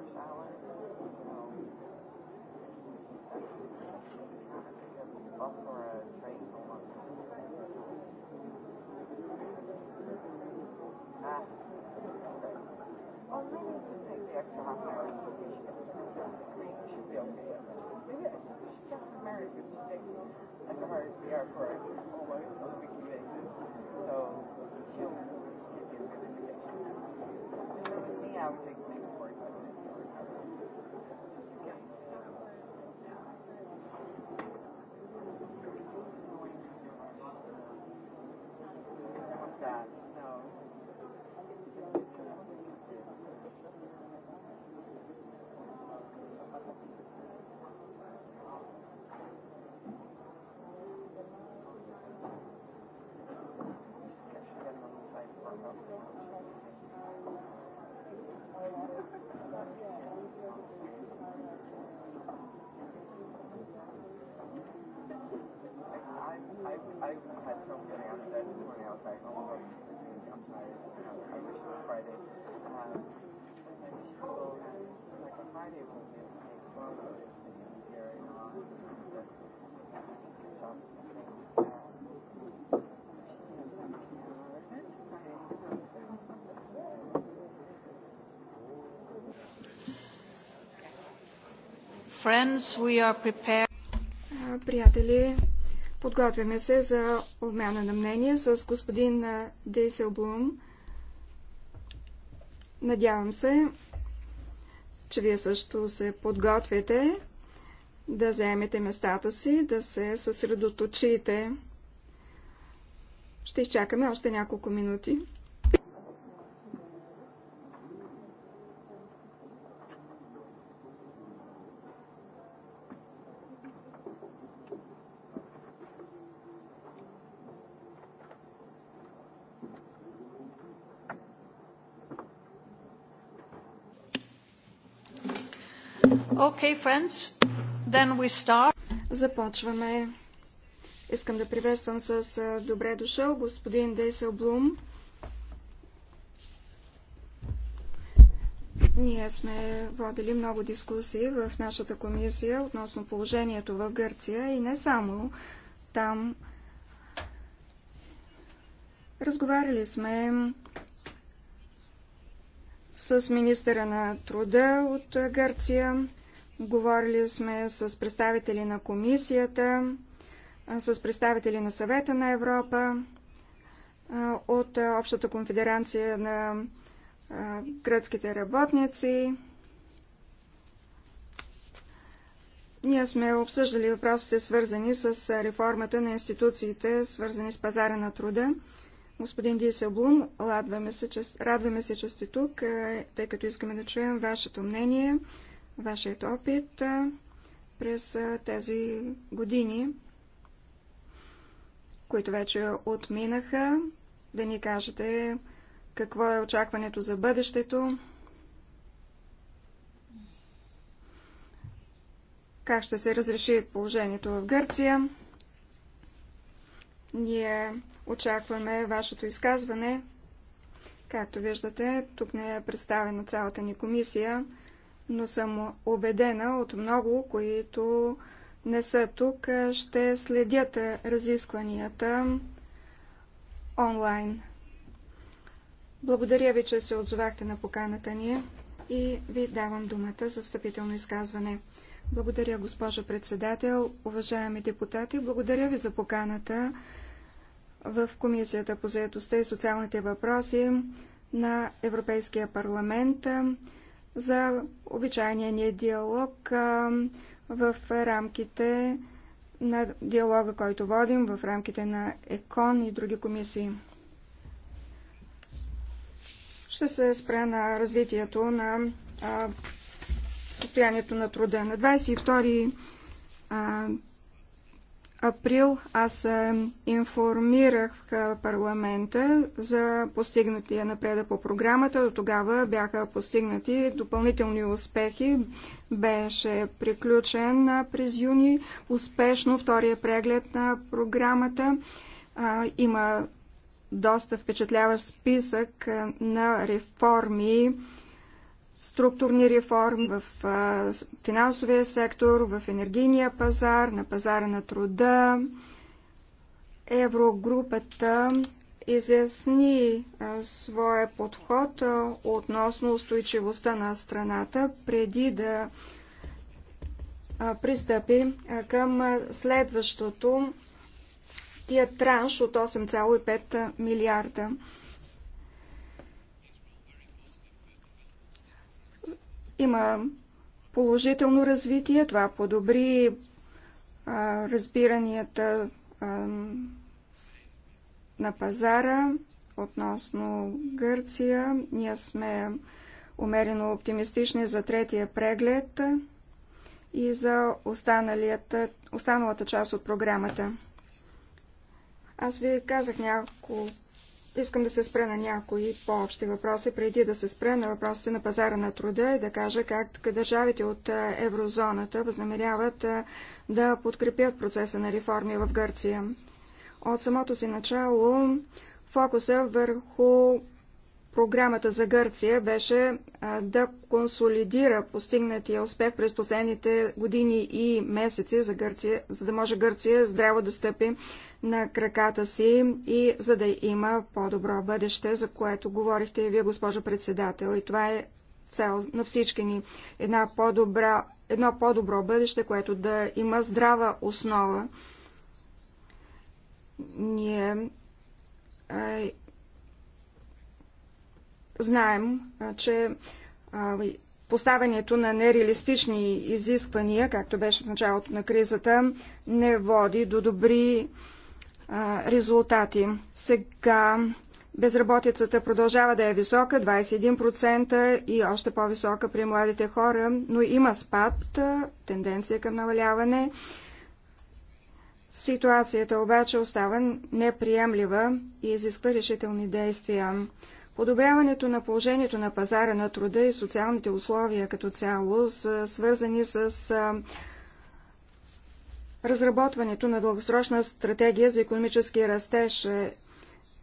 rush So a train just take the extra half hour. Should be okay. you. Take like a hard VR for Приятели, подготвяме се за обмяна на мнение с господин Дейселблум. Надявам се, че вие също се подготвяте да заемете местата си, да се съсредоточите. Ще изчакаме още няколко минути. Okay, friends, then we start. Започваме. Искам да приветствам с добре дошъл господин Дейсел Блум. Ние сме водили много дискусии в нашата комисия относно положението в Гърция и не само там. Разговаряли сме с министъра на труда от Гърция, Говорили сме с представители на комисията, с представители на съвета на Европа, от Общата конфедерация на гръцките работници. Ние сме обсъждали въпросите, свързани с реформата на институциите, свързани с пазара на труда. Господин Диселблум, радваме се, че, радваме се, че сте тук, тъй като искаме да чуем вашето мнение вашият опит през тези години, които вече отминаха, да ни кажете какво е очакването за бъдещето, как ще се разреши положението в Гърция. Ние очакваме вашето изказване. Както виждате, тук не е представена цялата ни комисия но съм убедена от много, които не са тук, ще следят разискванията онлайн. Благодаря ви, че се отзовахте на поканата ни и ви давам думата за встъпително изказване. Благодаря, госпожо председател, уважаеми депутати, благодаря ви за поканата в Комисията по заедостта и социалните въпроси на Европейския парламент за обичайния ни диалог в рамките на диалога, който водим в рамките на ЕКОН и други комисии. Ще се спре на развитието на състоянието на труда. На 22 април аз е, информирах е, парламента за постигнатия напредък по програмата. До тогава бяха постигнати допълнителни успехи. Беше приключен е, през юни успешно втория преглед на програмата. Има доста впечатляващ списък на реформи, структурни реформи в финансовия сектор, в енергийния пазар, на пазара на труда. Еврогрупата изясни своя подход относно устойчивостта на страната преди да пристъпи към следващото тия транш от 8,5 милиарда. Има положително развитие, това подобри а, разбиранията а, на пазара относно Гърция. Ние сме умерено оптимистични за третия преглед и за останалата част от програмата. Аз ви казах няколко Искам да се спра на някои по-общи въпроси, преди да се спра на въпросите на пазара на труда и да кажа как държавите от еврозоната възнамеряват да подкрепят процеса на реформи в Гърция. От самото си начало фокуса върху програмата за Гърция беше да консолидира постигнатия успех през последните години и месеци за Гърция, за да може Гърция здраво да стъпи на краката си и за да има по-добро бъдеще, за което говорихте и вие, госпожо председател. И това е цел на всички ни. Една по-добра, едно по-добро бъдеще, което да има здрава основа. Ние а, знаем, а, че а, поставянето на нереалистични изисквания, както беше в началото на кризата, не води до добри резултати. Сега безработицата продължава да е висока, 21% и още по-висока при младите хора, но има спад, тенденция към наваляване. Ситуацията обаче остава неприемлива и изисква решителни действия. Подобряването на положението на пазара на труда и социалните условия като цяло са свързани с Разработването на дългосрочна стратегия за економически растеж е,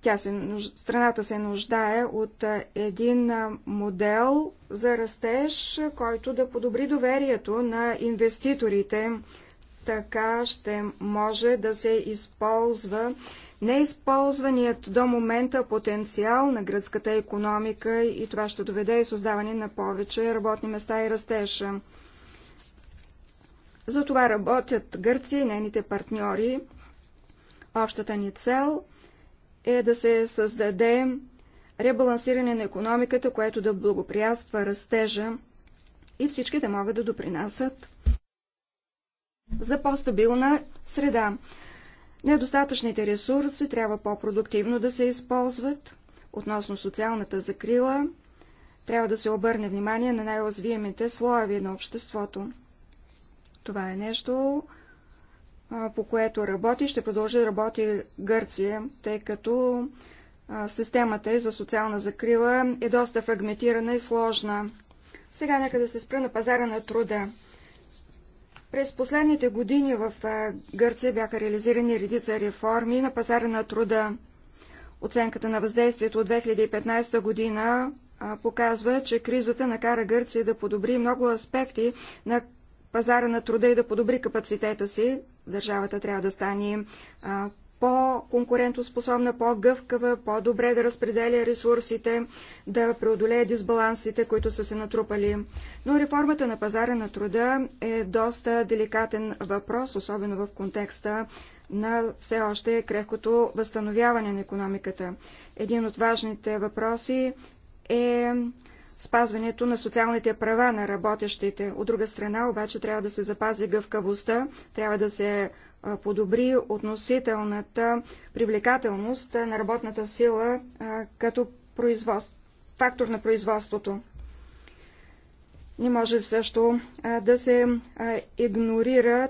тя се, страната се нуждае от един модел за растеж, който да подобри доверието на инвеститорите. Така ще може да се използва неизползваният до момента потенциал на гръцката економика и това ще доведе и създаване на повече работни места и растеж. За това работят Гърция и нейните партньори. Общата ни цел е да се създаде ребалансиране на економиката, което да благоприятства растежа и всички да могат да допринасят за по-стабилна среда. Недостатъчните ресурси трябва по-продуктивно да се използват. Относно социалната закрила, трябва да се обърне внимание на най развиемите слоеви на обществото. Това е нещо, по което работи, ще продължи да работи Гърция, тъй като системата е за социална закрила е доста фрагментирана и сложна. Сега нека да се спра на пазара на труда. През последните години в Гърция бяха реализирани редица реформи на пазара на труда. Оценката на въздействието от 2015 година показва, че кризата накара Гърция да подобри много аспекти на пазара на труда и да подобри капацитета си, държавата трябва да стане по-конкурентоспособна, по-гъвкава, по-добре да разпределя ресурсите, да преодолее дисбалансите, които са се натрупали. Но реформата на пазара на труда е доста деликатен въпрос, особено в контекста на все още крехкото възстановяване на економиката. Един от важните въпроси е спазването на социалните права на работещите. От друга страна, обаче, трябва да се запази гъвкавостта, трябва да се подобри относителната привлекателност на работната сила като фактор на производството. Не може също да се игнорира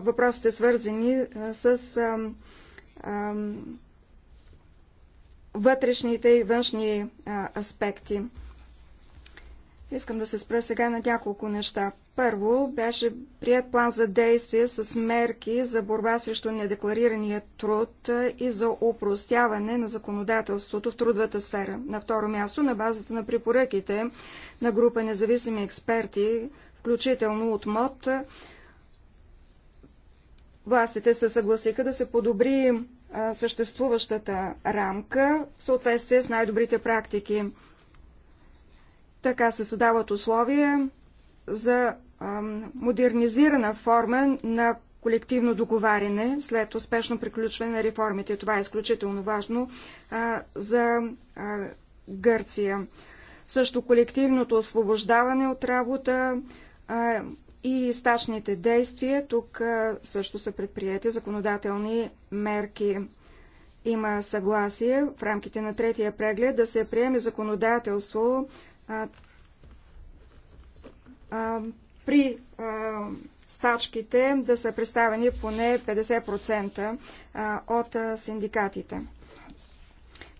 въпросите свързани с вътрешните и външни аспекти. Искам да се спра сега на няколко неща. Първо, беше прият план за действие с мерки за борба срещу недекларирания труд и за упростяване на законодателството в трудовата сфера. На второ място, на базата на препоръките на група независими експерти, включително от МОД, властите се съгласиха да се подобри съществуващата рамка в съответствие с най-добрите практики. Така се създават условия за модернизирана форма на колективно договаряне след успешно приключване на реформите. Това е изключително важно а, за а, Гърция. Също колективното освобождаване от работа а, и стачните действия. Тук а, също са предприяти законодателни мерки. Има съгласие в рамките на третия преглед да се приеме законодателство при стачките да са представени поне 50% от синдикатите.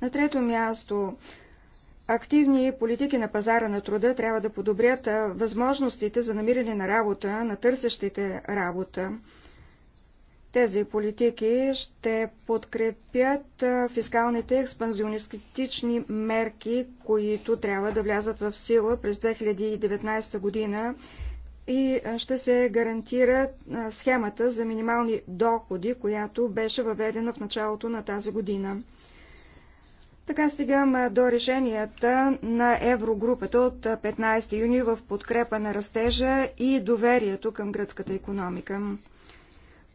На трето място, активни политики на пазара на труда трябва да подобрят възможностите за намиране на работа на търсещите работа. Тези политики ще подкрепят фискалните експанзионистични мерки, които трябва да влязат в сила през 2019 година и ще се гарантира схемата за минимални доходи, която беше въведена в началото на тази година. Така стигам до решенията на Еврогрупата от 15 юни в подкрепа на растежа и доверието към гръцката економика.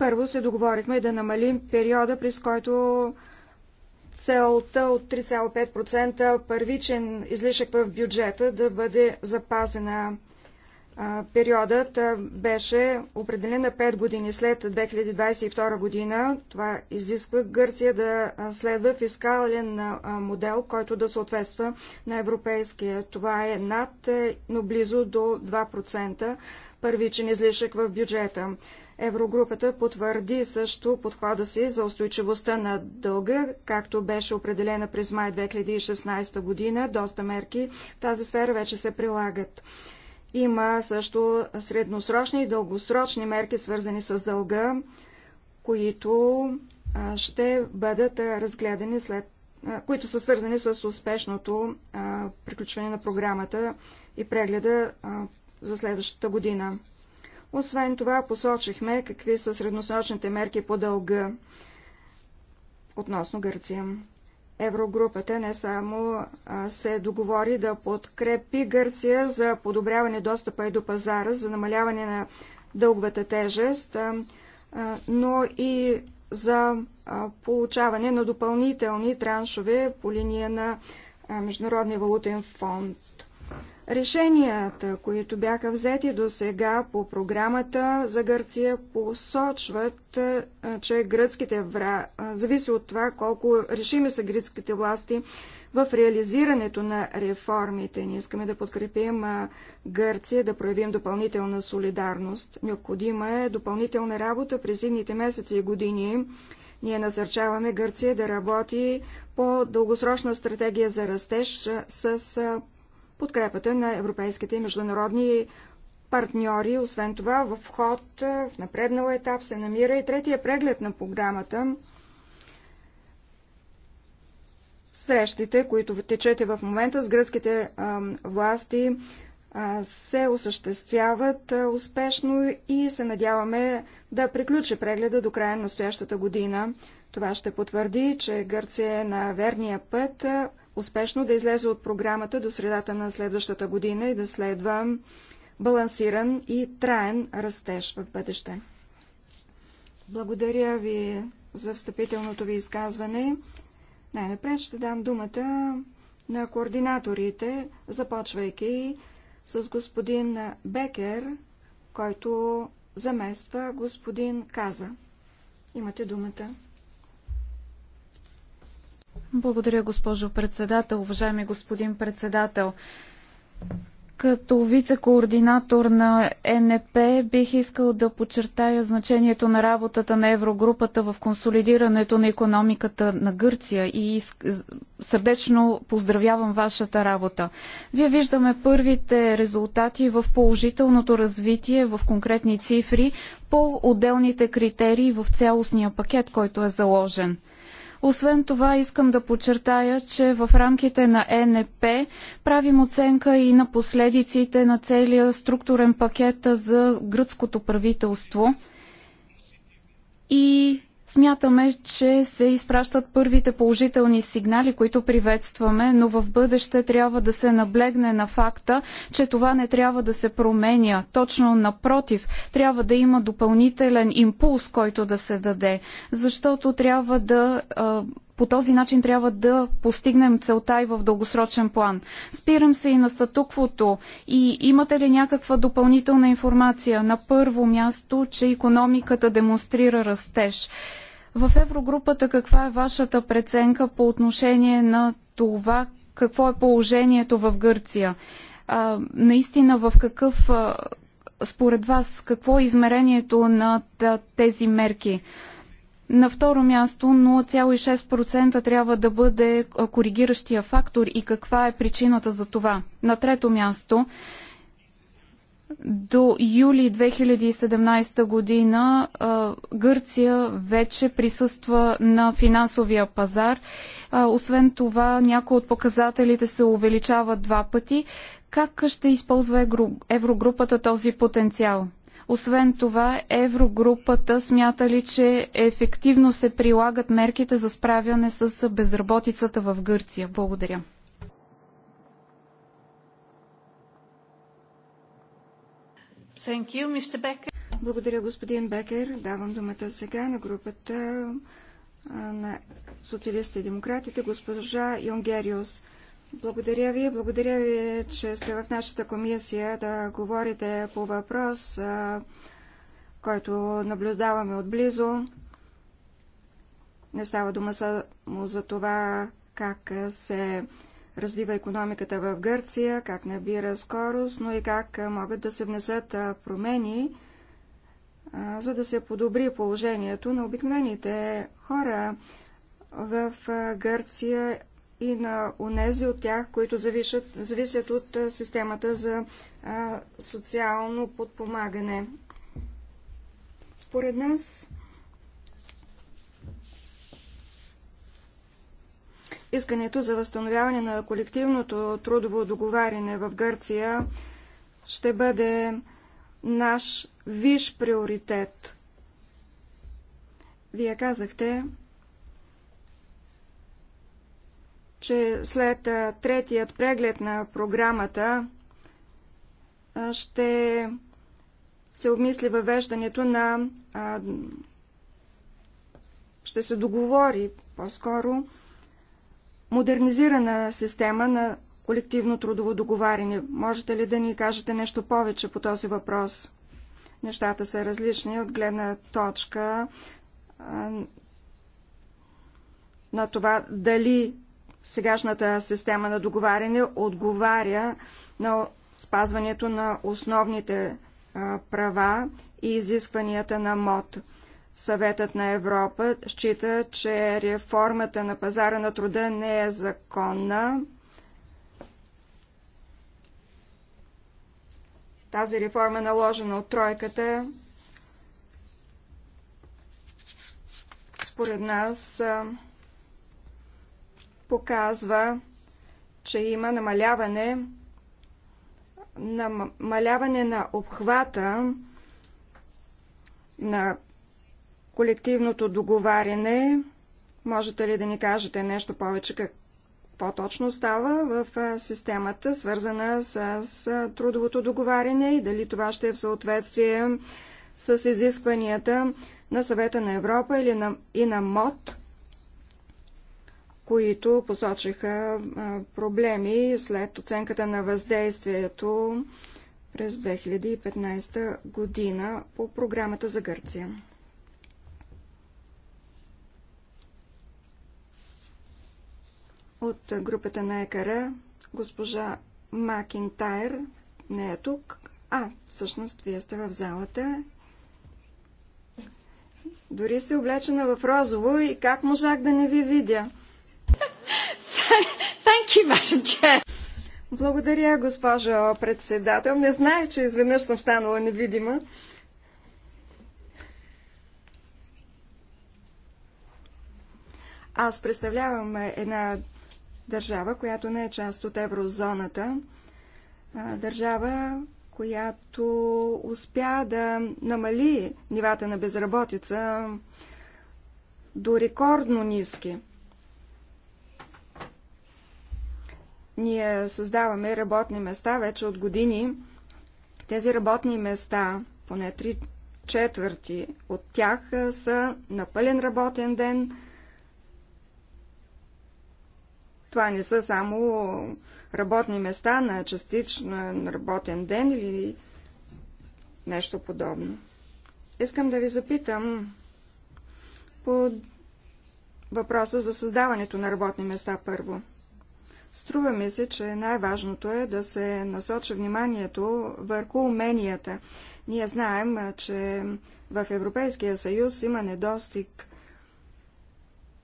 Първо се договорихме да намалим периода, през който целта от 3,5% първичен излишък в бюджета да бъде запазена. Периодът беше определен на 5 години след 2022 година. Това изисква Гърция да следва фискален модел, който да съответства на европейския. Това е над, е, но близо до 2% първичен излишък в бюджета. Еврогрупата потвърди също подхода си за устойчивостта на дълга, както беше определена през май 2016 година. Доста мерки в тази сфера вече се прилагат. Има също средносрочни и дългосрочни мерки, свързани с дълга, които ще бъдат разгледани след които са свързани с успешното приключване на програмата и прегледа за следващата година. Освен това, посочихме какви са средносрочните мерки по дълга относно Гърция. Еврогрупата не само се договори да подкрепи Гърция за подобряване достъпа и до пазара, за намаляване на дълговата тежест, но и за получаване на допълнителни траншове по линия на Международния валутен фонд. Решенията, които бяха взети до сега по програмата за Гърция, посочват, е, че гръцките вра... Е, зависи от това колко решими са гръцките власти в реализирането на реформите. Ние искаме да подкрепим е, Гърция, да проявим допълнителна солидарност. Необходима е допълнителна работа през едните месеци и години. Ние насърчаваме Гърция да работи по дългосрочна стратегия за растеж с подкрепата на европейските и международни партньори. Освен това, в ход, е, в напреднал етап се намира и третия преглед на програмата. Срещите, които течете в момента с гръцките а, е, власти, а, е, се осъществяват а, успешно и се надяваме да приключи прегледа до края на настоящата година. Това ще потвърди, че Гърция е на верния път успешно да излезе от програмата до средата на следващата година и да следва балансиран и траен растеж в бъдеще. Благодаря ви за встъпителното ви изказване. Най-напред ще дам думата на координаторите, започвайки с господин Бекер, който замества господин Каза. Имате думата. Благодаря, госпожо председател. Уважаеми господин председател, като вице-координатор на ЕНП бих искал да подчертая значението на работата на Еврогрупата в консолидирането на економиката на Гърция и сърдечно поздравявам вашата работа. Вие виждаме първите резултати в положителното развитие в конкретни цифри по отделните критерии в цялостния пакет, който е заложен. Освен това, искам да подчертая, че в рамките на ЕНП правим оценка и на последиците на целия структурен пакет за гръцкото правителство и Смятаме, че се изпращат първите положителни сигнали, които приветстваме, но в бъдеще трябва да се наблегне на факта, че това не трябва да се променя. Точно напротив, трябва да има допълнителен импулс, който да се даде, защото трябва да по този начин трябва да постигнем целта и в дългосрочен план. Спирам се и на статуквото. И имате ли някаква допълнителна информация? На първо място, че економиката демонстрира растеж. В Еврогрупата каква е вашата преценка по отношение на това какво е положението в Гърция? А, наистина в какъв според вас какво е измерението на тези мерки? На второ място 0,6% трябва да бъде коригиращия фактор и каква е причината за това. На трето място до юли 2017 година Гърция вече присъства на финансовия пазар. Освен това, някои от показателите се увеличават два пъти. Как ще използва еврогрупата този потенциал? Освен това, Еврогрупата смята ли, че ефективно се прилагат мерките за справяне с безработицата в Гърция? Благодаря. You, Благодаря, господин Бекер. Давам думата сега на групата на социалистите и демократите, госпожа Юнгериус. Благодаря ви. Благодаря ви, че сте в нашата комисия да говорите по въпрос, който наблюдаваме отблизо. Не става дума само за това как се развива економиката в Гърция, как набира скорост, но и как могат да се внесат промени, за да се подобри положението на обикновените хора в Гърция и на онези от тях, които зависят, зависят от системата за а, социално подпомагане. Според нас искането за възстановяване на колективното трудово договаряне в Гърция ще бъде наш виш приоритет. Вие казахте, че след третият преглед на програмата ще се обмисли въвеждането на... ще се договори по-скоро модернизирана система на колективно трудово договаряне. Можете ли да ни кажете нещо повече по този въпрос? Нещата са различни от гледна точка на това дали сегашната система на договаряне отговаря на спазването на основните права и изискванията на МОД. Съветът на Европа счита, че реформата на пазара на труда не е законна. Тази реформа, е наложена от тройката, според нас показва, че има намаляване, намаляване на обхвата на колективното договаряне. Можете ли да ни кажете нещо повече какво точно става в системата, свързана с трудовото договаряне и дали това ще е в съответствие с изискванията на Съвета на Европа или на, и на МОД които посочиха проблеми след оценката на въздействието през 2015 година по програмата за Гърция. От групата на ЕКР госпожа Макинтайр не е тук. А, всъщност, вие сте в залата. Дори сте облечена в розово и как можах да не ви видя? You, Благодаря, госпожо председател. Не знае, че изведнъж съм станала невидима. Аз представлявам една държава, която не е част от еврозоната. Държава, която успя да намали нивата на безработица до рекордно ниски. Ние създаваме работни места вече от години. Тези работни места, поне три четвърти от тях, са на пълен работен ден. Това не са само работни места на частичен работен ден или нещо подобно. Искам да ви запитам по въпроса за създаването на работни места първо. Струва ми се, че най-важното е да се насочи вниманието върху уменията. Ние знаем, че в Европейския съюз има недостиг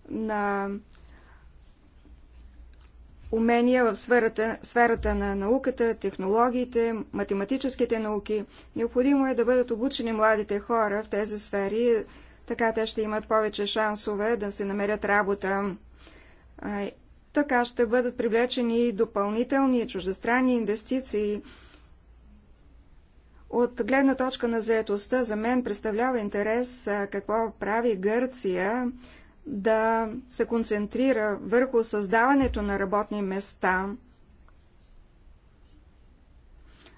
на умения в сферата, сферата на науката, технологиите, математическите науки. Необходимо е да бъдат обучени младите хора в тези сфери, така те ще имат повече шансове да се намерят работа така ще бъдат привлечени и допълнителни чуждестранни инвестиции. От гледна точка на заетостта, за мен представлява интерес какво прави Гърция да се концентрира върху създаването на работни места.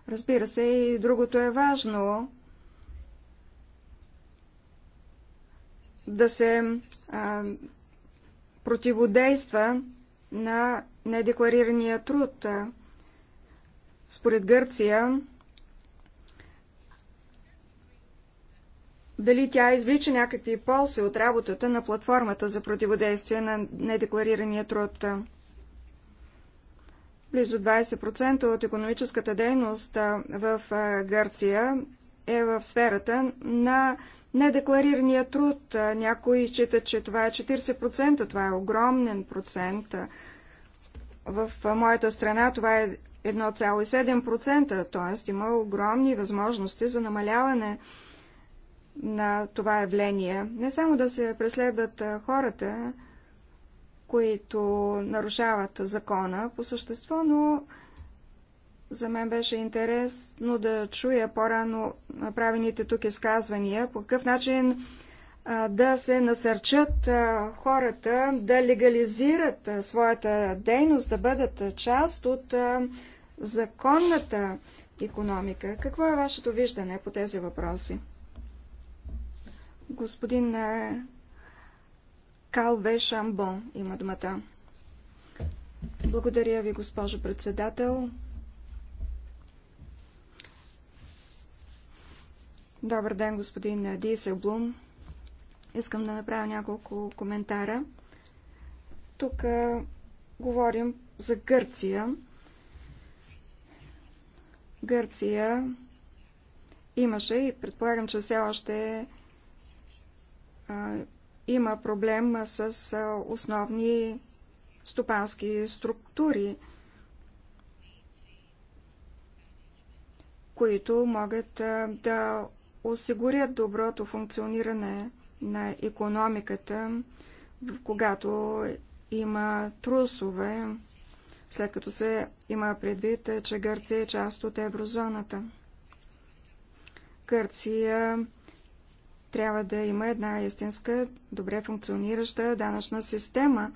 Разбира се, и другото е важно да се а, противодейства на недекларирания труд. Според Гърция, дали тя извлича някакви ползи от работата на платформата за противодействие на недекларирания труд. Близо 20% от економическата дейност в Гърция е в сферата на Недекларираният труд, някои считат, че това е 40%, това е огромен процент. В моята страна това е 1,7%, т.е. има огромни възможности за намаляване на това явление. Не само да се преследват хората, които нарушават закона по същество, но за мен беше интересно да чуя по-рано направените тук изказвания, по какъв начин да се насърчат хората да легализират своята дейност, да бъдат част от законната економика. Какво е вашето виждане по тези въпроси? Господин Калве Шамбон има думата. Благодаря ви, госпожо председател. Добър ден, господин Диселблум. Искам да направя няколко коментара. Тук а, говорим за Гърция. Гърция имаше и предполагам, че все още а, има проблем с а, основни стопански структури, които могат а, да осигурят доброто функциониране на економиката, когато има трусове, след като се има предвид, че Гърция е част от еврозоната. Гърция трябва да има една истинска, добре функционираща данъчна система.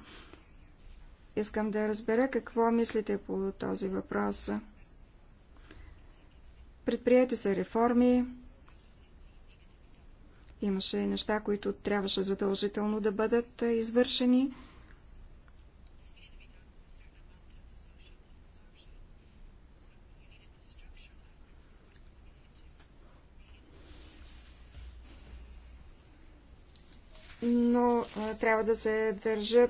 Искам да разбера какво мислите по този въпрос. Предприяти са реформи, Имаше неща, които трябваше задължително да бъдат извършени. но а, трябва да се държа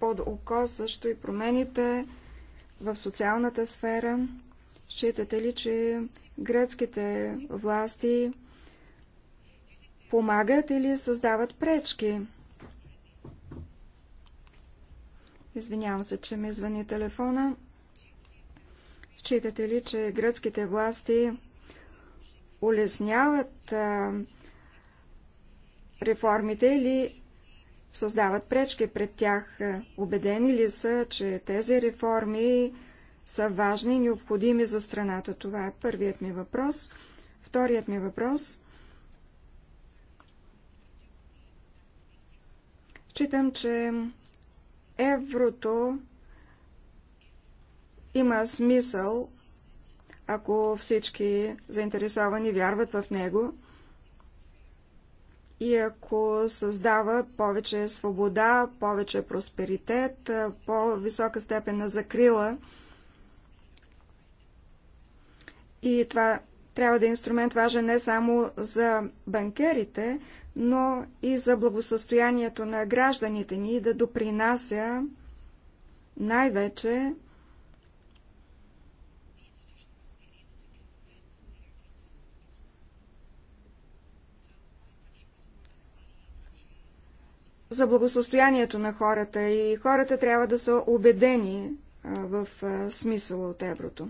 под око също и промените в социалната сфера. Считате ли, че гръцките власти помагат или създават пречки. Извинявам се, че ми звъни телефона. Считате ли, че гръцките власти улесняват а, реформите или създават пречки пред тях? Обедени ли са, че тези реформи са важни и необходими за страната? Това е първият ми въпрос. Вторият ми въпрос – Считам, че еврото има смисъл, ако всички заинтересовани вярват в него и ако създава повече свобода, повече просперитет, по-висока степен на закрила. И това трябва да е инструмент важен не само за банкерите, но и за благосъстоянието на гражданите ни и да допринася най-вече за благосъстоянието на хората и хората трябва да са убедени в смисъла от еврото.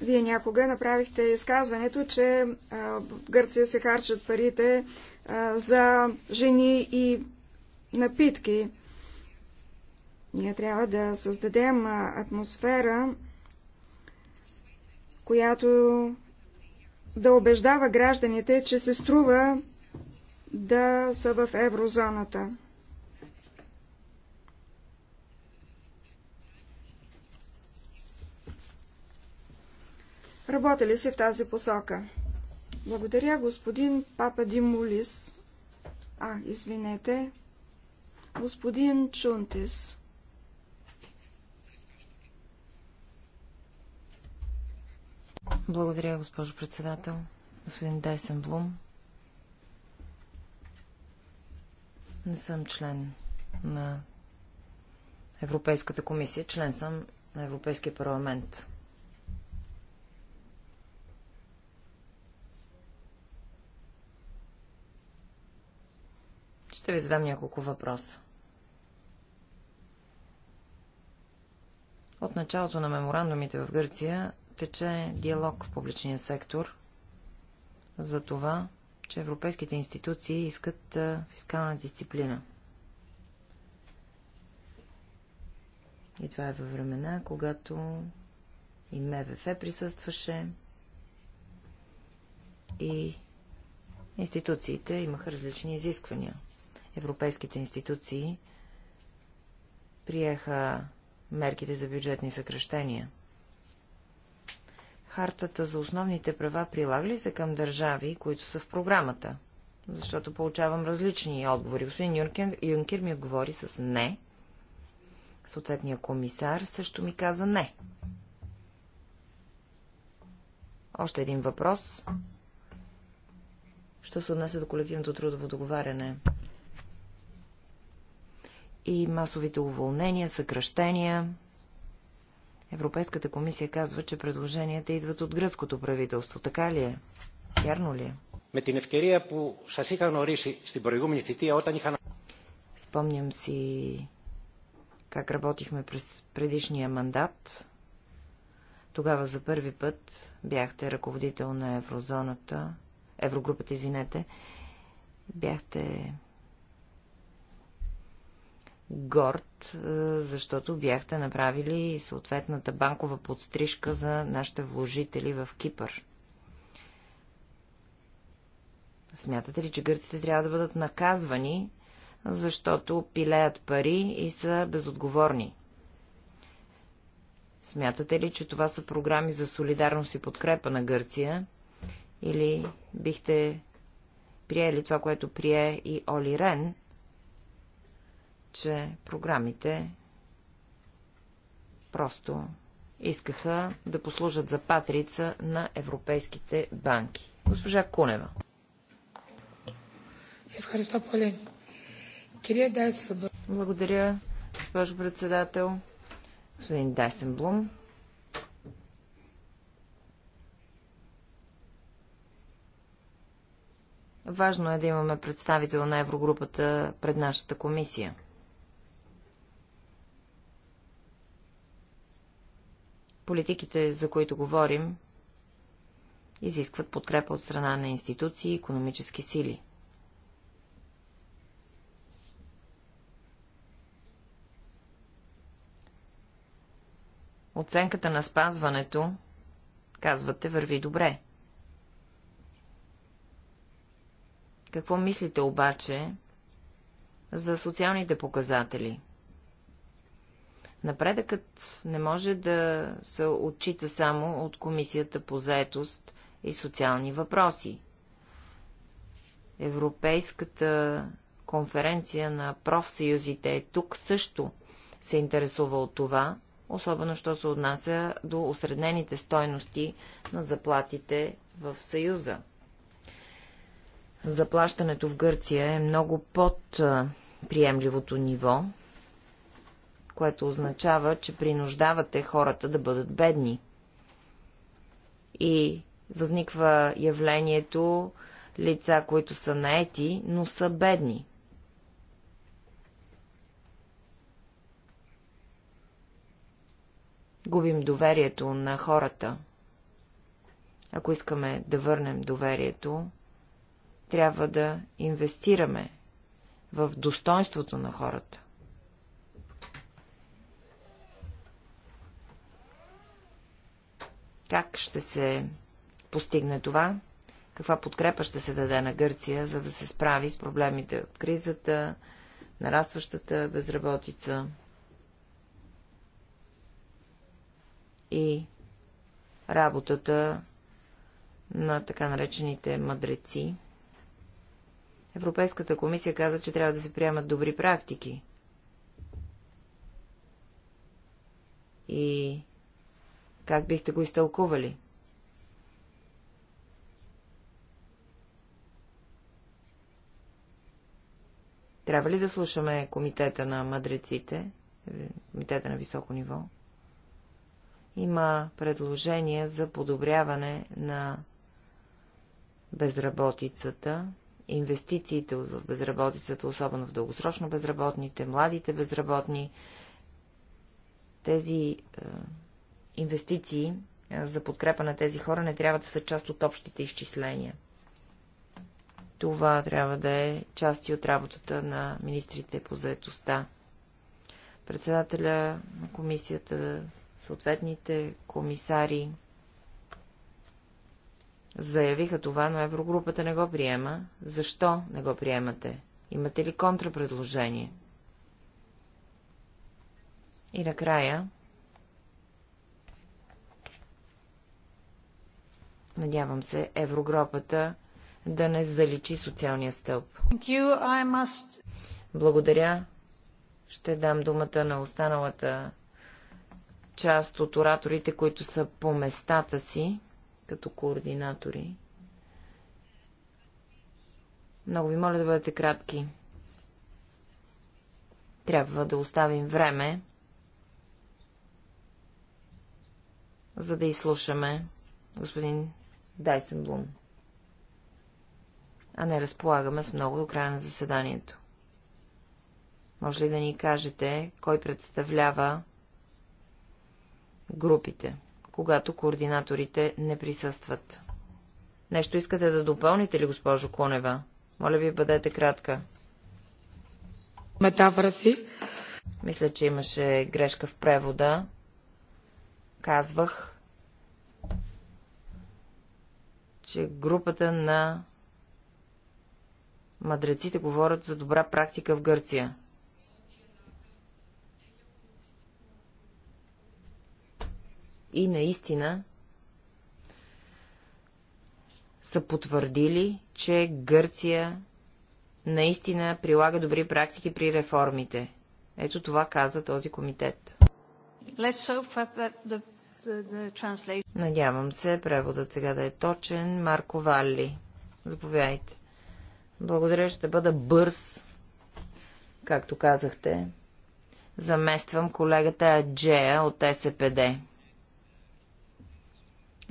Вие някога направихте изказването, че в Гърция се харчат парите за жени и напитки. Ние трябва да създадем атмосфера, която да убеждава гражданите, че се струва да са в еврозоната. Работили си в тази посока. Благодаря, господин Папа Димулис. А, извинете. Господин Чунтис. Благодаря, госпожо председател. Господин Дайсен Блум. Не съм член на Европейската комисия, член съм на Европейския парламент. Ще ви задам няколко въпроса. От началото на меморандумите в Гърция тече диалог в публичния сектор за това, че европейските институции искат фискална дисциплина. И това е във времена, когато и МВФ присъстваше, и институциите имаха различни изисквания – Европейските институции приеха мерките за бюджетни съкръщения. Хартата за основните права прилага ли се към държави, които са в програмата? Защото получавам различни отговори. Господин Юнкер, Юнкер ми отговори с не. Съответния комисар също ми каза не. Още един въпрос. Що се отнася до колективното трудово договаряне? и масовите уволнения, съкръщения. Европейската комисия казва, че предложенията идват от гръцкото правителство. Така ли е? Вярно ли е? Με την ευκαιρία που σας είχα γνωρίσει στην Спомням си как работихме през предишния мандат. Тогава за първи път бяхте ръководител на еврозоната, еврогрупата, извинете. Бяхте горд, е, защото бяхте направили съответната банкова подстрижка за нашите вложители в Кипър. Смятате ли, че гърците трябва да бъдат наказвани, защото пилеят пари и са безотговорни? Смятате ли, че това са програми за солидарност и подкрепа на Гърция? Или бихте приели това, което прие и Оли Рен – че програмите просто искаха да послужат за патрица на европейските банки. Госпожа Кунева. Благодаря, госпожо председател. Господин Дайсенблум. Важно е да имаме представител на Еврогрупата пред нашата комисия. Политиките, за които говорим, изискват подкрепа от страна на институции и економически сили. Оценката на спазването, казвате, върви добре. Какво мислите обаче за социалните показатели? Напредъкът не може да се отчита само от Комисията по заетост и социални въпроси. Европейската конференция на профсъюзите е тук също се интересува от това, особено що се отнася до осреднените стойности на заплатите в Съюза. Заплащането в Гърция е много под приемливото ниво, което означава, че принуждавате хората да бъдат бедни. И възниква явлението лица, които са наети, но са бедни. Губим доверието на хората. Ако искаме да върнем доверието, трябва да инвестираме в достоинството на хората. Как ще се постигне това? Каква подкрепа ще се даде на Гърция, за да се справи с проблемите от кризата, нарастващата безработица и работата на така наречените мъдреци? Европейската комисия каза, че трябва да се приемат добри практики. И как бихте го изтълкували? Трябва ли да слушаме комитета на мъдреците, комитета на високо ниво? Има предложение за подобряване на безработицата, инвестициите в безработицата, особено в дългосрочно безработните, младите безработни. Тези е, инвестиции за подкрепа на тези хора не трябва да са част от общите изчисления. Това трябва да е част и от работата на министрите по заедостта. Председателя на комисията, съответните комисари заявиха това, но Еврогрупата не го приема. Защо не го приемате? Имате ли контрапредложение? И накрая, Надявам се Еврогропата да не заличи социалния стълб. Must... Благодаря. Ще дам думата на останалата част от ораторите, които са по местата си, като координатори. Много ви моля да бъдете кратки. Трябва да оставим време, за да изслушаме господин Дайсенблум. А не разполагаме с много до края на заседанието. Може ли да ни кажете, кой представлява групите, когато координаторите не присъстват? Нещо искате да допълните ли, госпожо Конева? Моля ви, бъдете кратка. Метафора си. Мисля, че имаше грешка в превода. Казвах, че групата на мадреците говорят за добра практика в Гърция. И наистина са потвърдили, че Гърция наистина прилага добри практики при реформите. Ето това каза този комитет. Let's hope that the Надявам се, преводът сега да е точен. Марко Валли, заповядайте. Благодаря, ще бъда бърз, както казахте. Замествам колегата Аджея от СПД.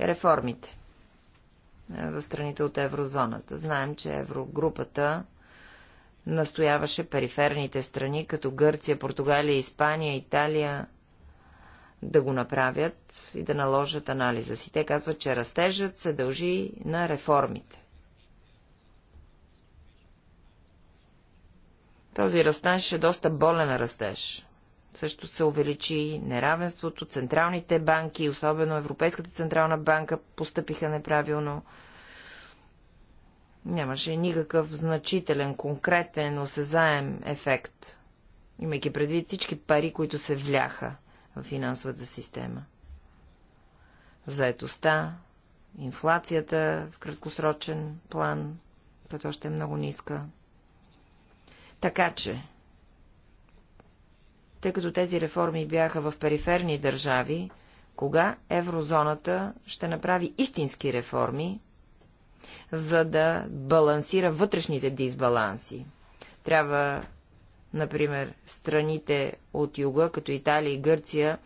Реформите е, в страните от еврозоната. Знаем, че еврогрупата настояваше периферните страни, като Гърция, Португалия, Испания, Италия, да го направят и да наложат анализа си. Те казват, че растежът се дължи на реформите. Този растеж е доста болен растеж. Също се увеличи неравенството, централните банки, особено Европейската централна банка, постъпиха неправилно. Нямаше никакъв значителен, конкретен, осезаем ефект, имайки предвид всички пари, които се вляха в финансовата система. Заетостта, инфлацията в краткосрочен план, като още е много ниска. Така че, тъй като тези реформи бяха в периферни държави, кога еврозоната ще направи истински реформи, за да балансира вътрешните дисбаланси. Трябва например, страните от юга, като Италия и Гърция,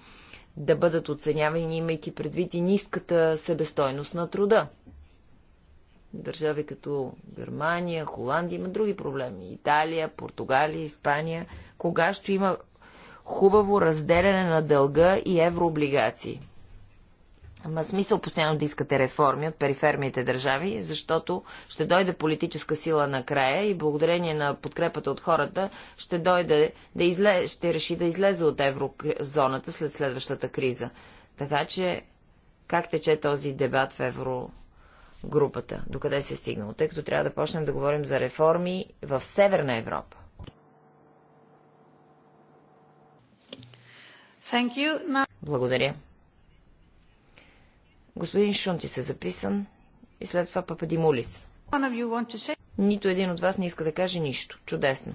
да бъдат оценявани, имайки предвид и ниската себестойност на труда. Държави като Германия, Холандия имат други проблеми. Италия, Португалия, Испания. Кога ще има хубаво разделяне на дълга и еврооблигации? Ама смисъл постоянно да искате реформи от периферните държави, защото ще дойде политическа сила накрая и благодарение на подкрепата от хората ще дойде да изле... ще реши да излезе от еврозоната след следващата криза. Така че как тече този дебат в еврогрупата? Докъде се е стигнало? Тъй като трябва да почнем да говорим за реформи в Северна Европа. Благодаря. Господин Шунти се записан и след това Пападимулис. Нито един от вас не иска да каже нищо. Чудесно.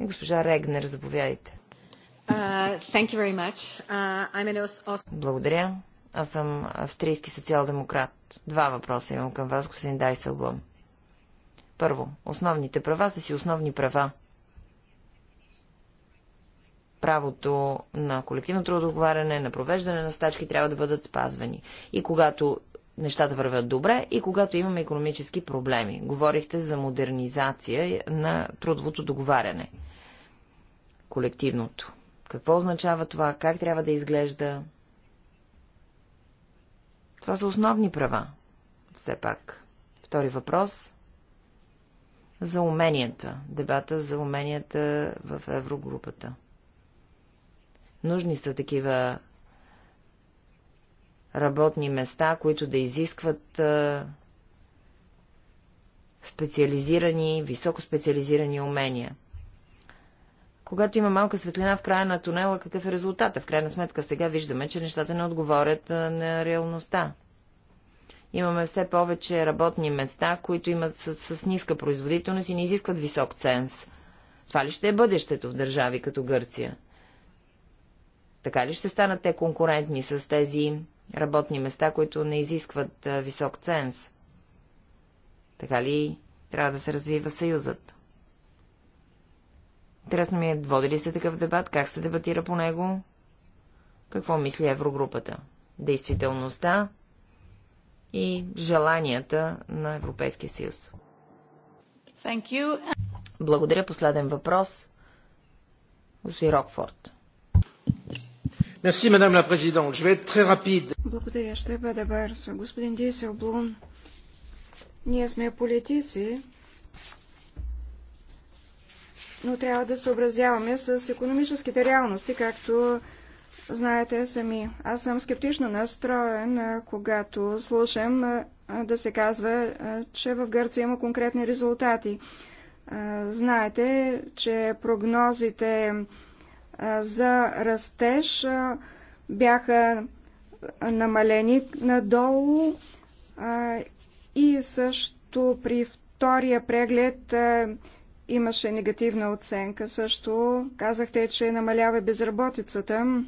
И госпожа Регнер, заповядайте. Uh, uh, Благодаря. Аз съм австрийски социал-демократ. Два въпроса имам към вас, господин Дайселблом. Първо, основните права са си основни права правото на колективно трудоговаряне, на провеждане на стачки трябва да бъдат спазвани. И когато нещата вървят добре и когато имаме економически проблеми. Говорихте за модернизация на трудовото договаряне. Колективното. Какво означава това? Как трябва да изглежда? Това са основни права. Все пак. Втори въпрос. За уменията. Дебата за уменията в еврогрупата. Нужни са такива работни места, които да изискват специализирани, високо специализирани умения. Когато има малка светлина в края на тунела, какъв е резултата? В крайна сметка сега виждаме, че нещата не отговорят на реалността. Имаме все повече работни места, които имат с, с ниска производителност и не изискват висок ценз. Това ли ще е бъдещето в държави като Гърция? Така ли ще станат те конкурентни с тези работни места, които не изискват висок ценз? Така ли трябва да се развива съюзът? Интересно ми е, води ли се такъв дебат, как се дебатира по него, какво мисли Еврогрупата, действителността и желанията на Европейския съюз. Благодаря. Последен въпрос. Господин Рокфорд. Благодаря, ще бъда бърз. Господин Диселблум, ние сме политици, но трябва да съобразяваме с економическите реалности, както знаете сами. Аз съм скептично настроен, когато слушам да се казва, че в Гърция има конкретни резултати. Знаете, че прогнозите за растеж бяха намалени надолу и също при втория преглед имаше негативна оценка. Също казахте, че намалява безработицата.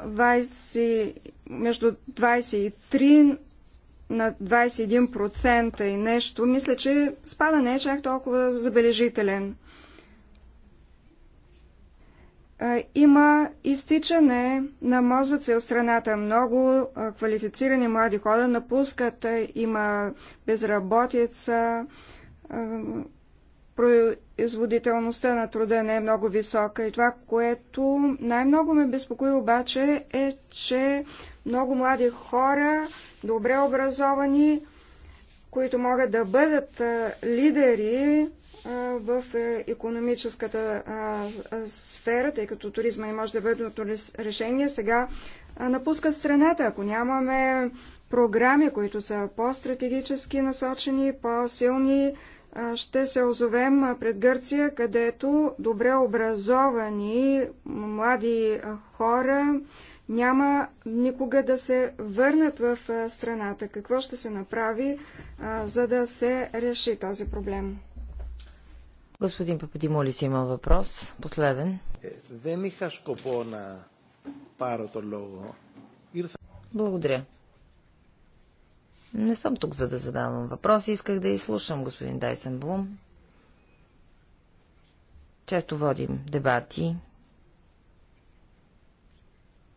20, между 23 на 21% и нещо. Мисля, че спада не е чак толкова забележителен има изтичане на мозъци от страната. Много квалифицирани млади хора напускат, има безработица, производителността на труда не е много висока. И това, което най-много ме безпокои обаче е, че много млади хора, добре образовани, които могат да бъдат лидери в е, економическата сфера, тъй като туризма и може да бъде от решение, сега напускат страната. Ако нямаме програми, които са по-стратегически насочени, по-силни, ще се озовем пред Гърция, където добре образовани млади хора няма никога да се върнат в страната. Какво ще се направи, за да се реши този проблем? Господин Пападимолис има въпрос. Последен. Δεν είχα σκοπό να πάρω λόγο. Благодаря. Не съм тук, за да задавам въпроси. Исках да изслушам господин Блум. Често водим дебати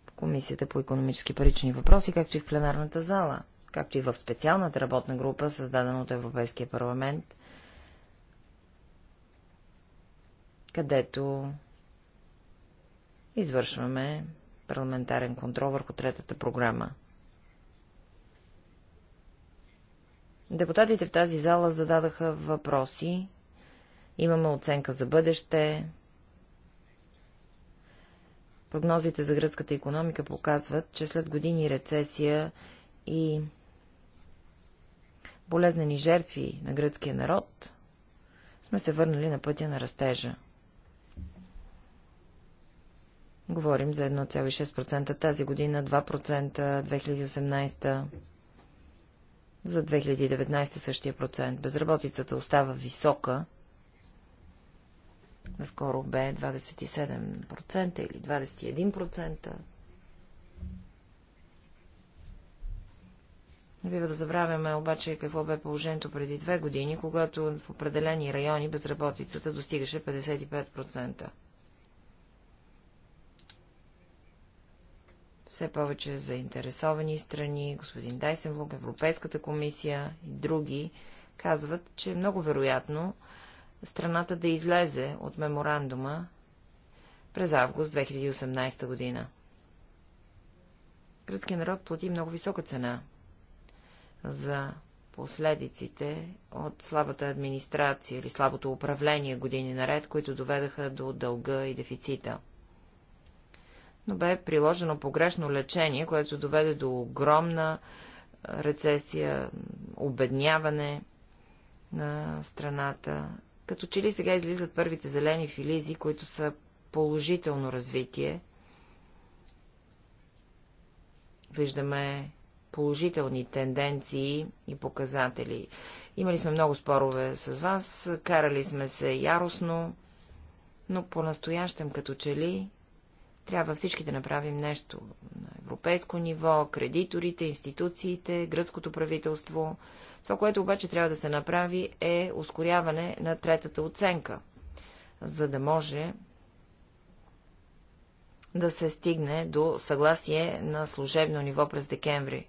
в Комисията по економически парични въпроси, както и в пленарната зала, както и в специалната работна група, създадена от Европейския парламент – където извършваме парламентарен контрол върху третата програма. Депутатите в тази зала зададаха въпроси. Имаме оценка за бъдеще. Прогнозите за гръцката економика показват, че след години рецесия и болезнени жертви на гръцкия народ сме се върнали на пътя на растежа. Говорим за 1,6% тази година, 2% 2018, за 2019 същия процент. Безработицата остава висока. Наскоро бе 27% или 21%. Не бива да забравяме обаче какво бе положението преди две години, когато в определени райони безработицата достигаше 55%. все повече заинтересовани страни, господин Дайсенблок, Европейската комисия и други, казват, че е много вероятно страната да излезе от меморандума през август 2018 година. Гръцкият народ плати много висока цена за последиците от слабата администрация или слабото управление години наред, които доведаха до дълга и дефицита – но бе приложено погрешно лечение, което доведе до огромна рецесия, обедняване на страната. Като че ли сега излизат първите зелени филизи, които са положително развитие. Виждаме положителни тенденции и показатели. Имали сме много спорове с вас, карали сме се яростно, но по-настоящем като че ли трябва всички да направим нещо на европейско ниво, кредиторите, институциите, гръцкото правителство. Това, което обаче трябва да се направи е ускоряване на третата оценка, за да може да се стигне до съгласие на служебно ниво през декември.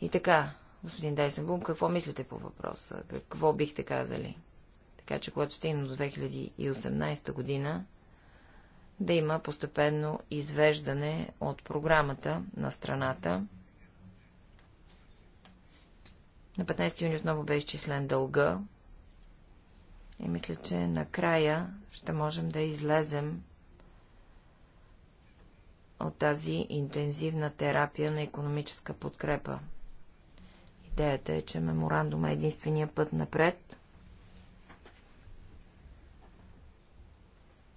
И така, господин Дайсенбум, какво мислите по въпроса? Какво бихте казали? Така че, когато стигнем до 2018 година, да има постепенно извеждане от програмата на страната. На 15 юни отново бе изчислен дълга и мисля, че накрая ще можем да излезем от тази интензивна терапия на економическа подкрепа. Идеята е, че меморандум е единствения път напред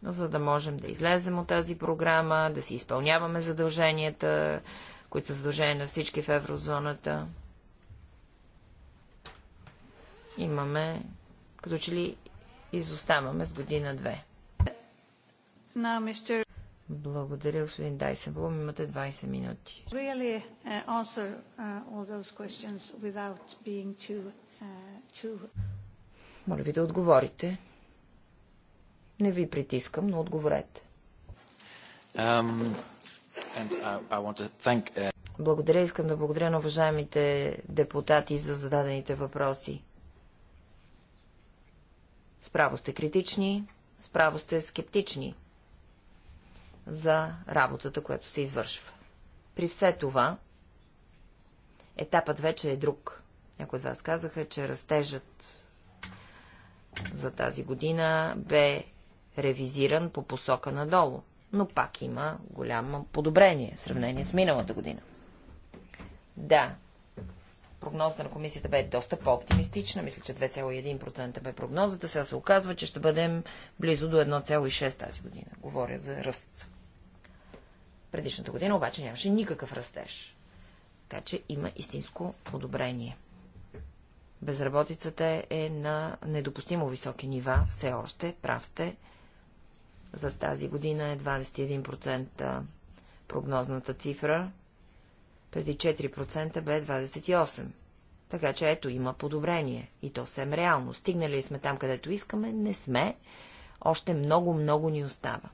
за да можем да излезем от тази програма, да си изпълняваме задълженията, които са задължени на всички в еврозоната. Имаме, като че ли изоставаме с година-две. благодаря, господин Дайсенблум. Имате 20 минути. Really uh, answer uh, all those being too, uh, too... Моля ви да отговорите. Не ви притискам, но отговорете. Um, I, I thank... Uh, благодаря. Искам да благодаря на уважаемите депутати за зададените въпроси. Справо сте критични, справо сте скептични за работата, която се извършва. При все това, етапът вече е друг. Някои от вас казаха, че растежът за тази година бе ревизиран по посока надолу, но пак има голямо подобрение в сравнение с миналата година. Да, прогнозата на комисията бе доста по-оптимистична. Мисля, че 2,1% бе прогнозата. Сега се оказва, че ще бъдем близо до 1,6% тази година. Говоря за ръст. Предишната година обаче нямаше никакъв растеж. Така че има истинско подобрение. Безработицата е на недопустимо високи нива все още. Прав сте. За тази година е 21% прогнозната цифра, преди 4% бе 28%. Така че ето има подобрение и то съвсем реално. Стигнали ли сме там, където искаме? Не сме. Още много-много ни остава.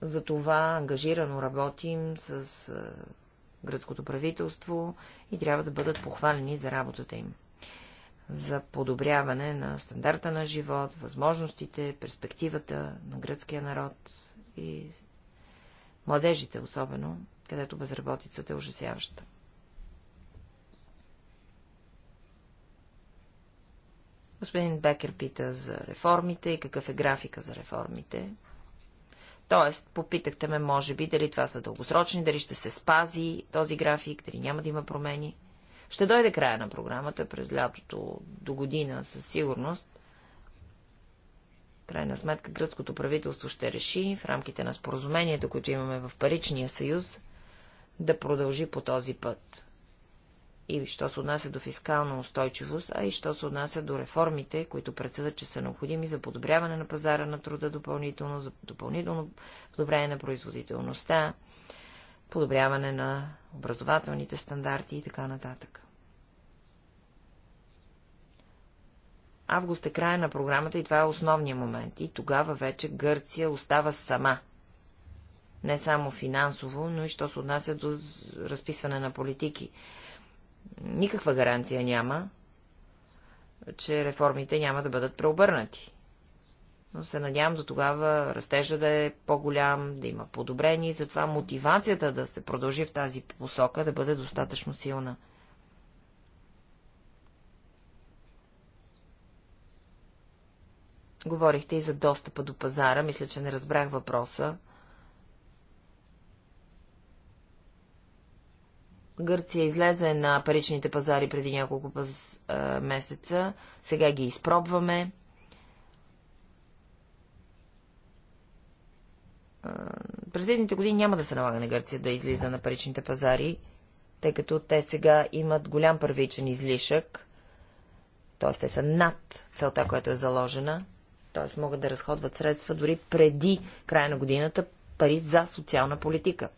Затова ангажирано работим с гръцкото правителство и трябва да бъдат похвалени за работата им за подобряване на стандарта на живот, възможностите, перспективата на гръцкия народ и младежите особено, където безработицата е ужасяваща. Господин Бекер пита за реформите и какъв е графика за реформите. Тоест, попитахте ме, може би, дали това са дългосрочни, дали ще се спази този график, дали няма да има промени. Ще дойде края на програмата през лятото до година със сигурност. Крайна сметка гръцкото правителство ще реши в рамките на споразуменията, които имаме в Паричния съюз, да продължи по този път. И що се отнася до фискална устойчивост, а и що се отнася до реформите, които председат, че са необходими за подобряване на пазара на труда допълнително, за допълнително подобряване на производителността, подобряване на образователните стандарти и така нататък. Август е края на програмата и това е основния момент. И тогава вече Гърция остава сама. Не само финансово, но и що се отнася до разписване на политики. Никаква гаранция няма, че реформите няма да бъдат преобърнати но се надявам до тогава растежа да е по-голям, да има подобрение и затова мотивацията да се продължи в тази посока да бъде достатъчно силна. Говорихте и за достъпа до пазара. Мисля, че не разбрах въпроса. Гърция излезе на паричните пазари преди няколко месеца. Сега ги изпробваме. през следните години няма да се налага на Гърция да излиза на паричните пазари, тъй като те сега имат голям първичен излишък, т.е. те са над целта, която е заложена, т.е. могат да разходват средства дори преди края на годината пари за социална политика.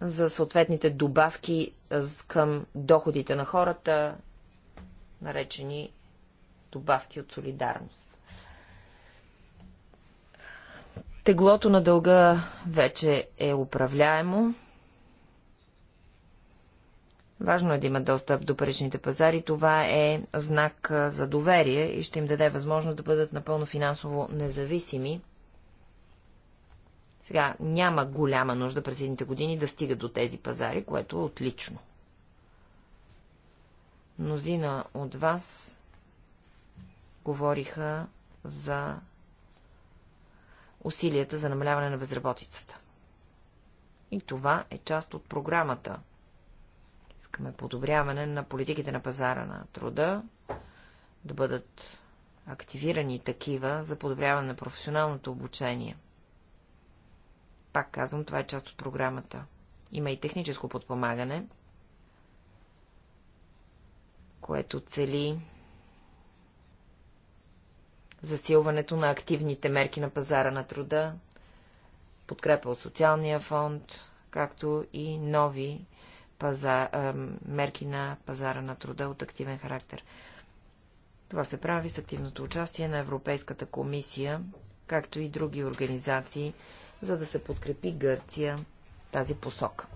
За съответните добавки към доходите на хората, наречени добавки от солидарност. Теглото на дълга вече е управляемо. Важно е да имат достъп до паричните пазари. Това е знак за доверие и ще им даде възможност да бъдат напълно финансово независими. Сега няма голяма нужда през едните години да стига до тези пазари, което е отлично. Мнозина от вас говориха за усилията за намаляване на безработицата. И това е част от програмата. Искаме подобряване на политиките на пазара на труда, да бъдат активирани такива за подобряване на професионалното обучение. Пак казвам, това е част от програмата. Има и техническо подпомагане, което цели засилването на активните мерки на пазара на труда, подкрепа от социалния фонд, както и нови паза, е, мерки на пазара на труда от активен характер. Това се прави с активното участие на Европейската комисия, както и други организации, за да се подкрепи Гърция тази посока.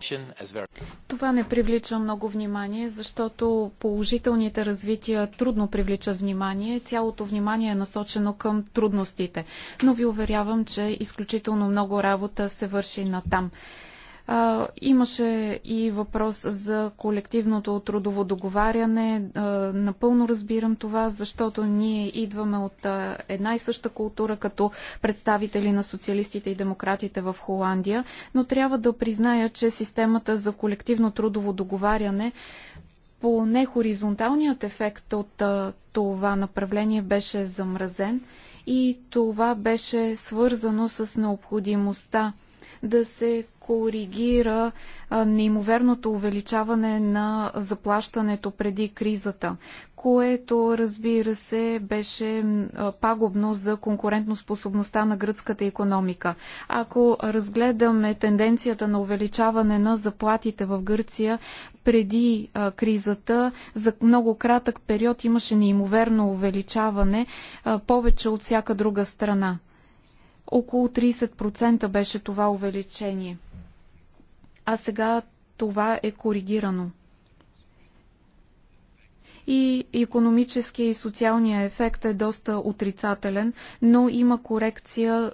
Това не привлича много внимание, защото положителните развития трудно привличат внимание. Цялото внимание е насочено към трудностите. Но ви уверявам, че изключително много работа се върши на там. А, имаше и въпрос за колективното трудово договаряне. А, напълно разбирам това, защото ние идваме от а, една и съща култура като представители на социалистите и демократите в Холандия, но трябва да призная, че системата за колективно трудово договаряне по нехоризонталният ефект от а, това направление беше замразен и това беше свързано с необходимостта да се коригира неимоверното увеличаване на заплащането преди кризата, което, разбира се, беше пагубно за конкурентоспособността на гръцката економика. Ако разгледаме тенденцията на увеличаване на заплатите в Гърция преди кризата, за много кратък период имаше неимоверно увеличаване, повече от всяка друга страна. Около 30% беше това увеличение а сега това е коригирано. И економическия и социалния ефект е доста отрицателен, но има корекция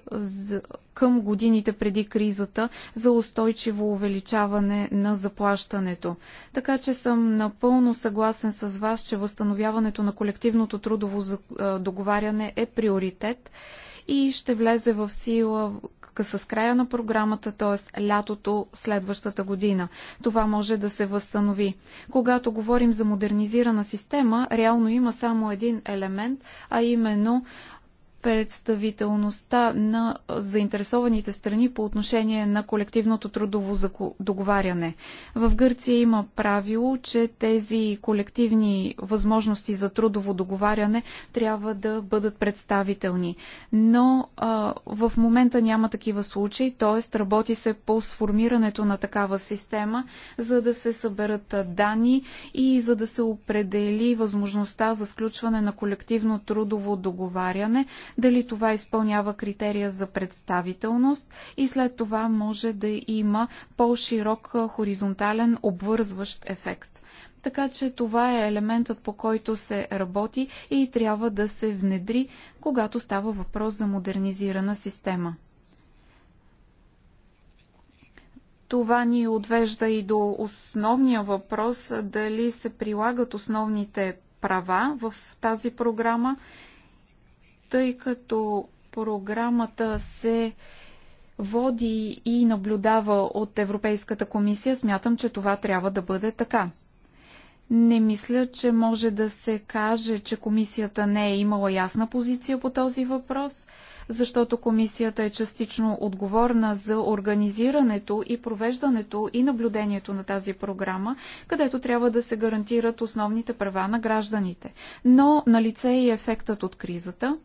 към годините преди кризата за устойчиво увеличаване на заплащането. Така че съм напълно съгласен с вас, че възстановяването на колективното трудово договаряне е приоритет и ще влезе в сила връзка с края на програмата, т.е. лятото следващата година. Това може да се възстанови. Когато говорим за модернизирана система, реално има само един елемент, а именно представителността на заинтересованите страни по отношение на колективното трудово договаряне. В Гърция има правило, че тези колективни възможности за трудово договаряне трябва да бъдат представителни. Но а, в момента няма такива случаи, т.е. работи се по сформирането на такава система, за да се съберат данни и за да се определи възможността за сключване на колективно трудово договаряне дали това изпълнява критерия за представителност и след това може да има по-широк хоризонтален обвързващ ефект. Така че това е елементът по който се работи и трябва да се внедри, когато става въпрос за модернизирана система. Това ни отвежда и до основния въпрос дали се прилагат основните права в тази програма тъй като програмата се води и наблюдава от Европейската комисия, смятам, че това трябва да бъде така. Не мисля, че може да се каже, че комисията не е имала ясна позиция по този въпрос, защото комисията е частично отговорна за организирането и провеждането и наблюдението на тази програма, където трябва да се гарантират основните права на гражданите. Но на лице е и ефектът от кризата.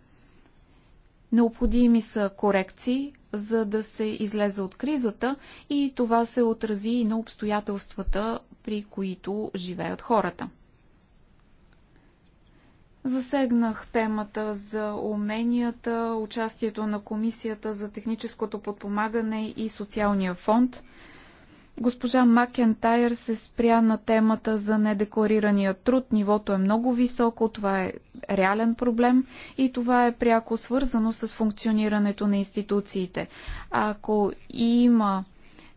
Необходими са корекции, за да се излезе от кризата и това се отрази и на обстоятелствата, при които живеят хората. Засегнах темата за уменията, участието на Комисията за техническото подпомагане и социалния фонд. Госпожа Макентайр се спря на темата за недекларирания труд. Нивото е много високо, това е реален проблем и това е пряко свързано с функционирането на институциите. Ако има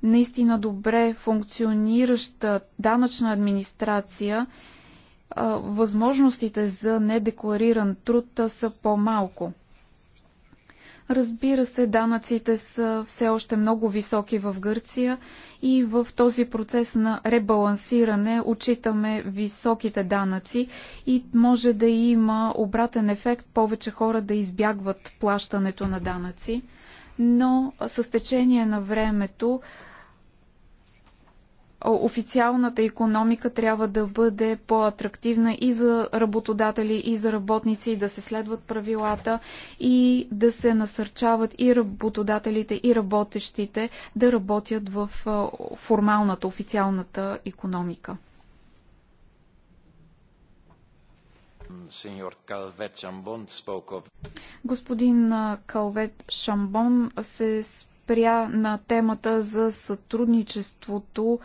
наистина добре функционираща данъчна администрация, възможностите за недеклариран труд са по-малко. Разбира се, данъците са все още много високи в Гърция и в този процес на ребалансиране отчитаме високите данъци и може да има обратен ефект повече хора да избягват плащането на данъци. Но с течение на времето официалната економика трябва да бъде по-атрактивна и за работодатели, и за работници, и да се следват правилата и да се насърчават и работодателите, и работещите да работят в формалната, официалната економика. Господин Калвет Шамбон се спря на темата за сътрудничеството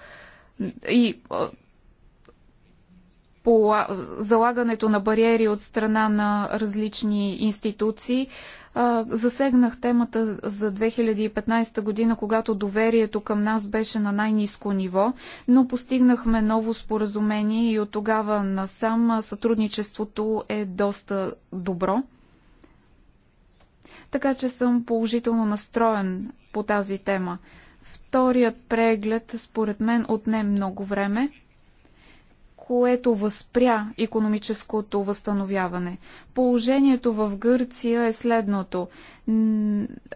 и по залагането на бариери от страна на различни институции. Засегнах темата за 2015 година, когато доверието към нас беше на най-низко ниво, но постигнахме ново споразумение и от тогава насам сътрудничеството е доста добро. Така че съм положително настроен по тази тема. Вторият преглед, според мен, отне много време което възпря економическото възстановяване. Положението в Гърция е следното.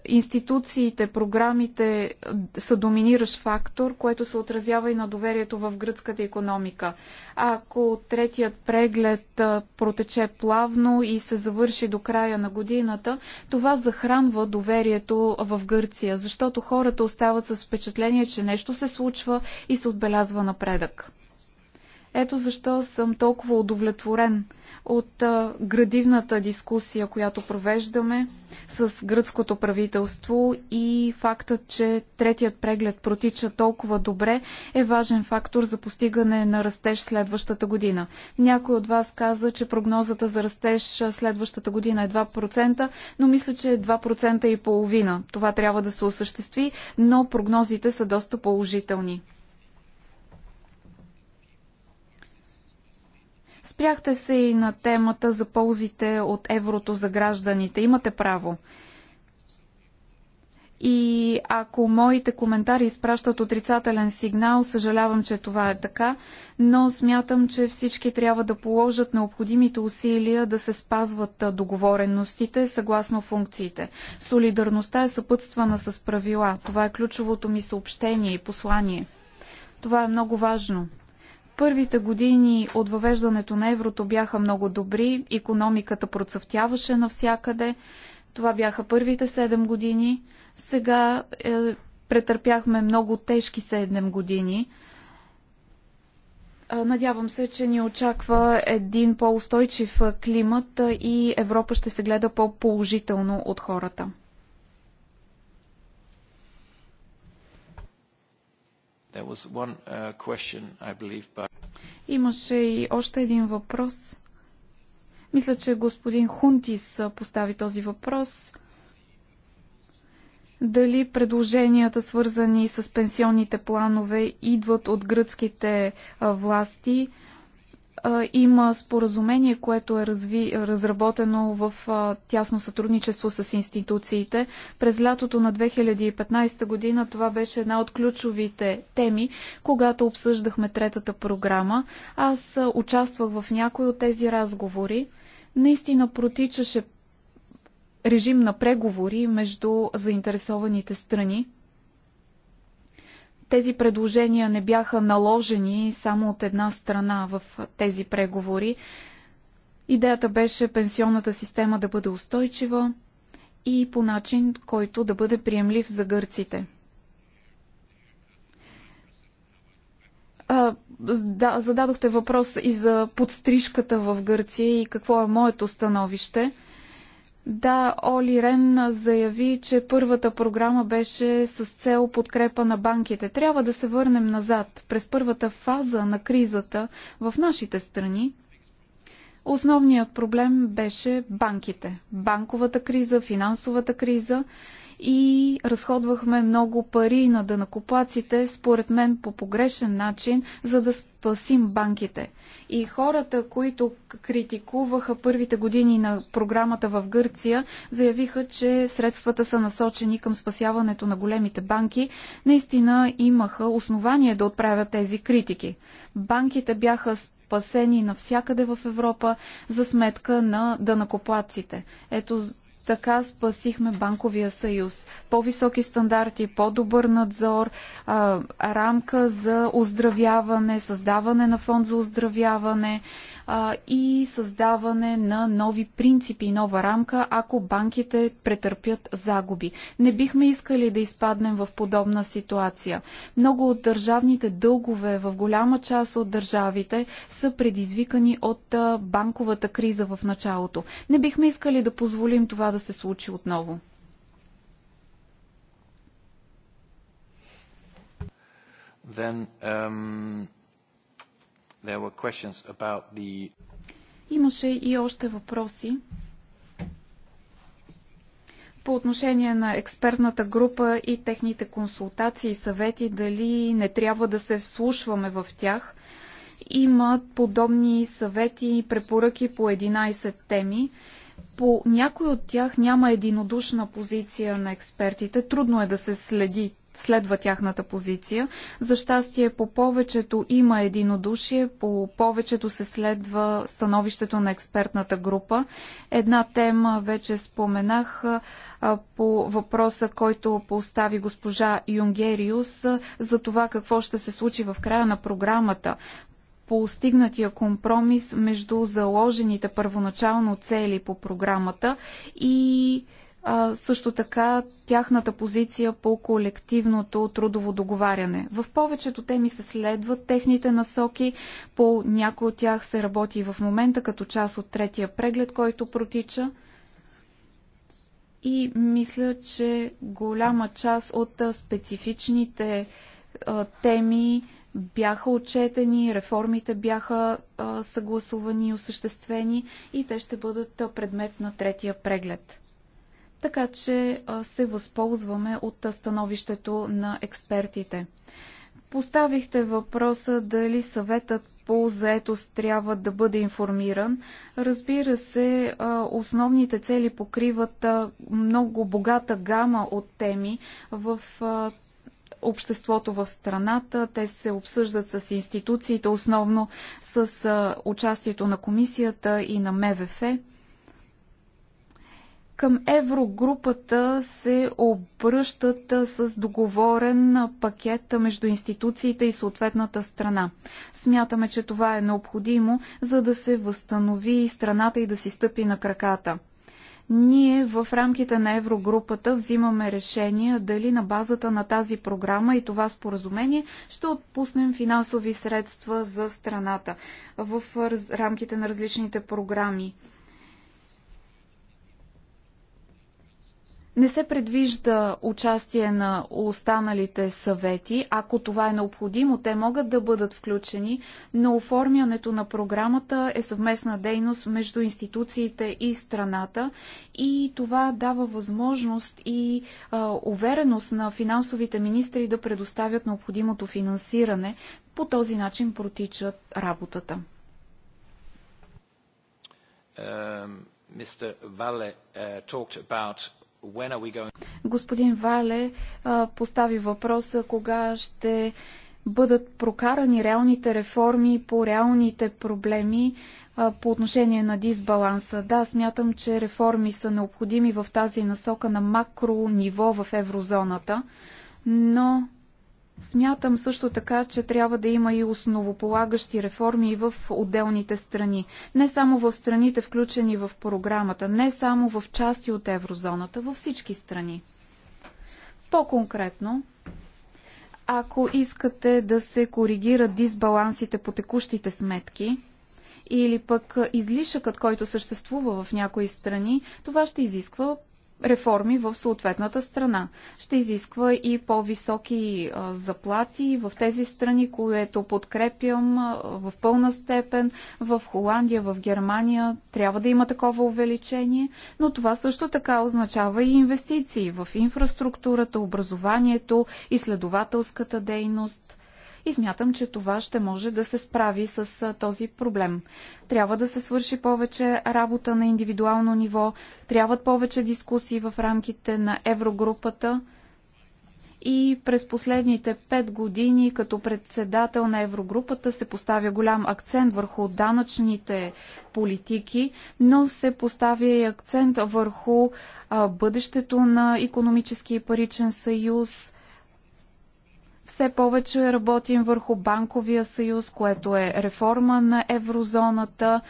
Институциите, програмите са доминиращ фактор, което се отразява и на доверието в гръцката економика. ако третият преглед протече плавно и се завърши до края на годината, това захранва доверието в Гърция, защото хората остават с впечатление, че нещо се случва и се отбелязва напредък. Ето защо съм толкова удовлетворен от градивната дискусия, която провеждаме с гръцкото правителство и фактът, че третият преглед протича толкова добре е важен фактор за постигане на растеж следващата година. Някой от вас каза, че прогнозата за растеж следващата година е 2%, но мисля, че е 2% и половина. Това трябва да се осъществи, но прогнозите са доста положителни. Спряхте се и на темата за ползите от еврото за гражданите. Имате право. И ако моите коментари изпращат отрицателен сигнал, съжалявам, че това е така, но смятам, че всички трябва да положат необходимите усилия да се спазват договореностите съгласно функциите. Солидарността е съпътствана с правила. Това е ключовото ми съобщение и послание. Това е много важно. Първите години от въвеждането на еврото бяха много добри, економиката процъфтяваше навсякъде. Това бяха първите 7 години. Сега е, претърпяхме много тежки 7 години. Надявам се, че ни очаква един по-устойчив климат и Европа ще се гледа по-положително от хората. One, uh, believe, Имаше и още един въпрос. Мисля, че господин Хунтис постави този въпрос. Дали предложенията, свързани с пенсионните планове, идват от гръцките власти? има споразумение, което е разви, разработено в тясно сътрудничество с институциите. През лятото на 2015 година това беше една от ключовите теми, когато обсъждахме третата програма. Аз участвах в някои от тези разговори. Наистина протичаше режим на преговори между заинтересованите страни. Тези предложения не бяха наложени само от една страна в тези преговори. Идеята беше пенсионната система да бъде устойчива и по начин, който да бъде приемлив за гърците. А, да, зададохте въпрос и за подстрижката в Гърция и какво е моето становище – да, Оли Рен заяви, че първата програма беше с цел подкрепа на банките. Трябва да се върнем назад. През първата фаза на кризата в нашите страни основният проблем беше банките. Банковата криза, финансовата криза – и разходвахме много пари на дънакопаците, според мен по погрешен начин, за да спасим банките. И хората, които критикуваха първите години на програмата в Гърция, заявиха, че средствата са насочени към спасяването на големите банки, наистина имаха основание да отправят тези критики. Банките бяха спасени навсякъде в Европа за сметка на дънакоплаците. Ето така спасихме банковия съюз. По-високи стандарти, по-добър надзор, а, рамка за оздравяване, създаване на фонд за оздравяване а, и създаване на нови принципи, нова рамка, ако банките претърпят загуби. Не бихме искали да изпаднем в подобна ситуация. Много от държавните дългове в голяма част от държавите са предизвикани от банковата криза в началото. Не бихме искали да позволим това да се случи отново. Then, um, there were questions about the... Имаше и още въпроси по отношение на експертната група и техните консултации и съвети, дали не трябва да се вслушваме в тях. Имат подобни съвети и препоръки по 11 теми. По някой от тях няма единодушна позиция на експертите. Трудно е да се следи следва тяхната позиция. За щастие по повечето има единодушие, по повечето се следва становището на експертната група. Една тема вече споменах по въпроса, който постави госпожа Юнгериус за това какво ще се случи в края на програмата постигнатия компромис между заложените първоначално цели по програмата и а, също така тяхната позиция по колективното трудово договаряне. В повечето теми се следват техните насоки, по някои от тях се работи в момента като част от третия преглед, който протича. И мисля, че голяма част от специфичните а, теми бяха отчетени, реформите бяха а, съгласувани и осъществени и те ще бъдат предмет на третия преглед. Така че а, се възползваме от становището на експертите. Поставихте въпроса дали съветът по заетост трябва да бъде информиран. Разбира се, основните цели покриват много богата гама от теми. В обществото в страната. Те се обсъждат с институциите, основно с участието на комисията и на МВФ. Към еврогрупата се обръщат с договорен пакет между институциите и съответната страна. Смятаме, че това е необходимо, за да се възстанови страната и да си стъпи на краката. Ние в рамките на Еврогрупата взимаме решение дали на базата на тази програма и това споразумение ще отпуснем финансови средства за страната в рамките на различните програми. Не се предвижда участие на останалите съвети. Ако това е необходимо, те могат да бъдат включени, но оформянето на програмата е съвместна дейност между институциите и страната и това дава възможност и а, увереност на финансовите министри да предоставят необходимото финансиране. По този начин протичат работата. Um, Mr. Valle uh, talked about Господин Вале постави въпроса кога ще бъдат прокарани реалните реформи по реалните проблеми по отношение на дисбаланса. Да, смятам, че реформи са необходими в тази насока на макро ниво в еврозоната, но Смятам също така, че трябва да има и основополагащи реформи в отделните страни. Не само в страните, включени в програмата, не само в части от еврозоната, във всички страни. По-конкретно, ако искате да се коригират дисбалансите по текущите сметки, или пък излишъкът, който съществува в някои страни, това ще изисква реформи в съответната страна. Ще изисква и по-високи заплати в тези страни, което подкрепям в пълна степен. В Холандия, в Германия трябва да има такова увеличение, но това също така означава и инвестиции в инфраструктурата, образованието, изследователската дейност – и смятам, че това ще може да се справи с този проблем. Трябва да се свърши повече работа на индивидуално ниво, трябват повече дискусии в рамките на еврогрупата и през последните пет години като председател на Еврогрупата се поставя голям акцент върху данъчните политики, но се поставя и акцент върху а, бъдещето на економически и паричен съюз, все повече работим върху банковия съюз, което е реформа на еврозоната.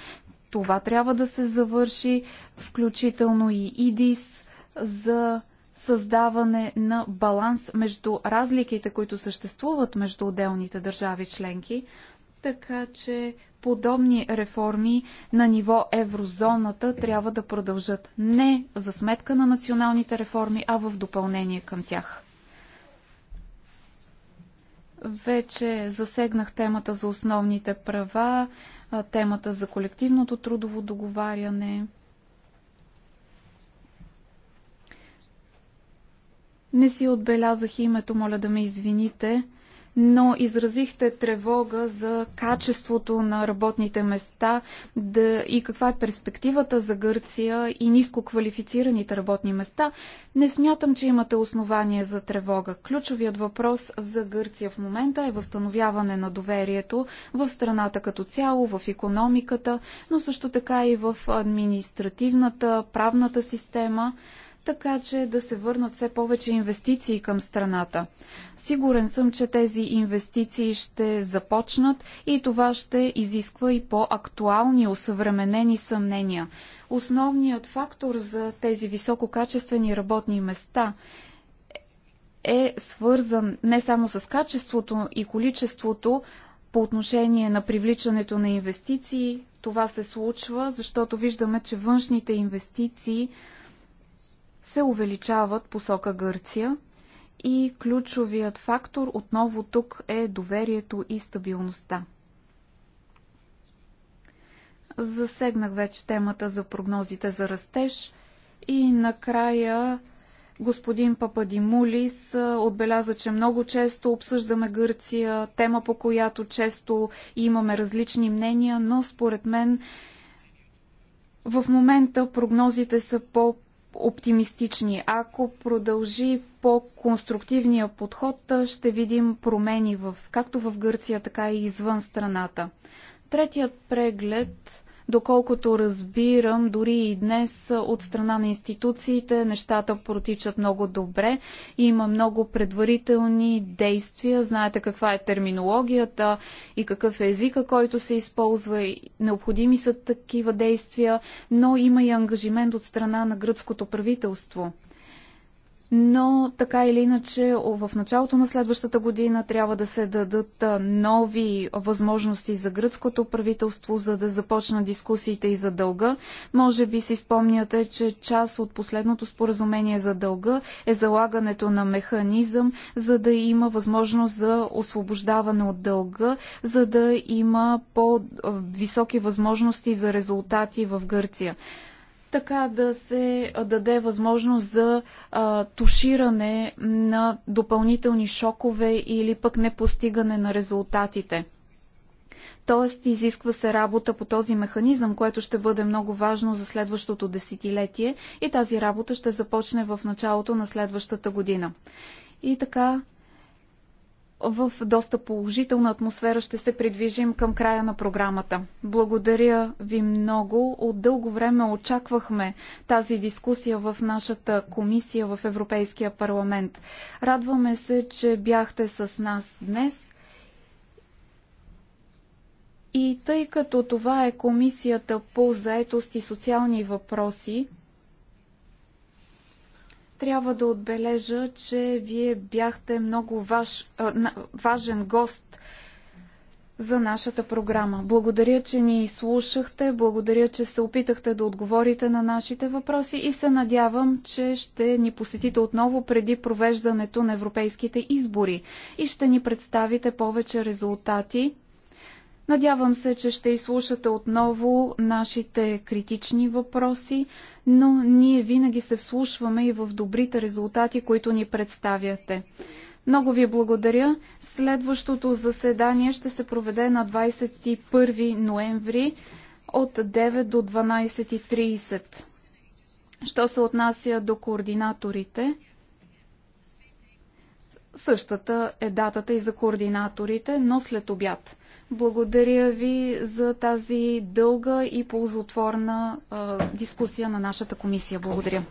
Това трябва да се завърши, включително и ИДИС за създаване на баланс между разликите, които съществуват между отделните държави членки, така че подобни реформи на ниво еврозоната трябва да продължат не за сметка на националните реформи, а в допълнение към тях. Вече засегнах темата за основните права, темата за колективното трудово договаряне. Не си отбелязах името, моля да ме извините но изразихте тревога за качеството на работните места да, и каква е перспективата за Гърция и ниско квалифицираните работни места. Не смятам, че имате основание за тревога. Ключовият въпрос за Гърция в момента е възстановяване на доверието в страната като цяло, в економиката, но също така и в административната, правната система така че да се върнат все повече инвестиции към страната. Сигурен съм, че тези инвестиции ще започнат и това ще изисква и по-актуални, осъвременени съмнения. Основният фактор за тези висококачествени работни места е свързан не само с качеството и количеството по отношение на привличането на инвестиции. Това се случва, защото виждаме, че външните инвестиции – се увеличават посока Гърция и ключовият фактор отново тук е доверието и стабилността. Засегнах вече темата за прогнозите за растеж и накрая господин Пападимулис отбеляза, че много често обсъждаме Гърция, тема по която често имаме различни мнения, но според мен в момента прогнозите са по оптимистични. Ако продължи по конструктивния подход, ще видим промени в, както в Гърция, така и извън страната. Третият преглед Доколкото разбирам, дори и днес от страна на институциите нещата протичат много добре. Има много предварителни действия. Знаете каква е терминологията и какъв е езика, който се използва. Необходими са такива действия, но има и ангажимент от страна на гръцкото правителство но така или иначе в началото на следващата година трябва да се дадат нови възможности за гръцкото правителство, за да започна дискусиите и за дълга. Може би си спомняте, че част от последното споразумение за дълга е залагането на механизъм, за да има възможност за освобождаване от дълга, за да има по-високи възможности за резултати в Гърция така да се даде възможност за а, туширане на допълнителни шокове или пък непостигане на резултатите. Тоест, изисква се работа по този механизъм, което ще бъде много важно за следващото десетилетие и тази работа ще започне в началото на следващата година. И така, в доста положителна атмосфера ще се придвижим към края на програмата. Благодаря ви много. От дълго време очаквахме тази дискусия в нашата комисия в Европейския парламент. Радваме се, че бяхте с нас днес. И тъй като това е комисията по заетост и социални въпроси, трябва да отбележа, че вие бяхте много ваш, а, важен гост за нашата програма. Благодаря, че ни слушахте, благодаря, че се опитахте да отговорите на нашите въпроси и се надявам, че ще ни посетите отново преди провеждането на европейските избори и ще ни представите повече резултати Надявам се, че ще изслушате отново нашите критични въпроси, но ние винаги се вслушваме и в добрите резултати, които ни представяте. Много ви благодаря. Следващото заседание ще се проведе на 21 ноември от 9 до 12.30. Що се отнася до координаторите, Същата е датата и за координаторите, но след обяд. Благодаря ви за тази дълга и ползотворна а, дискусия на нашата комисия. Благодаря.